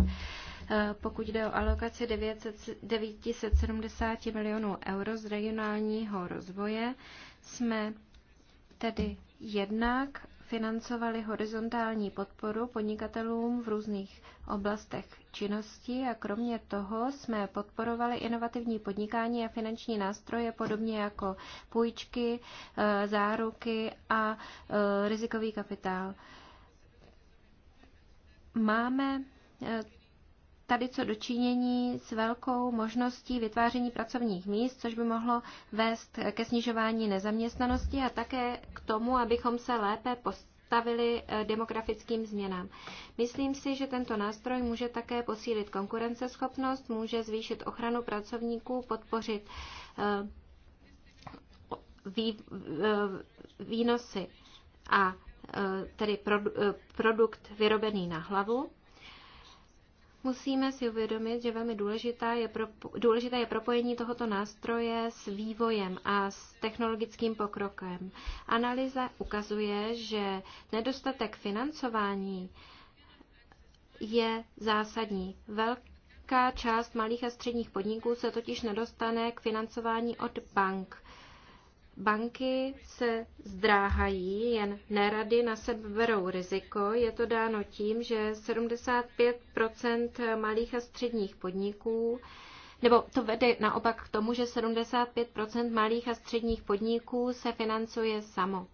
Speaker 1: Eh, pokud jde o alokaci 970 milionů euro z regionálního rozvoje, jsme tedy jednak financovali horizontální podporu podnikatelům v různých oblastech činnosti a kromě toho jsme podporovali inovativní podnikání a finanční nástroje, podobně jako půjčky, eh, záruky a eh, rizikový kapitál. Máme tady co dočinění s velkou možností vytváření pracovních míst, což by mohlo vést ke snižování nezaměstnanosti a také k tomu, abychom se lépe postavili eh, demografickým změnám. Myslím si, že tento nástroj může také posílit konkurenceschopnost, může zvýšit ochranu pracovníků, podpořit eh, eh, výnosy a tedy produkt vyrobený na hlavu Musíme si uvědomit, že velmi důležitá je propo- důležité je propojení tohoto nástroje s vývojem a s technologickým pokrokem. Analýza ukazuje, že nedostatek financování je zásadní. Velká část malých a středních podniků se totiž nedostane k financování od bank. Banky se zdráhají, jen nerady na sebe berou riziko. Je to dáno tím, že 75 malých a středních podniků nebo to vede naopak k tomu, že 75 malých a středních podniků se financuje samo.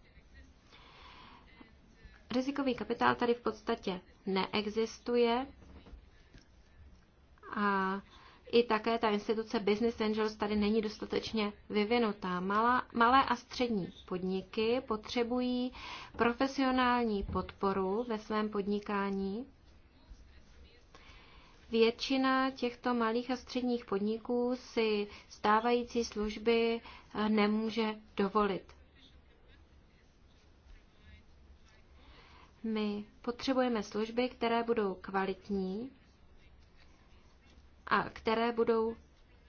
Speaker 1: Rizikový kapitál tady v podstatě neexistuje a i také ta instituce Business Angels tady není dostatečně vyvinutá. Malá, malé a střední podniky potřebují profesionální podporu ve svém podnikání. Většina těchto malých a středních podniků si stávající služby eh, nemůže dovolit. My potřebujeme služby, které budou kvalitní, a které budou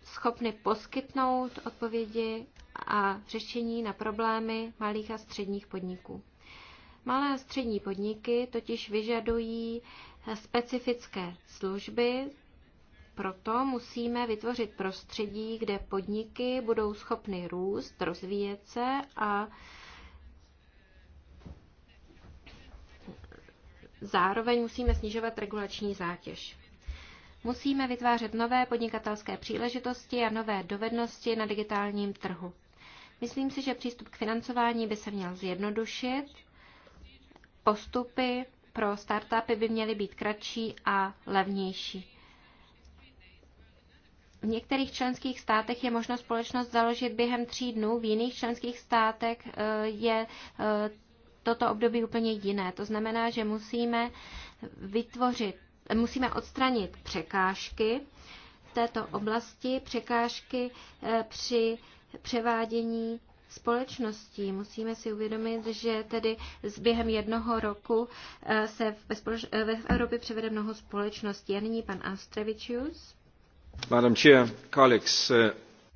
Speaker 1: schopny poskytnout odpovědi a řešení na problémy malých a středních podniků. Malé a střední podniky totiž vyžadují specifické služby, proto musíme vytvořit prostředí, kde podniky budou schopny růst, rozvíjet se a zároveň musíme snižovat regulační zátěž. Musíme vytvářet nové podnikatelské příležitosti a nové dovednosti na digitálním trhu. Myslím si, že přístup k financování by se měl zjednodušit. Postupy pro startupy by měly být kratší a levnější. V některých členských státech je možno společnost založit během tří dnů, v jiných členských státech eh, je eh, toto období úplně jiné. To znamená, že musíme vytvořit musíme odstranit překážky v této oblasti, překážky eh, při převádění společností. Musíme si uvědomit, že tedy s během jednoho roku eh, se ve, společ- eh, ve Evropě převede mnoho společností. A nyní pan Astrevičius.
Speaker 4: Madam Chair, colleagues.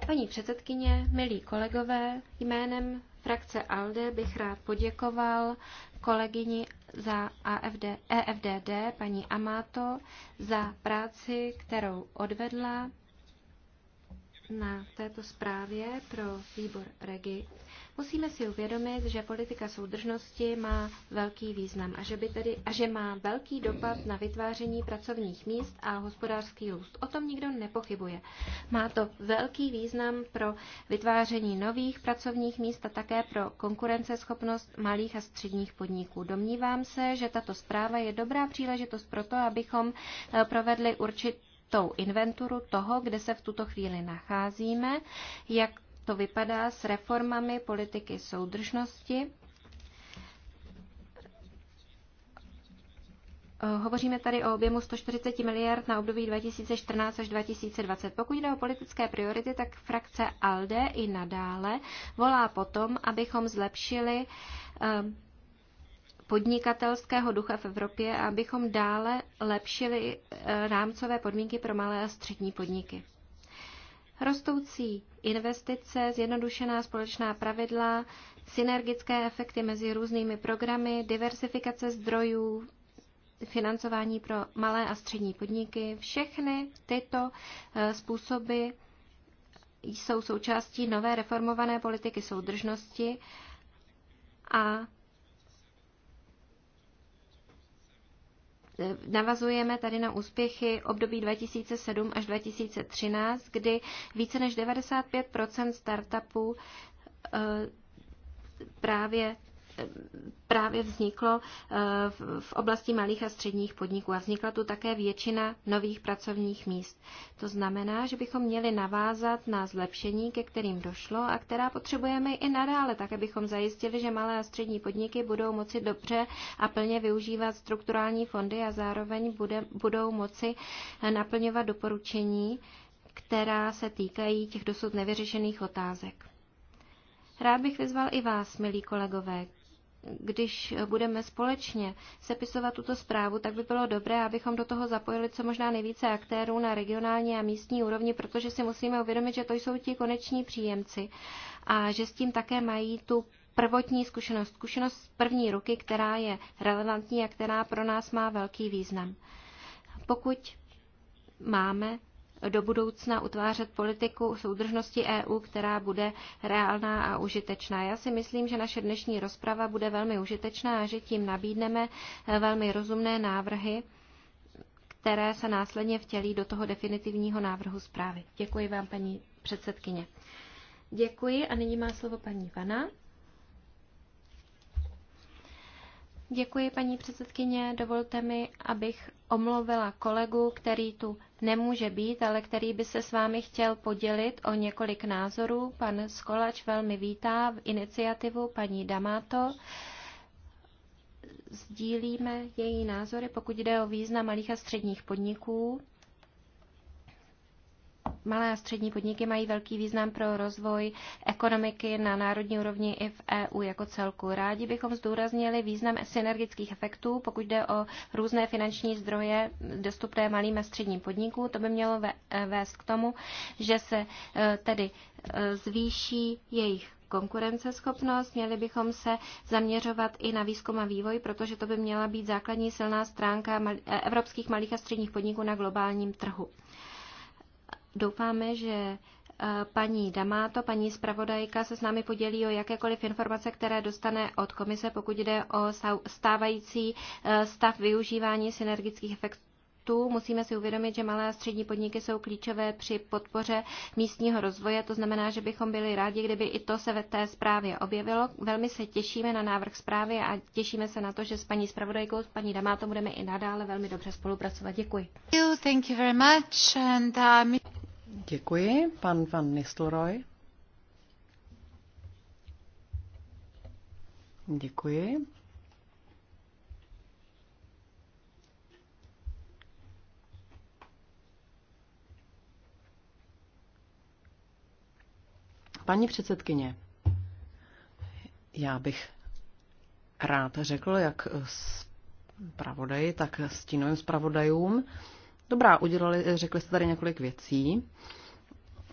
Speaker 1: Paní předsedkyně, milí kolegové, jménem frakce ALDE bych rád poděkoval kolegyni za AFD, EFDD paní Amato za práci, kterou odvedla na této zprávě pro výbor REGI Musíme si uvědomit, že politika soudržnosti má velký význam a že, by tedy, a že má velký dopad na vytváření pracovních míst a hospodářský růst. O tom nikdo nepochybuje. Má to velký význam pro vytváření nových pracovních míst a také pro konkurenceschopnost malých a středních podniků. Domnívám se, že tato zpráva je dobrá příležitost pro to, abychom eh, provedli určitou inventuru toho, kde se v tuto chvíli nacházíme, jak to vypadá s reformami politiky soudržnosti. Hovoříme tady o objemu 140 miliard na období 2014 až 2020. Pokud jde o politické priority, tak frakce ALDE i nadále volá potom, abychom zlepšili ehm, podnikatelského ducha v Evropě a abychom dále lepšili eh, rámcové podmínky pro malé a střední podniky. Rostoucí investice, zjednodušená společná pravidla, synergické efekty mezi různými programy, diversifikace zdrojů, financování pro malé a střední podniky, všechny tyto eh, způsoby jsou součástí nové reformované politiky soudržnosti a navazujeme tady na úspěchy období 2007 až 2013, kdy více než 95 startupů eh, právě právě vzniklo eh, v oblasti malých a středních podniků a vznikla tu také většina nových pracovních míst. To znamená, že bychom měli navázat na zlepšení, ke kterým došlo a která potřebujeme i nadále, tak abychom zajistili, že malé a střední podniky budou moci dobře a plně využívat strukturální fondy a zároveň bude, budou moci eh, naplňovat doporučení, která se týkají těch dosud nevyřešených otázek. Rád bych vyzval i vás, milí kolegové, když budeme společně sepisovat tuto zprávu, tak by bylo dobré, abychom do toho zapojili co možná nejvíce aktérů na regionální a místní úrovni, protože si musíme uvědomit, že to jsou ti koneční příjemci a že s tím také mají tu prvotní zkušenost, zkušenost z první ruky, která je relevantní a která pro nás má velký význam. Pokud máme do budoucna utvářet politiku soudržnosti EU, která bude reálná a užitečná. Já si myslím, že naše dnešní rozprava bude velmi užitečná a že tím nabídneme eh, velmi rozumné návrhy, které se následně vtělí do toho definitivního návrhu zprávy. Děkuji vám, paní předsedkyně. Děkuji a nyní má slovo paní Vana. Děkuji, paní předsedkyně. Dovolte mi, abych omluvila kolegu, který tu nemůže být, ale který by se s vámi chtěl podělit o několik názorů. Pan Skolač velmi vítá v iniciativu paní Damato. Sdílíme její názory, pokud jde o význam malých a středních podniků malé a střední podniky mají velký význam pro rozvoj ekonomiky na národní úrovni i v EU jako celku. Rádi bychom zdůraznili význam synergických efektů, pokud jde o různé finanční zdroje dostupné malým a středním podnikům. To by mělo vést k tomu, že se e, tedy e, zvýší jejich konkurenceschopnost, měli bychom se zaměřovat i na výzkum a vývoj, protože to by měla být základní silná stránka e, evropských malých a středních podniků na globálním trhu. Doufáme, že eh, paní Damáto, paní zpravodajka se s námi podělí o jakékoliv informace, které dostane od komise, pokud jde o stávající eh, stav využívání synergických efektů Tu musíme si uvědomit, že malé a střední podniky jsou klíčové při podpoře místního rozvoje. To znamená, že bychom byli rádi, kdyby i to se ve té zprávě objevilo. Velmi se těšíme na návrh zprávy a těšíme se na to, že s paní zpravodajkou, s paní Damáto budeme i nadále velmi dobře spolupracovat. Děkuji.
Speaker 2: Děkuji. Pan Van Nistelrooy. Děkuji. Paní předsedkyně, já bych rád řekl, jak zpravodaji, tak stínovým zpravodajům, Dobrá, udělali, řekli jste tady několik věcí.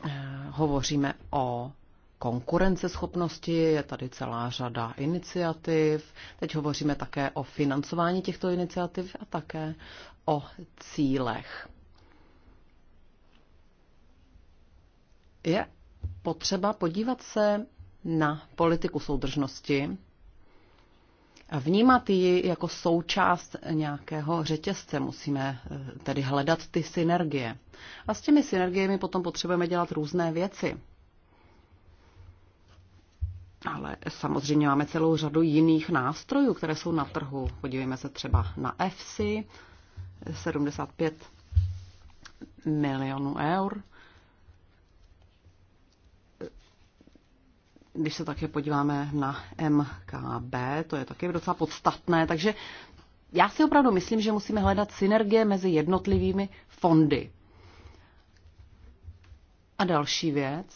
Speaker 2: Eh, hovoříme o konkurenceschopnosti, je tady celá řada iniciativ. Teď hovoříme také o financování těchto iniciativ a také o cílech. Je potřeba podívat se na politiku soudržnosti a vnímat ji jako součást nějakého řetězce. Musíme eh, tedy hledat ty synergie. A s těmi synergiemi potom potřebujeme dělat různé věci. Ale samozřejmě máme celou řadu jiných nástrojů, které jsou na trhu. Podívejme se třeba na EFSI, 75 milionů eur. Když se také podíváme na MKB, to je také docela podstatné, takže já si opravdu myslím, že musíme hledat synergie mezi jednotlivými fondy. A další věc.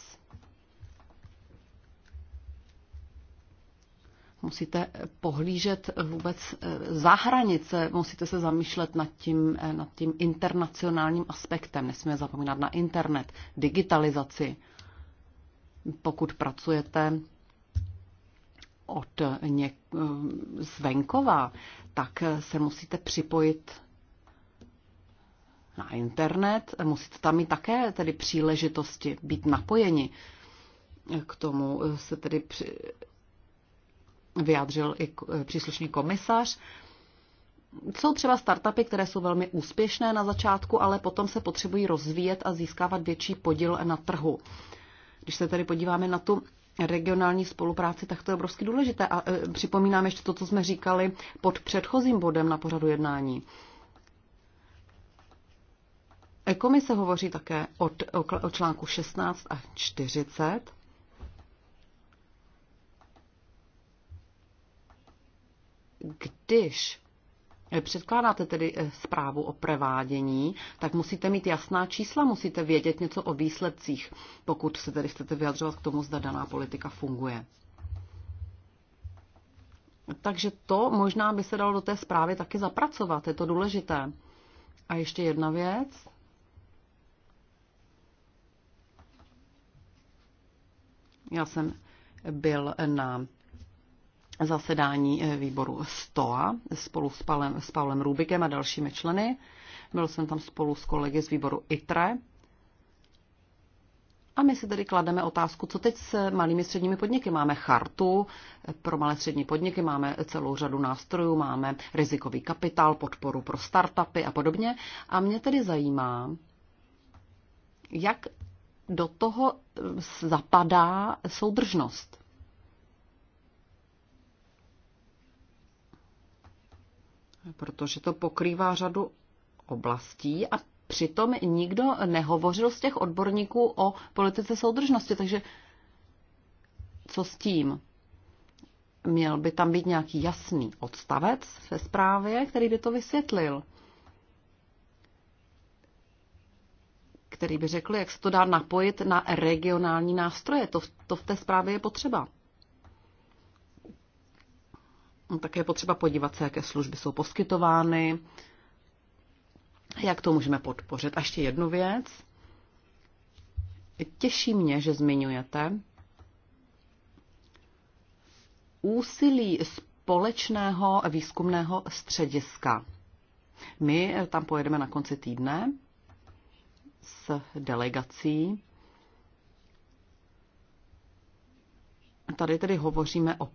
Speaker 2: Musíte pohlížet vůbec eh, za hranice, musíte se zamýšlet nad tím, eh, nad tím internacionálním aspektem. Nesmíme zapomínat na internet, digitalizaci pokud pracujete od něk- z venkova, tak se musíte připojit na internet, musíte tam mít také tedy příležitosti být napojeni. K tomu se tedy při- vyjádřil i příslušný komisař. Jsou třeba startupy, které jsou velmi úspěšné na začátku, ale potom se potřebují rozvíjet a získávat větší podíl na trhu. Když se tady podíváme na tu regionální spolupráci, tak to je obrovsky důležité. A e, připomínám ještě to, co jsme říkali pod předchozím bodem na pořadu jednání. se hovoří také o, o, o článku 16 a 40. Když Eh, předkládáte tedy eh, zprávu o prevádění, tak musíte mít jasná čísla, musíte vědět něco o výsledcích, pokud se tedy chcete vyjadřovat k tomu, zda daná politika funguje. Takže to možná by se dalo do té zprávy taky zapracovat, je to důležité. A ještě jedna věc. Já jsem byl na zasedání eh, výboru STOA spolu s Palem, s Paulem Rubikem a dalšími členy. Byl jsem tam spolu s kolegy z výboru ITRE. A my si tedy klademe otázku, co teď s malými středními podniky. Máme chartu eh, pro malé střední podniky, máme celou řadu nástrojů, máme rizikový kapitál, podporu pro startupy a podobně. A mě tedy zajímá, jak do toho eh, zapadá soudržnost. protože to pokrývá řadu oblastí a přitom nikdo nehovořil z těch odborníků o politice soudržnosti, takže co s tím? Měl by tam být nějaký jasný odstavec ve zprávě, který by to vysvětlil. Který by řekl, jak se to dá napojit na regionální nástroje. To, to v té zprávě je potřeba. No, Také je potřeba podívat se, jaké služby jsou poskytovány, jak to můžeme podpořit. A ještě jednu věc. Těší mě, že zmiňujete úsilí společného výzkumného střediska. My tam pojedeme na konci týdne s delegací. Tady tedy hovoříme o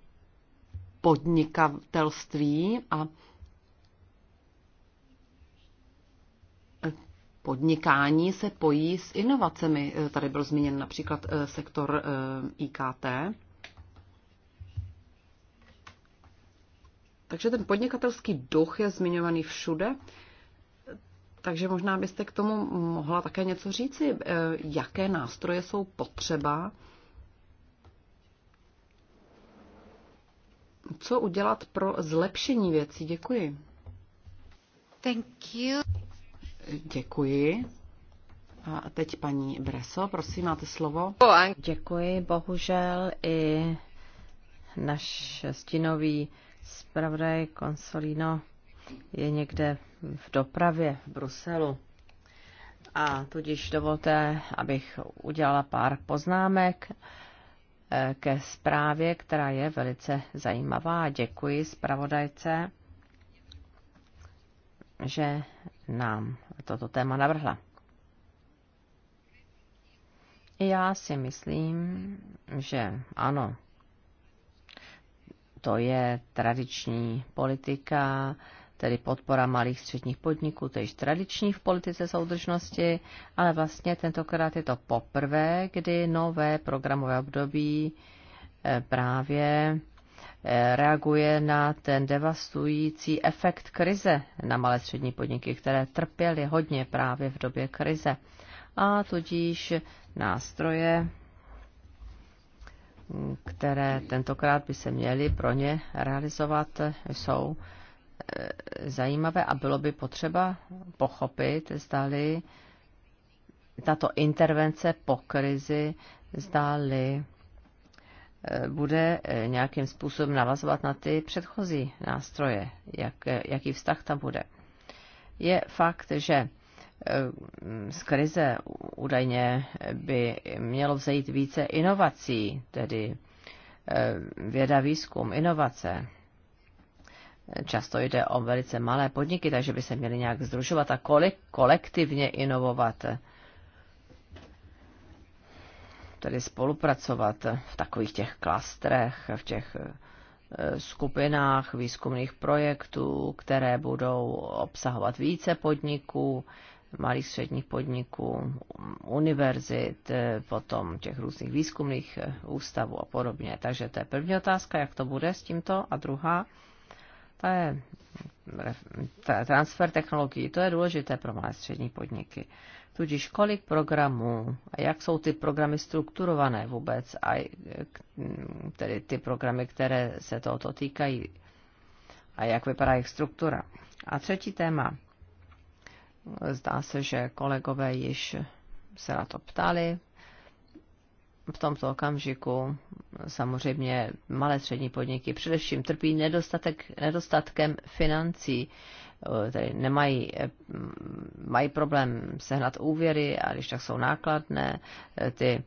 Speaker 2: podnikatelství a podnikání se pojí s inovacemi. Tady byl zmíněn například eh, sektor eh, IKT. Takže ten podnikatelský duch je zmiňovaný všude. Takže možná byste k tomu mohla také něco říci, eh, jaké nástroje jsou potřeba co udělat pro zlepšení věcí. Děkuji.
Speaker 1: Thank you.
Speaker 2: Děkuji. A teď paní Breso, prosím, máte slovo.
Speaker 3: Děkuji, bohužel i naš stínový zpravodaj Consolino je někde v dopravě v Bruselu. A tudíž dovolte, abych udělala pár poznámek ke zprávě, která je velice zajímavá. Děkuji zpravodajce, že nám toto téma navrhla. Já si myslím, že ano, to je tradiční politika, tedy podpora malých středních podniků, to je již tradiční v politice soudržnosti, ale vlastně tentokrát je to poprvé, kdy nové programové období eh, právě eh, reaguje na ten devastující efekt krize na malé střední podniky, které trpěly hodně právě v době krize. A tudíž nástroje, které tentokrát by se měly pro ně realizovat, jsou zajímavé a bylo by potřeba pochopit, zdali tato intervence po krizi, zdali eh, bude eh, nějakým způsobem navazovat na ty předchozí nástroje, jak, eh, jaký vztah tam bude. Je fakt, že z krize údajně by mělo vzejít více inovací, tedy věda, výzkum, inovace, Často jde o velice malé podniky, takže by se měly nějak združovat a kolik kolektivně inovovat, tedy spolupracovat v takových těch klastrech, v těch eh, skupinách výzkumných projektů, které budou obsahovat více podniků, malých středních podniků, univerzit, eh, potom těch různých výzkumných eh, ústavů a podobně. Takže to je první otázka, jak to bude s tímto. A druhá, to je transfer technologií, to je důležité pro malé střední podniky. Tudíž kolik programů a jak jsou ty programy strukturované vůbec a tedy ty programy, které se tohoto týkají a jak vypadá jejich struktura. A třetí téma. Zdá se, že kolegové již se na to ptali, v tomto okamžiku samozřejmě malé střední podniky především trpí nedostatek, nedostatkem financí, eh, tedy nemají, eh, mm, mají problém sehnat úvěry a když tak jsou nákladné, eh, ty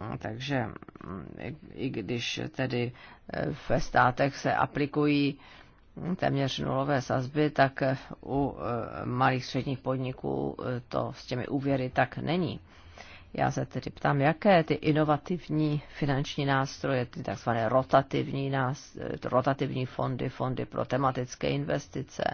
Speaker 3: mm, takže mm, i když tedy ve státech se aplikují téměř nulové sazby, tak u malých středních podniků to s těmi úvěry tak není. Já se tedy ptám, jaké ty inovativní finanční nástroje, ty takzvané rotativní, eh, rotativní fondy, fondy pro tematické investice,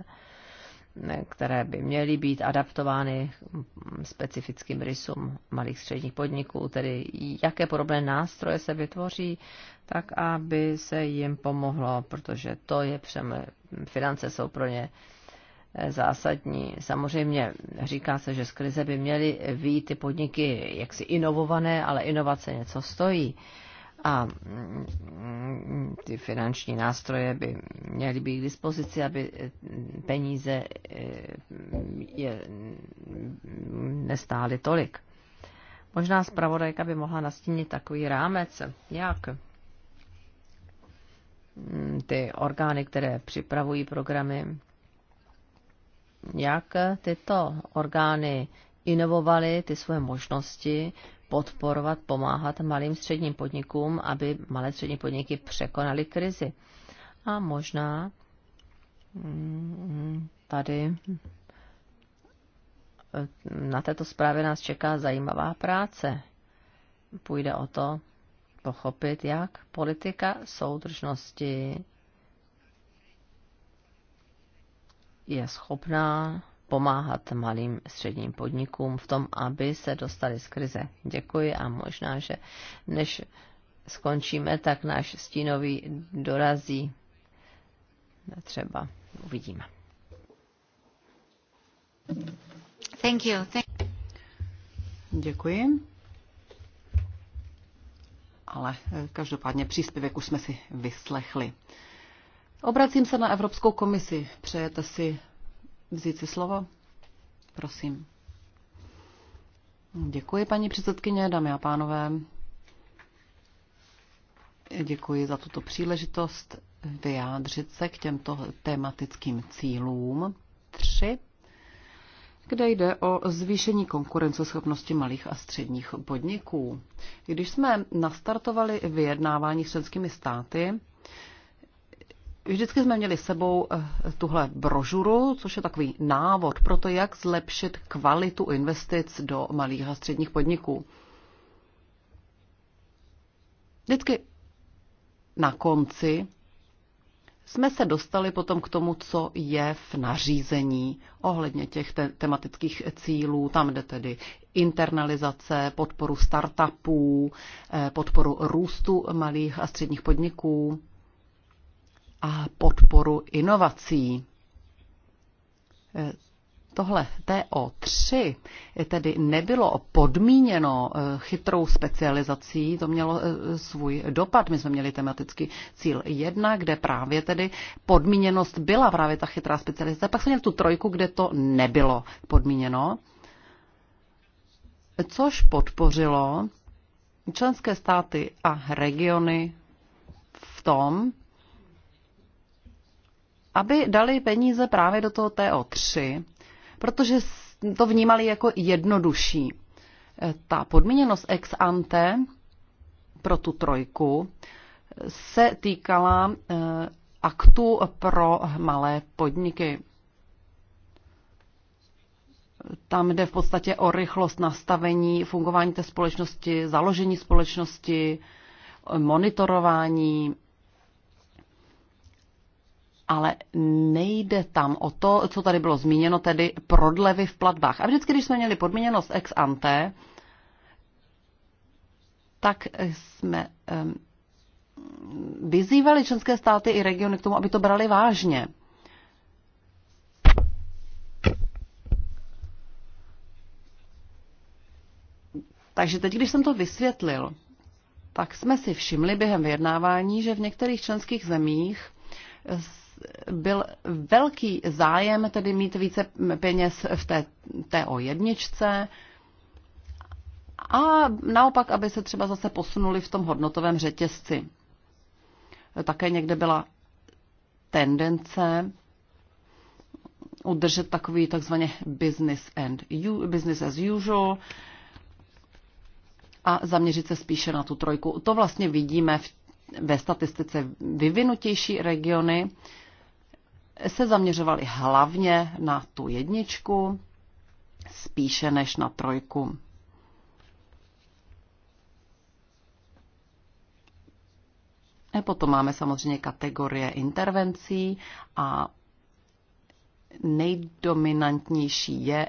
Speaker 3: eh, které by měly být adaptovány mm, specifickým rysům malých středních podniků, tedy jaké podobné nástroje se vytvoří, tak aby se jim pomohlo, protože to je přem, eh, finance jsou pro ně zásadní. Samozřejmě říká se, že z krize by měly výjít ty podniky jaksi inovované, ale inovace něco stojí. A mm, ty finanční nástroje by měly být k dispozici, aby mm, peníze e, je mm, nestály tolik. Možná zpravodajka by mohla nastínit takový rámec, jak ty orgány, které připravují programy, jak tyto orgány inovovaly ty své možnosti podporovat, pomáhat malým středním podnikům, aby malé střední podniky překonaly krizi. A možná mm, tady eh, na této zprávě nás čeká zajímavá práce. Půjde o to pochopit, jak politika soudržnosti je schopná pomáhat malým středním podnikům v tom, aby se dostali z krize. Děkuji a možná, že než skončíme, tak náš stínový dorazí. Třeba uvidíme.
Speaker 2: Thank you. Thank Děkuji. Ale eh, každopádně příspěvek už jsme si vyslechli. Obracím se na Evropskou komisi. Přejete si vzít si slovo? Prosím. Děkuji, paní předsedkyně, dámy a pánové. Děkuji za tuto příležitost vyjádřit se k těmto tematickým cílům. Tři, kde jde o zvýšení konkurenceschopnosti malých a středních podniků. Když jsme nastartovali vyjednávání s členskými státy, Vždycky jsme měli sebou eh, tuhle brožuru, což je takový návod pro to, jak zlepšit kvalitu investic do malých a středních podniků. Vždycky na konci jsme se dostali potom k tomu, co je v nařízení ohledně těch te- tematických cílů. Tam jde tedy internalizace, podporu startupů, eh, podporu růstu malých a středních podniků a podporu inovací. E, tohle TO3 e, tedy nebylo podmíněno e, chytrou specializací, to mělo svůj dopad. My jsme měli tematický cíl 1, kde právě tedy podmíněnost byla právě ta chytrá specializace. Pak jsme měli tu trojku, kde to nebylo podmíněno, což podpořilo členské státy a regiony v tom, aby dali peníze právě do toho TO3, protože to vnímali jako jednodušší. E, ta podmíněnost ex ante pro tu trojku se týkala e, aktu pro malé podniky. Tam jde v podstatě o rychlost nastavení, fungování té společnosti, založení společnosti, monitorování ale nejde tam o to, co tady bylo zmíněno, tedy prodlevy v platbách. A vždycky, když jsme měli podmíněnost ex ante, tak jsme vyzývali členské státy i regiony k tomu, aby to brali vážně. Takže teď, když jsem to vysvětlil, tak jsme si všimli během vyjednávání, že v některých členských zemích byl velký zájem tedy mít více peněz v té o jedničce a naopak, aby se třeba zase posunuli v tom hodnotovém řetězci. Také někde byla tendence udržet takový takzvaně business, and, business as usual a zaměřit se spíše na tu trojku. To vlastně vidíme v, ve statistice vyvinutější regiony se zaměřovali hlavně na tu jedničku, spíše než na trojku. A potom máme samozřejmě kategorie intervencí a nejdominantnější je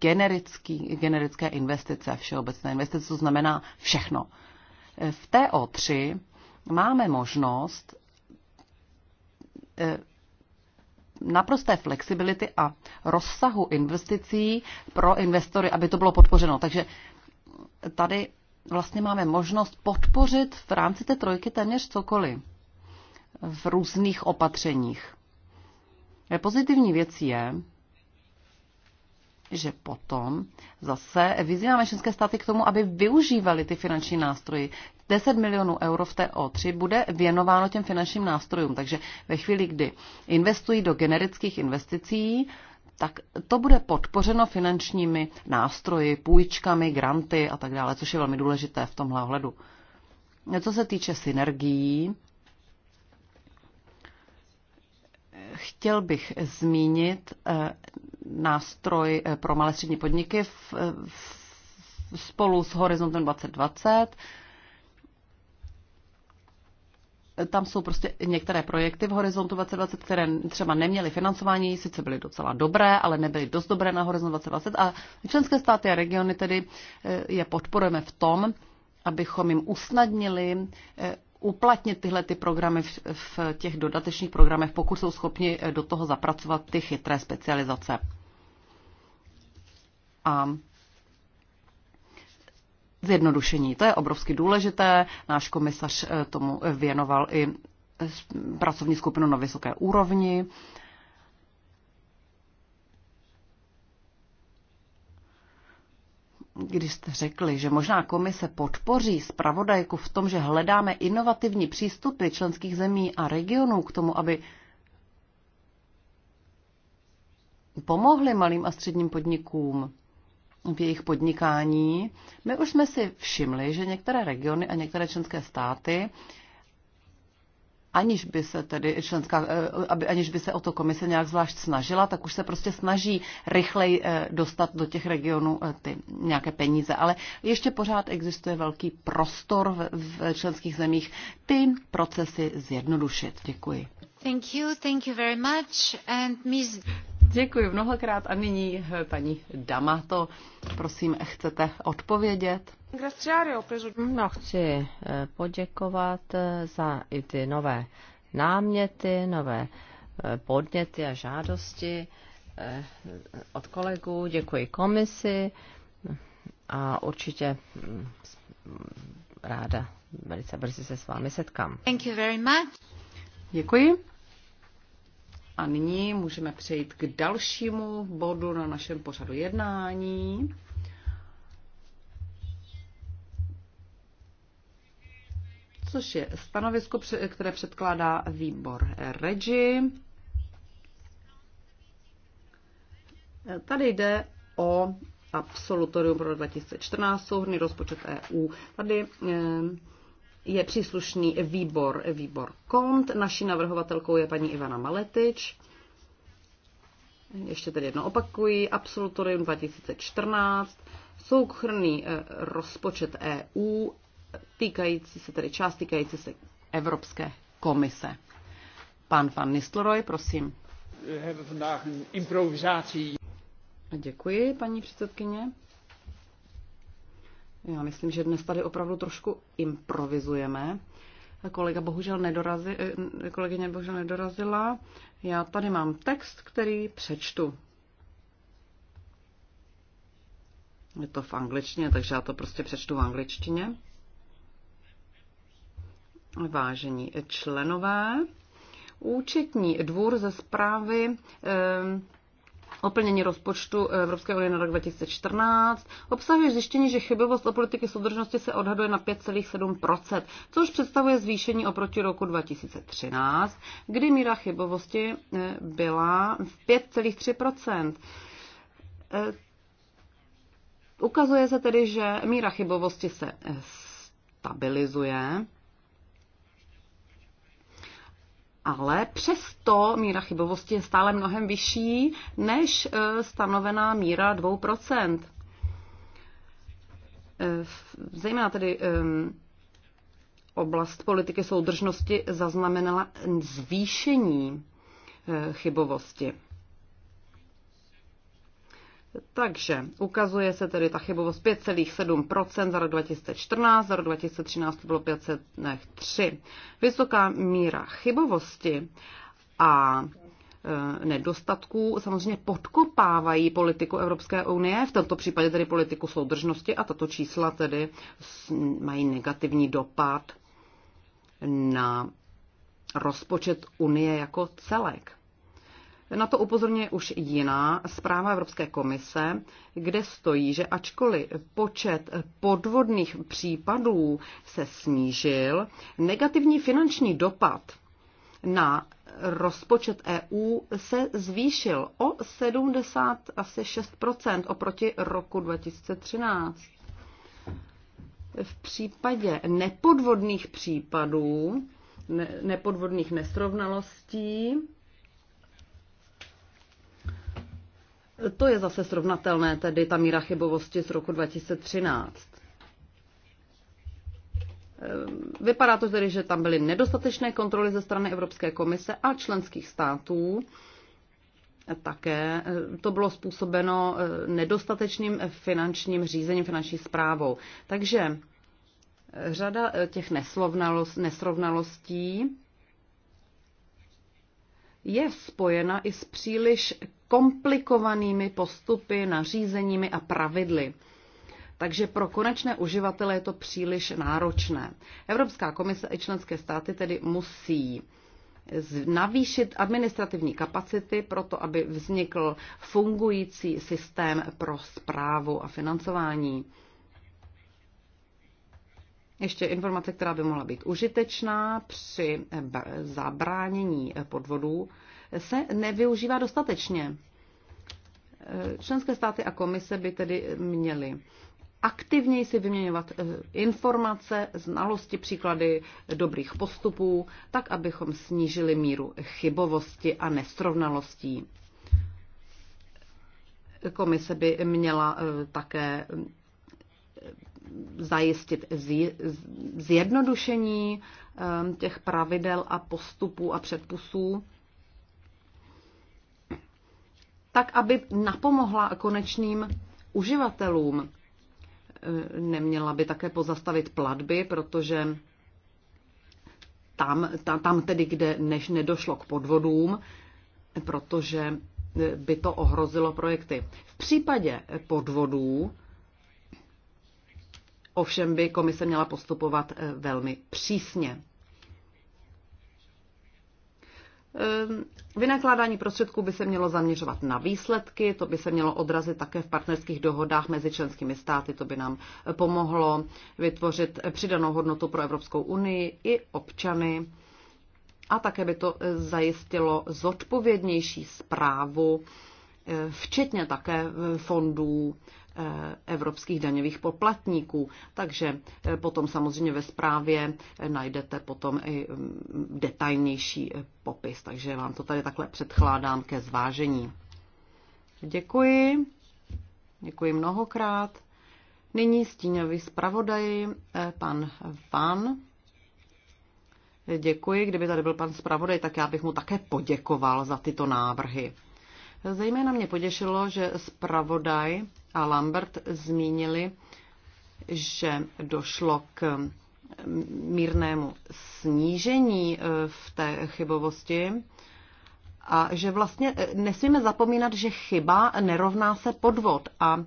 Speaker 2: generický, generické investice, všeobecné investice, to znamená všechno. V TO3 máme možnost eh, naprosté flexibility a rozsahu investicí pro investory, aby to bylo podpořeno. Takže tady vlastně máme možnost podpořit v rámci té trojky téměř cokoliv v různých opatřeních. Pozitivní věc je, že potom zase vyzýváme členské státy k tomu, aby využívali ty finanční nástroje 10 milionů euro v té O3 bude věnováno těm finančním nástrojům. Takže ve chvíli, kdy investují do generických investicí, tak to bude podpořeno finančními nástroji, půjčkami, granty a tak dále, což je velmi důležité v tomhle ohledu. Co se týče synergií, chtěl bych zmínit eh, nástroj eh, pro malé střední podniky v, eh, v, spolu s Horizontem 2020 tam jsou prostě některé projekty v Horizontu 2020, které třeba neměly financování, sice byly docela dobré, ale nebyly dost dobré na Horizont 2020 a členské státy a regiony tedy eh, je podporujeme v tom, abychom jim usnadnili eh, uplatnit tyhle ty programy v, v těch dodatečných programech, pokud jsou schopni eh, do toho zapracovat ty chytré specializace. A zjednodušení. To je obrovsky důležité. Náš komisař eh, tomu věnoval i eh, pracovní skupinu na vysoké úrovni. Když jste řekli, že možná komise podpoří zpravodajku v tom, že hledáme inovativní přístupy členských zemí a regionů k tomu, aby pomohli malým a středním podnikům, v jejich podnikání. My už jsme si všimli, že některé regiony a některé členské státy aniž by se tedy členská, eh, aby, aniž by se o to komise nějak zvlášť snažila, tak už se prostě snaží rychleji eh, dostat do těch regionů eh, ty nějaké peníze. Ale ještě pořád existuje velký prostor v, v členských zemích ty procesy zjednodušit. Děkuji. Thank you, thank you very much. And Ms. Děkuji mnohokrát a nyní eh, paní Damato, prosím, chcete odpovědět?
Speaker 3: No, chci eh, poděkovat eh, za i ty nové náměty, nové podněty a žádosti od kolegů. Děkuji komisi a určitě mm,
Speaker 2: ráda velice brzy se s vámi setkám. Thank you very much. Děkuji. A nyní můžeme přejít k dalšímu bodu na našem pořadu jednání. což je stanovisko, které předkládá výbor REGI. Tady jde o absolutorium pro 2014, souhrný rozpočet EU. Tady eh, je příslušný výbor, výbor KONT. Naší navrhovatelkou je paní Ivana Maletič. Ještě tedy jedno opakuji, absolutorium 2014, soukrný eh, rozpočet EU, týkající se tedy část týkající se Evropské komise. Pan Van Nistelrooy, prosím. Děkuji, paní předsedkyně. Já myslím, že dnes tady opravdu trošku improvizujeme. Kolega bohužel nedorazi, eh, kolegyně bohužel nedorazila. Já tady mám text, který přečtu. Je to v angličtině, takže já to prostě přečtu v angličtině. Vážení členové, účetní dvůr ze zprávy eh, o plnění rozpočtu Evropské unie na rok 2014 obsahuje zjištění, že chybovost o politiky soudržnosti se odhaduje na 5,7%, což představuje zvýšení oproti roku 2013, kdy míra chybovosti eh, byla v 5,3%. Eh, ukazuje se tedy, že míra chybovosti se eh, stabilizuje ale přesto míra chybovosti je stále mnohem vyšší než e, stanovená míra 2%. E, zejména tedy oblast politiky soudržnosti zaznamenala zvýšení e, chybovosti. Takže ukazuje se tedy ta chybovost 5,7% za rok 2014, za rok 2013 to bylo 503. Vysoká míra chybovosti a e, nedostatků samozřejmě podkopávají politiku Evropské unie, v tomto případě tedy politiku soudržnosti a tato čísla tedy mají negativní dopad na rozpočet unie jako celek. Na to upozorňuje už jiná zpráva Evropské komise, kde stojí, že ačkoliv počet podvodných případů se snížil, negativní finanční dopad na rozpočet EU se zvýšil o 70 asi 6 oproti roku 2013. V případě nepodvodných případů, ne, nepodvodných nesrovnalostí, To je zase srovnatelné, tedy ta míra chybovosti z roku 2013. Ehm, vypadá to tedy, že tam byly nedostatečné kontroly ze strany Evropské komise a členských států. Také ehm, to bylo způsobeno ehm, nedostatečným finančním řízením, finanční zprávou. Takže řada těch nesrovnalostí je spojena i s příliš komplikovanými postupy, nařízeními a pravidly. Takže pro konečné uživatele je to příliš náročné. Evropská komise i členské státy tedy musí navýšit administrativní kapacity proto, aby vznikl fungující systém pro zprávu a financování. Ještě informace, která by mohla být užitečná při e, zabránění podvodů, se nevyužívá dostatečně. Eh, členské státy a komise by tedy měly aktivněji si vyměňovat eh, informace, znalosti, příklady dobrých postupů, tak abychom snížili míru chybovosti a nesrovnalostí. Komise by měla eh, také zajistit zjednodušení těch pravidel a postupů a předpusů tak aby napomohla konečným uživatelům. E, neměla by také pozastavit platby, protože tam, tam, tam tedy, kde než nedošlo k podvodům, protože by to ohrozilo projekty. V případě podvodů ovšem by komise měla postupovat e, velmi přísně. Ehm, vynakládání prostředků by se mělo zaměřovat na výsledky, to by se mělo odrazit také v partnerských dohodách mezi členskými státy, to by nám pomohlo vytvořit přidanou hodnotu pro Evropskou unii i občany a také by to e, zajistilo zodpovědnější zprávu, e, včetně také e, fondů Eh, evropských daňových poplatníků. Takže eh, potom samozřejmě ve zprávě eh, najdete potom i mm, detailnější popis, takže vám to tady takhle předkládám ke zvážení. Děkuji. Děkuji mnohokrát. Nyní stíňový zpravodaj, pan Van. Děkuji. Kdyby tady byl pan zpravodaj, tak já bych mu také poděkoval za tyto návrhy. Zejména mě potěšilo, že zpravodaj a Lambert zmínili, že došlo k mírnému snížení e, v té chybovosti a že vlastně e, nesmíme zapomínat, že chyba nerovná se podvod a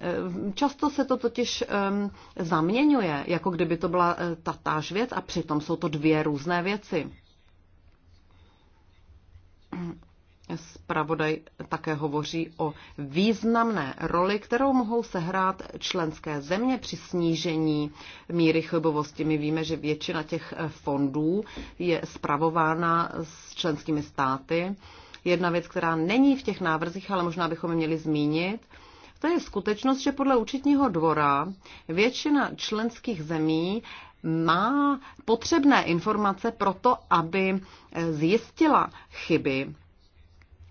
Speaker 2: e, Často se to totiž zaměňuje, jako kdyby to byla ta táž věc a přitom jsou to dvě různé věci. Spravodaj také hovoří o významné roli, kterou mohou sehrát členské země při snížení míry chybovosti. My víme, že většina těch fondů je spravována s členskými státy. Jedna věc, která není v těch návrzích, ale možná bychom měli zmínit, to je skutečnost, že podle účetního dvora většina členských zemí má potřebné informace pro to, aby zjistila chyby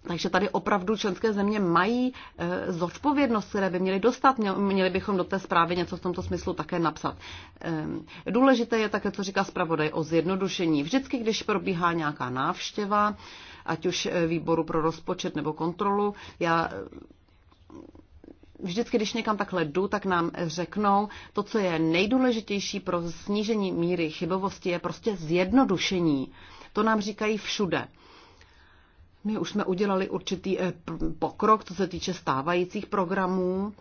Speaker 2: takže tady opravdu členské země mají eh, zodpovědnost, které by měly dostat. Měli bychom do té zprávy něco v tomto smyslu také napsat. Ehm, důležité je také, co říká zpravodaj o zjednodušení. Vždycky, když probíhá nějaká návštěva, ať už eh, výboru pro rozpočet nebo kontrolu, já eh, vždycky, když někam takhle jdu, tak nám řeknou, to, co je nejdůležitější pro snížení míry chybovosti, je prostě zjednodušení. To nám říkají všude. My už jsme udělali určitý eh, pokrok, co se týče stávajících programů,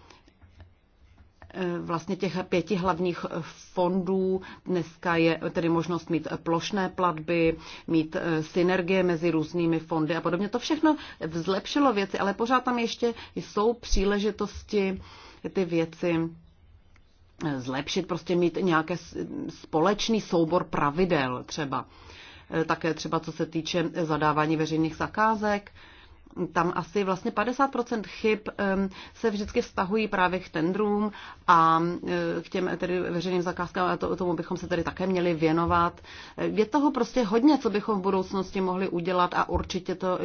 Speaker 2: eh, vlastně těch pěti hlavních eh, fondů. Dneska je tedy možnost mít plošné platby, mít synergie mezi různými fondy a podobně. To všechno zlepšilo věci, ale pořád tam ještě jsou příležitosti ty věci zlepšit, prostě mít nějaký společný soubor pravidel třeba. Eh, také třeba co se týče eh, zadávání veřejných zakázek. Tam asi vlastně 50% chyb ehm, se vždycky vztahují právě k tendrům a eh, k těm tedy veřejným zakázkám a to, tomu bychom se tedy také měli věnovat. Je toho prostě hodně, co bychom v budoucnosti mohli udělat a určitě to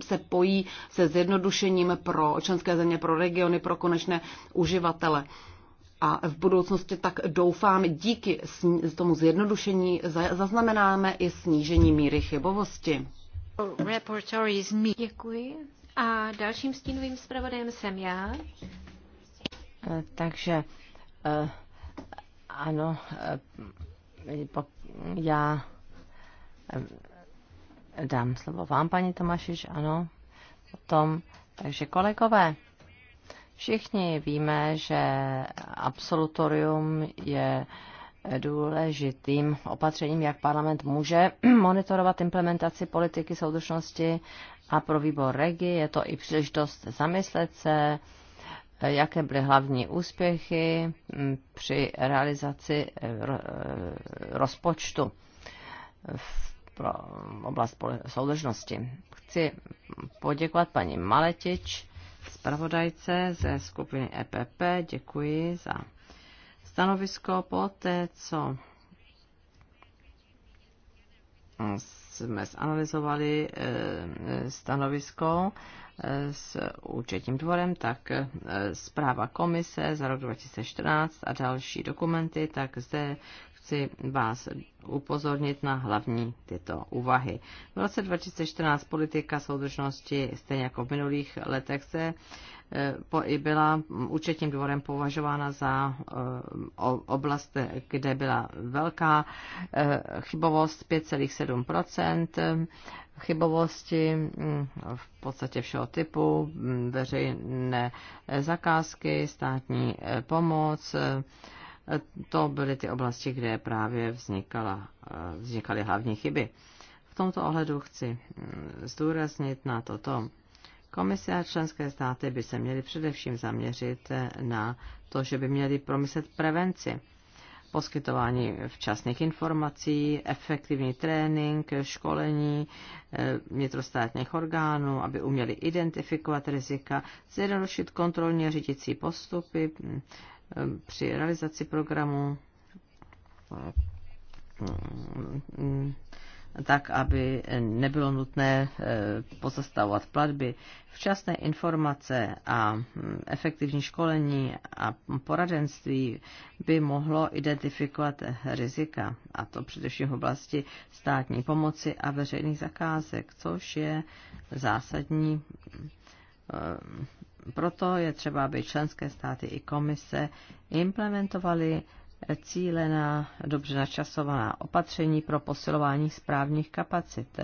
Speaker 2: se pojí se zjednodušením pro členské země, pro regiony, pro konečné uživatele a v budoucnosti tak doufám díky tomu zjednodušení zaznamenáme i snížení míry chybovosti.
Speaker 1: Děkuji. A dalším stínovým zpravodajem jsem já.
Speaker 2: Eh, takže eh,
Speaker 3: ano, eh, já dám slovo vám, paní Tomašič, ano, potom. Takže kolegové, Všichni víme, že absolutorium je důležitým opatřením, jak parlament může monitorovat implementaci politiky soudržnosti a pro výbor REGI je to i příležitost zamyslet se, jaké byly hlavní úspěchy při realizaci eh, eh, rozpočtu pro oblast soudržnosti. Chci poděkovat paní Maletič zpravodajce ze skupiny EPP. Děkuji za stanovisko po té, co jsme zanalizovali eh, stanovisko eh, s účetním dvorem, tak eh, zpráva komise za rok 2014 a další dokumenty, tak zde chci vás upozornit na hlavní tyto úvahy. V roce 2014 politika soudržnosti, stejně jako v minulých letech, se eh, po, i byla účetním dvorem považována za eh, oblast, kde byla velká eh, chybovost 5,7 chybovosti hm, v podstatě všeho typu, hm, veřejné zakázky, státní pomoc, to byly ty oblasti, kde právě vznikala, vznikaly hlavní chyby. V tomto ohledu chci mm, zdůraznit na toto. Komise a členské státy by se měly především zaměřit eh, na to, že by měly promyslet prevenci, poskytování včasných informací, efektivní trénink, školení eh, vnitrostátních orgánů, aby uměli identifikovat rizika, zjednodušit kontrolně řídící postupy, mm, Eh, při realizaci programu eh, tak, aby nebylo nutné eh, pozastavovat platby, včasné informace a mm, efektivní školení a poradenství by mohlo identifikovat rizika, a to především v oblasti státní pomoci a veřejných zakázek, což je zásadní proto je třeba, aby členské státy i komise implementovaly cílená, dobře načasovaná opatření pro posilování správních kapacit.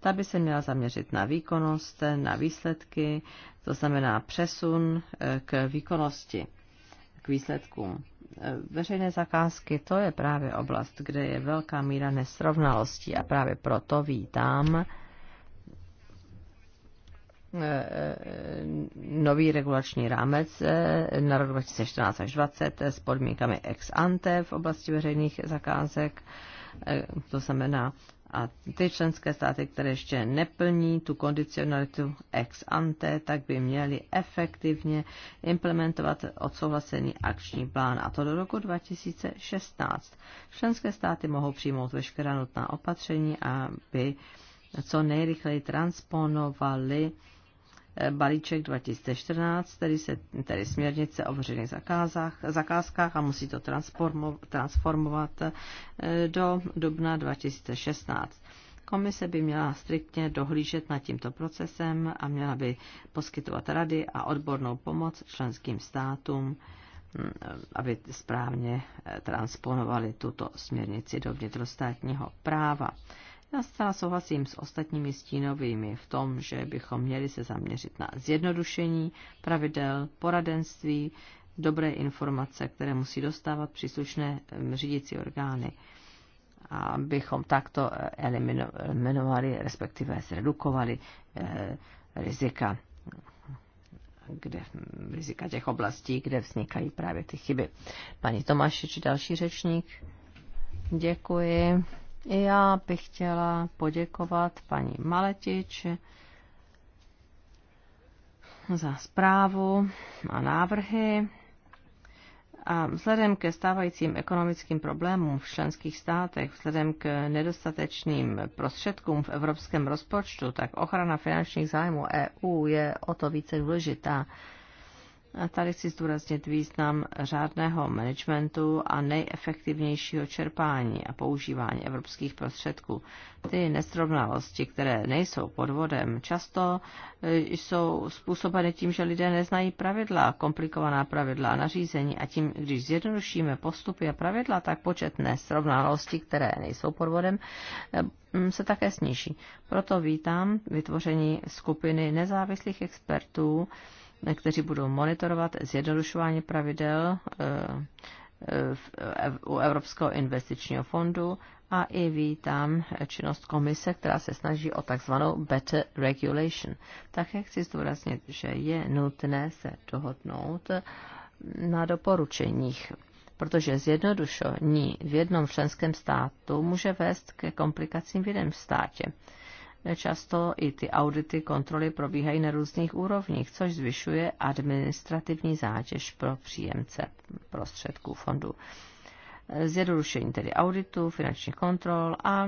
Speaker 3: Ta by se měla zaměřit na výkonnost, na výsledky, to znamená přesun eh, k výkonnosti, k výsledkům. Eh, veřejné zakázky, to je právě oblast, kde je velká míra nesrovnalostí a právě proto vítám Eh, eh, nový regulační rámec eh, na rok 2014 až 2020 s podmínkami ex ante v oblasti veřejných zakázek. To znamená, a ty členské státy, které ještě neplní tu kondicionalitu ex ante, tak by měly efektivně implementovat odsouhlasený akční plán, a to do roku 2016. Členské státy mohou přijmout veškerá nutná opatření, aby co nejrychleji transponovali Eh, balíček 2014, tedy, se, tedy směrnice o veřejných zakázách, zakázkách a musí to transformo, transformovat eh, do dubna 2016. Komise by měla striktně dohlížet nad tímto procesem a měla by poskytovat rady a odbornou pomoc členským státům, hm, aby správně eh, transponovali tuto směrnici do vnitrostátního práva. Já zcela souhlasím s ostatními stínovými v tom, že bychom měli se zaměřit na zjednodušení pravidel, poradenství, dobré informace, které musí dostávat příslušné řídící orgány, abychom takto eh, eliminovali, respektive zredukovali eh, rizika, kde, rizika těch oblastí, kde vznikají právě ty chyby. Paní či další řečník. Děkuji. Já bych chtěla poděkovat paní Maletič za zprávu a návrhy. A vzhledem ke stávajícím ekonomickým problémům v členských státech, vzhledem k nedostatečným prostředkům v evropském rozpočtu, tak ochrana finančních zájmů EU je o to více důležitá tady chci zdůraznit význam řádného managementu a nejefektivnějšího čerpání a používání evropských prostředků. Ty nesrovnalosti, které nejsou podvodem, často e, jsou způsobeny tím, že lidé neznají pravidla, komplikovaná pravidla a nařízení a tím, když zjednodušíme postupy a pravidla, tak počet nesrovnalostí, které nejsou podvodem, e, se také sníží. Proto vítám vytvoření skupiny nezávislých expertů, kteří budou monitorovat zjednodušování pravidel eh, eh, eh, u Evropského investičního fondu a i vítám činnost komise, která se snaží o takzvanou better regulation. Také chci zdůraznit, že je nutné se dohodnout na doporučeních, protože zjednodušení v jednom členském státu může vést ke komplikacím v jiném státě často i ty audity, kontroly probíhají na různých úrovních, což zvyšuje administrativní zátěž pro příjemce prostředků fondu. Zjednodušení tedy auditu, finančních kontrol a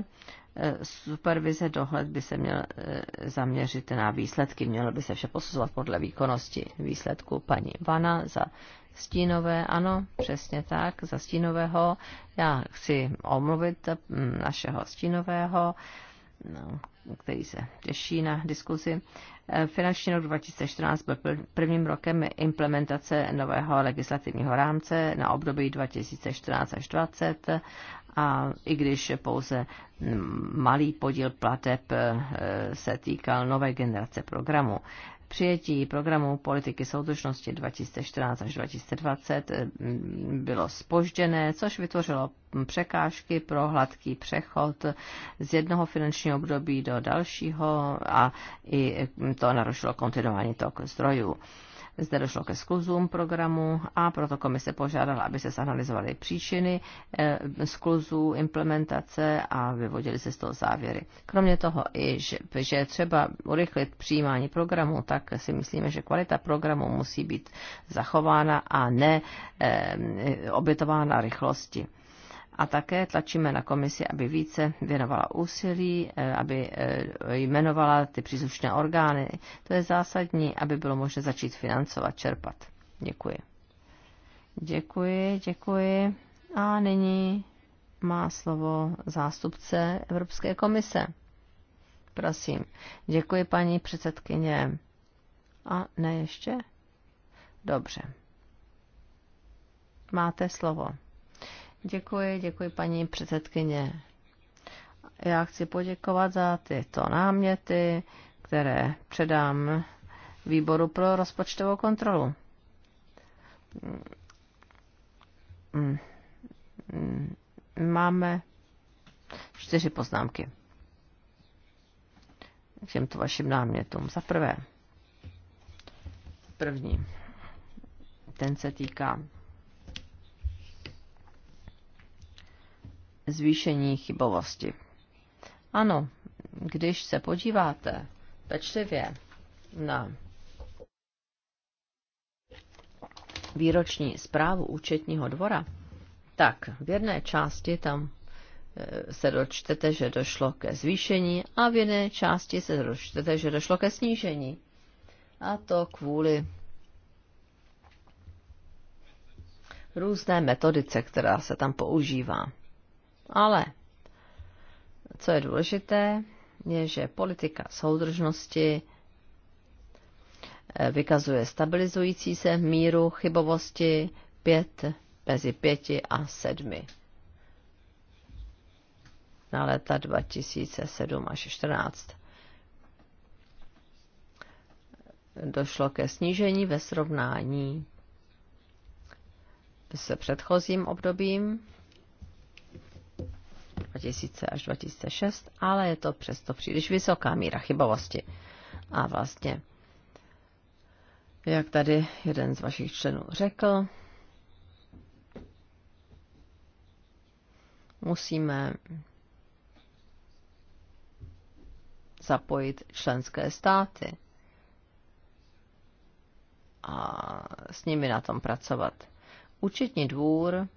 Speaker 3: e, supervize dohled by se měl e, zaměřit na výsledky, mělo by se vše posuzovat podle výkonnosti výsledku paní Vana za stínové, ano, přesně tak, za stínového. Já chci omluvit našeho stínového, No, který se těší na diskuzi. Eh, finanční rok 2014 byl prvním rokem implementace nového legislativního rámce na období 2014 až 2020 a i když pouze malý podíl plateb eh, se týkal nové generace programu. Přijetí programu politiky soudržnosti 2014 až 2020 eh, mm, bylo spožděné, což vytvořilo překážky pro hladký přechod z jednoho finančního období do dalšího a i eh, to narušilo kontinuální tok zdrojů. Zde došlo ke skluzům programu a proto komise požádala, aby se zanalizovaly příčiny eh, skluzů, implementace a vyvodili se z toho závěry. Kromě toho i, že třeba urychlit přijímání programu, tak si myslíme, že kvalita programu musí být zachována a ne eh, obětována rychlosti. A také tlačíme na komisi, aby více věnovala úsilí, eh, aby eh, jmenovala ty příslušné orgány. To je zásadní, aby bylo možné začít financovat, čerpat. Děkuji. Děkuji, děkuji. A nyní má slovo zástupce Evropské komise. Prosím. Děkuji, paní předsedkyně. A ne ještě? Dobře. Máte slovo. Děkuji, děkuji paní předsedkyně. Já chci poděkovat za tyto náměty, které předám výboru pro rozpočtovou kontrolu. Máme čtyři poznámky k těmto vašim námětům. Za prvé, první, ten se týká zvýšení chybovosti. Ano, když se podíváte pečlivě na výroční zprávu účetního dvora, tak v jedné části tam eh, se dočtete, že došlo ke zvýšení a v jedné části se dočtete, že došlo ke snížení. A to kvůli různé metodice, která se tam používá. Ale co je důležité, je, že politika soudržnosti eh, vykazuje stabilizující se míru chybovosti 5 mezi 5 a 7 na léta 2007 až 2014. Došlo ke snížení ve srovnání se předchozím obdobím 2000 až 2006, ale je to přesto příliš vysoká míra chybovosti. A vlastně, jak tady jeden z vašich členů řekl, musíme zapojit členské státy a s nimi na tom pracovat. Účetní dvůr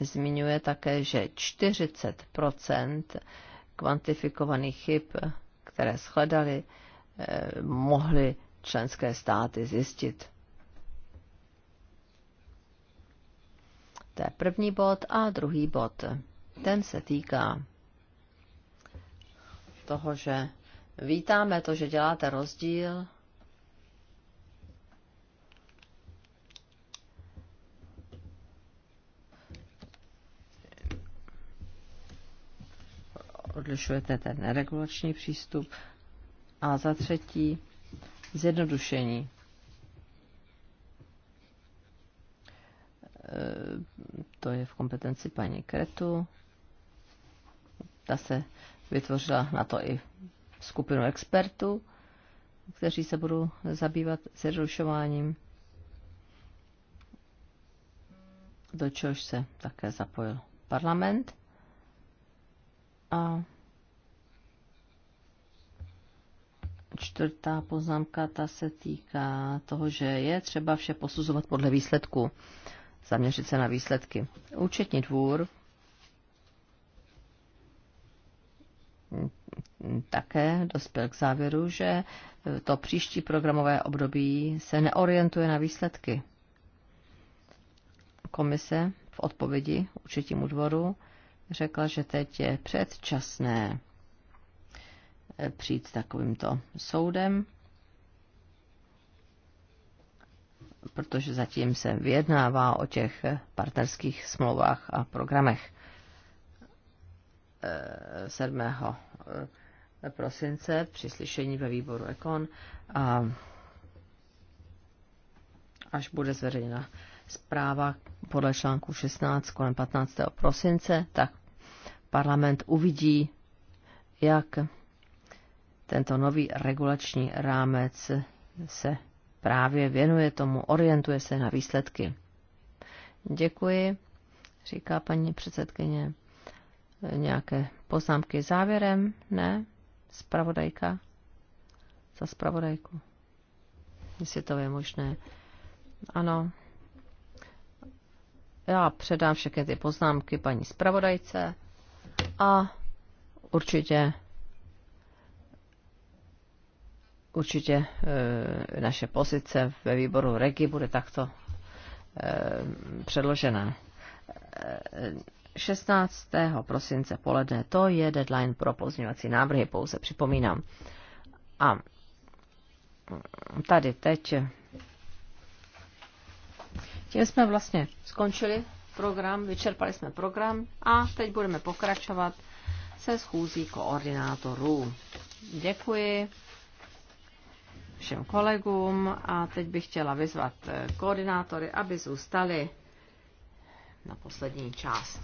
Speaker 3: zmiňuje také, že 40 kvantifikovaných chyb, které shledali, eh, mohly členské státy zjistit. To je první bod a druhý bod. Ten se týká toho, že vítáme to, že děláte rozdíl odlišujete ten neregulační přístup. A za třetí, zjednodušení. E, to je v kompetenci paní Kretu. Ta se vytvořila na to i skupinu expertů, kteří se budou zabývat zjednodušováním, do čehož se také zapojil parlament. A čtvrtá poznámka, ta se týká toho, že je třeba vše posuzovat podle výsledku, zaměřit se na výsledky. Účetní dvůr také dospěl k závěru, že to příští programové období se neorientuje na výsledky. Komise v odpovědi účetnímu dvoru řekla, že teď je předčasné eh, přijít s takovýmto soudem, protože zatím se vyjednává o těch eh, partnerských smlouvách a programech. 7. Eh, prosince při slyšení ve výboru Ekon a až bude zveřejněna zpráva podle článku 16 kolem 15. prosince, tak parlament uvidí, jak tento nový regulační rámec se právě věnuje tomu, orientuje se na výsledky. Děkuji, říká paní předsedkyně. Nějaké poznámky závěrem? Ne? Spravodajka? Za spravodajku? Jestli to je možné. Ano. Já předám všechny ty poznámky paní zpravodajce a určitě určitě e, naše pozice ve výboru REGI bude takto e, eh, předložena. E, eh, 16. prosince poledne, to je deadline pro pozměňovací návrhy, pouze připomínám. A tady teď tím jsme vlastně skončili program, vyčerpali jsme program a teď budeme pokračovat se schůzí koordinátorů. Děkuji všem kolegům a teď bych chtěla vyzvat koordinátory, aby zůstali na poslední část.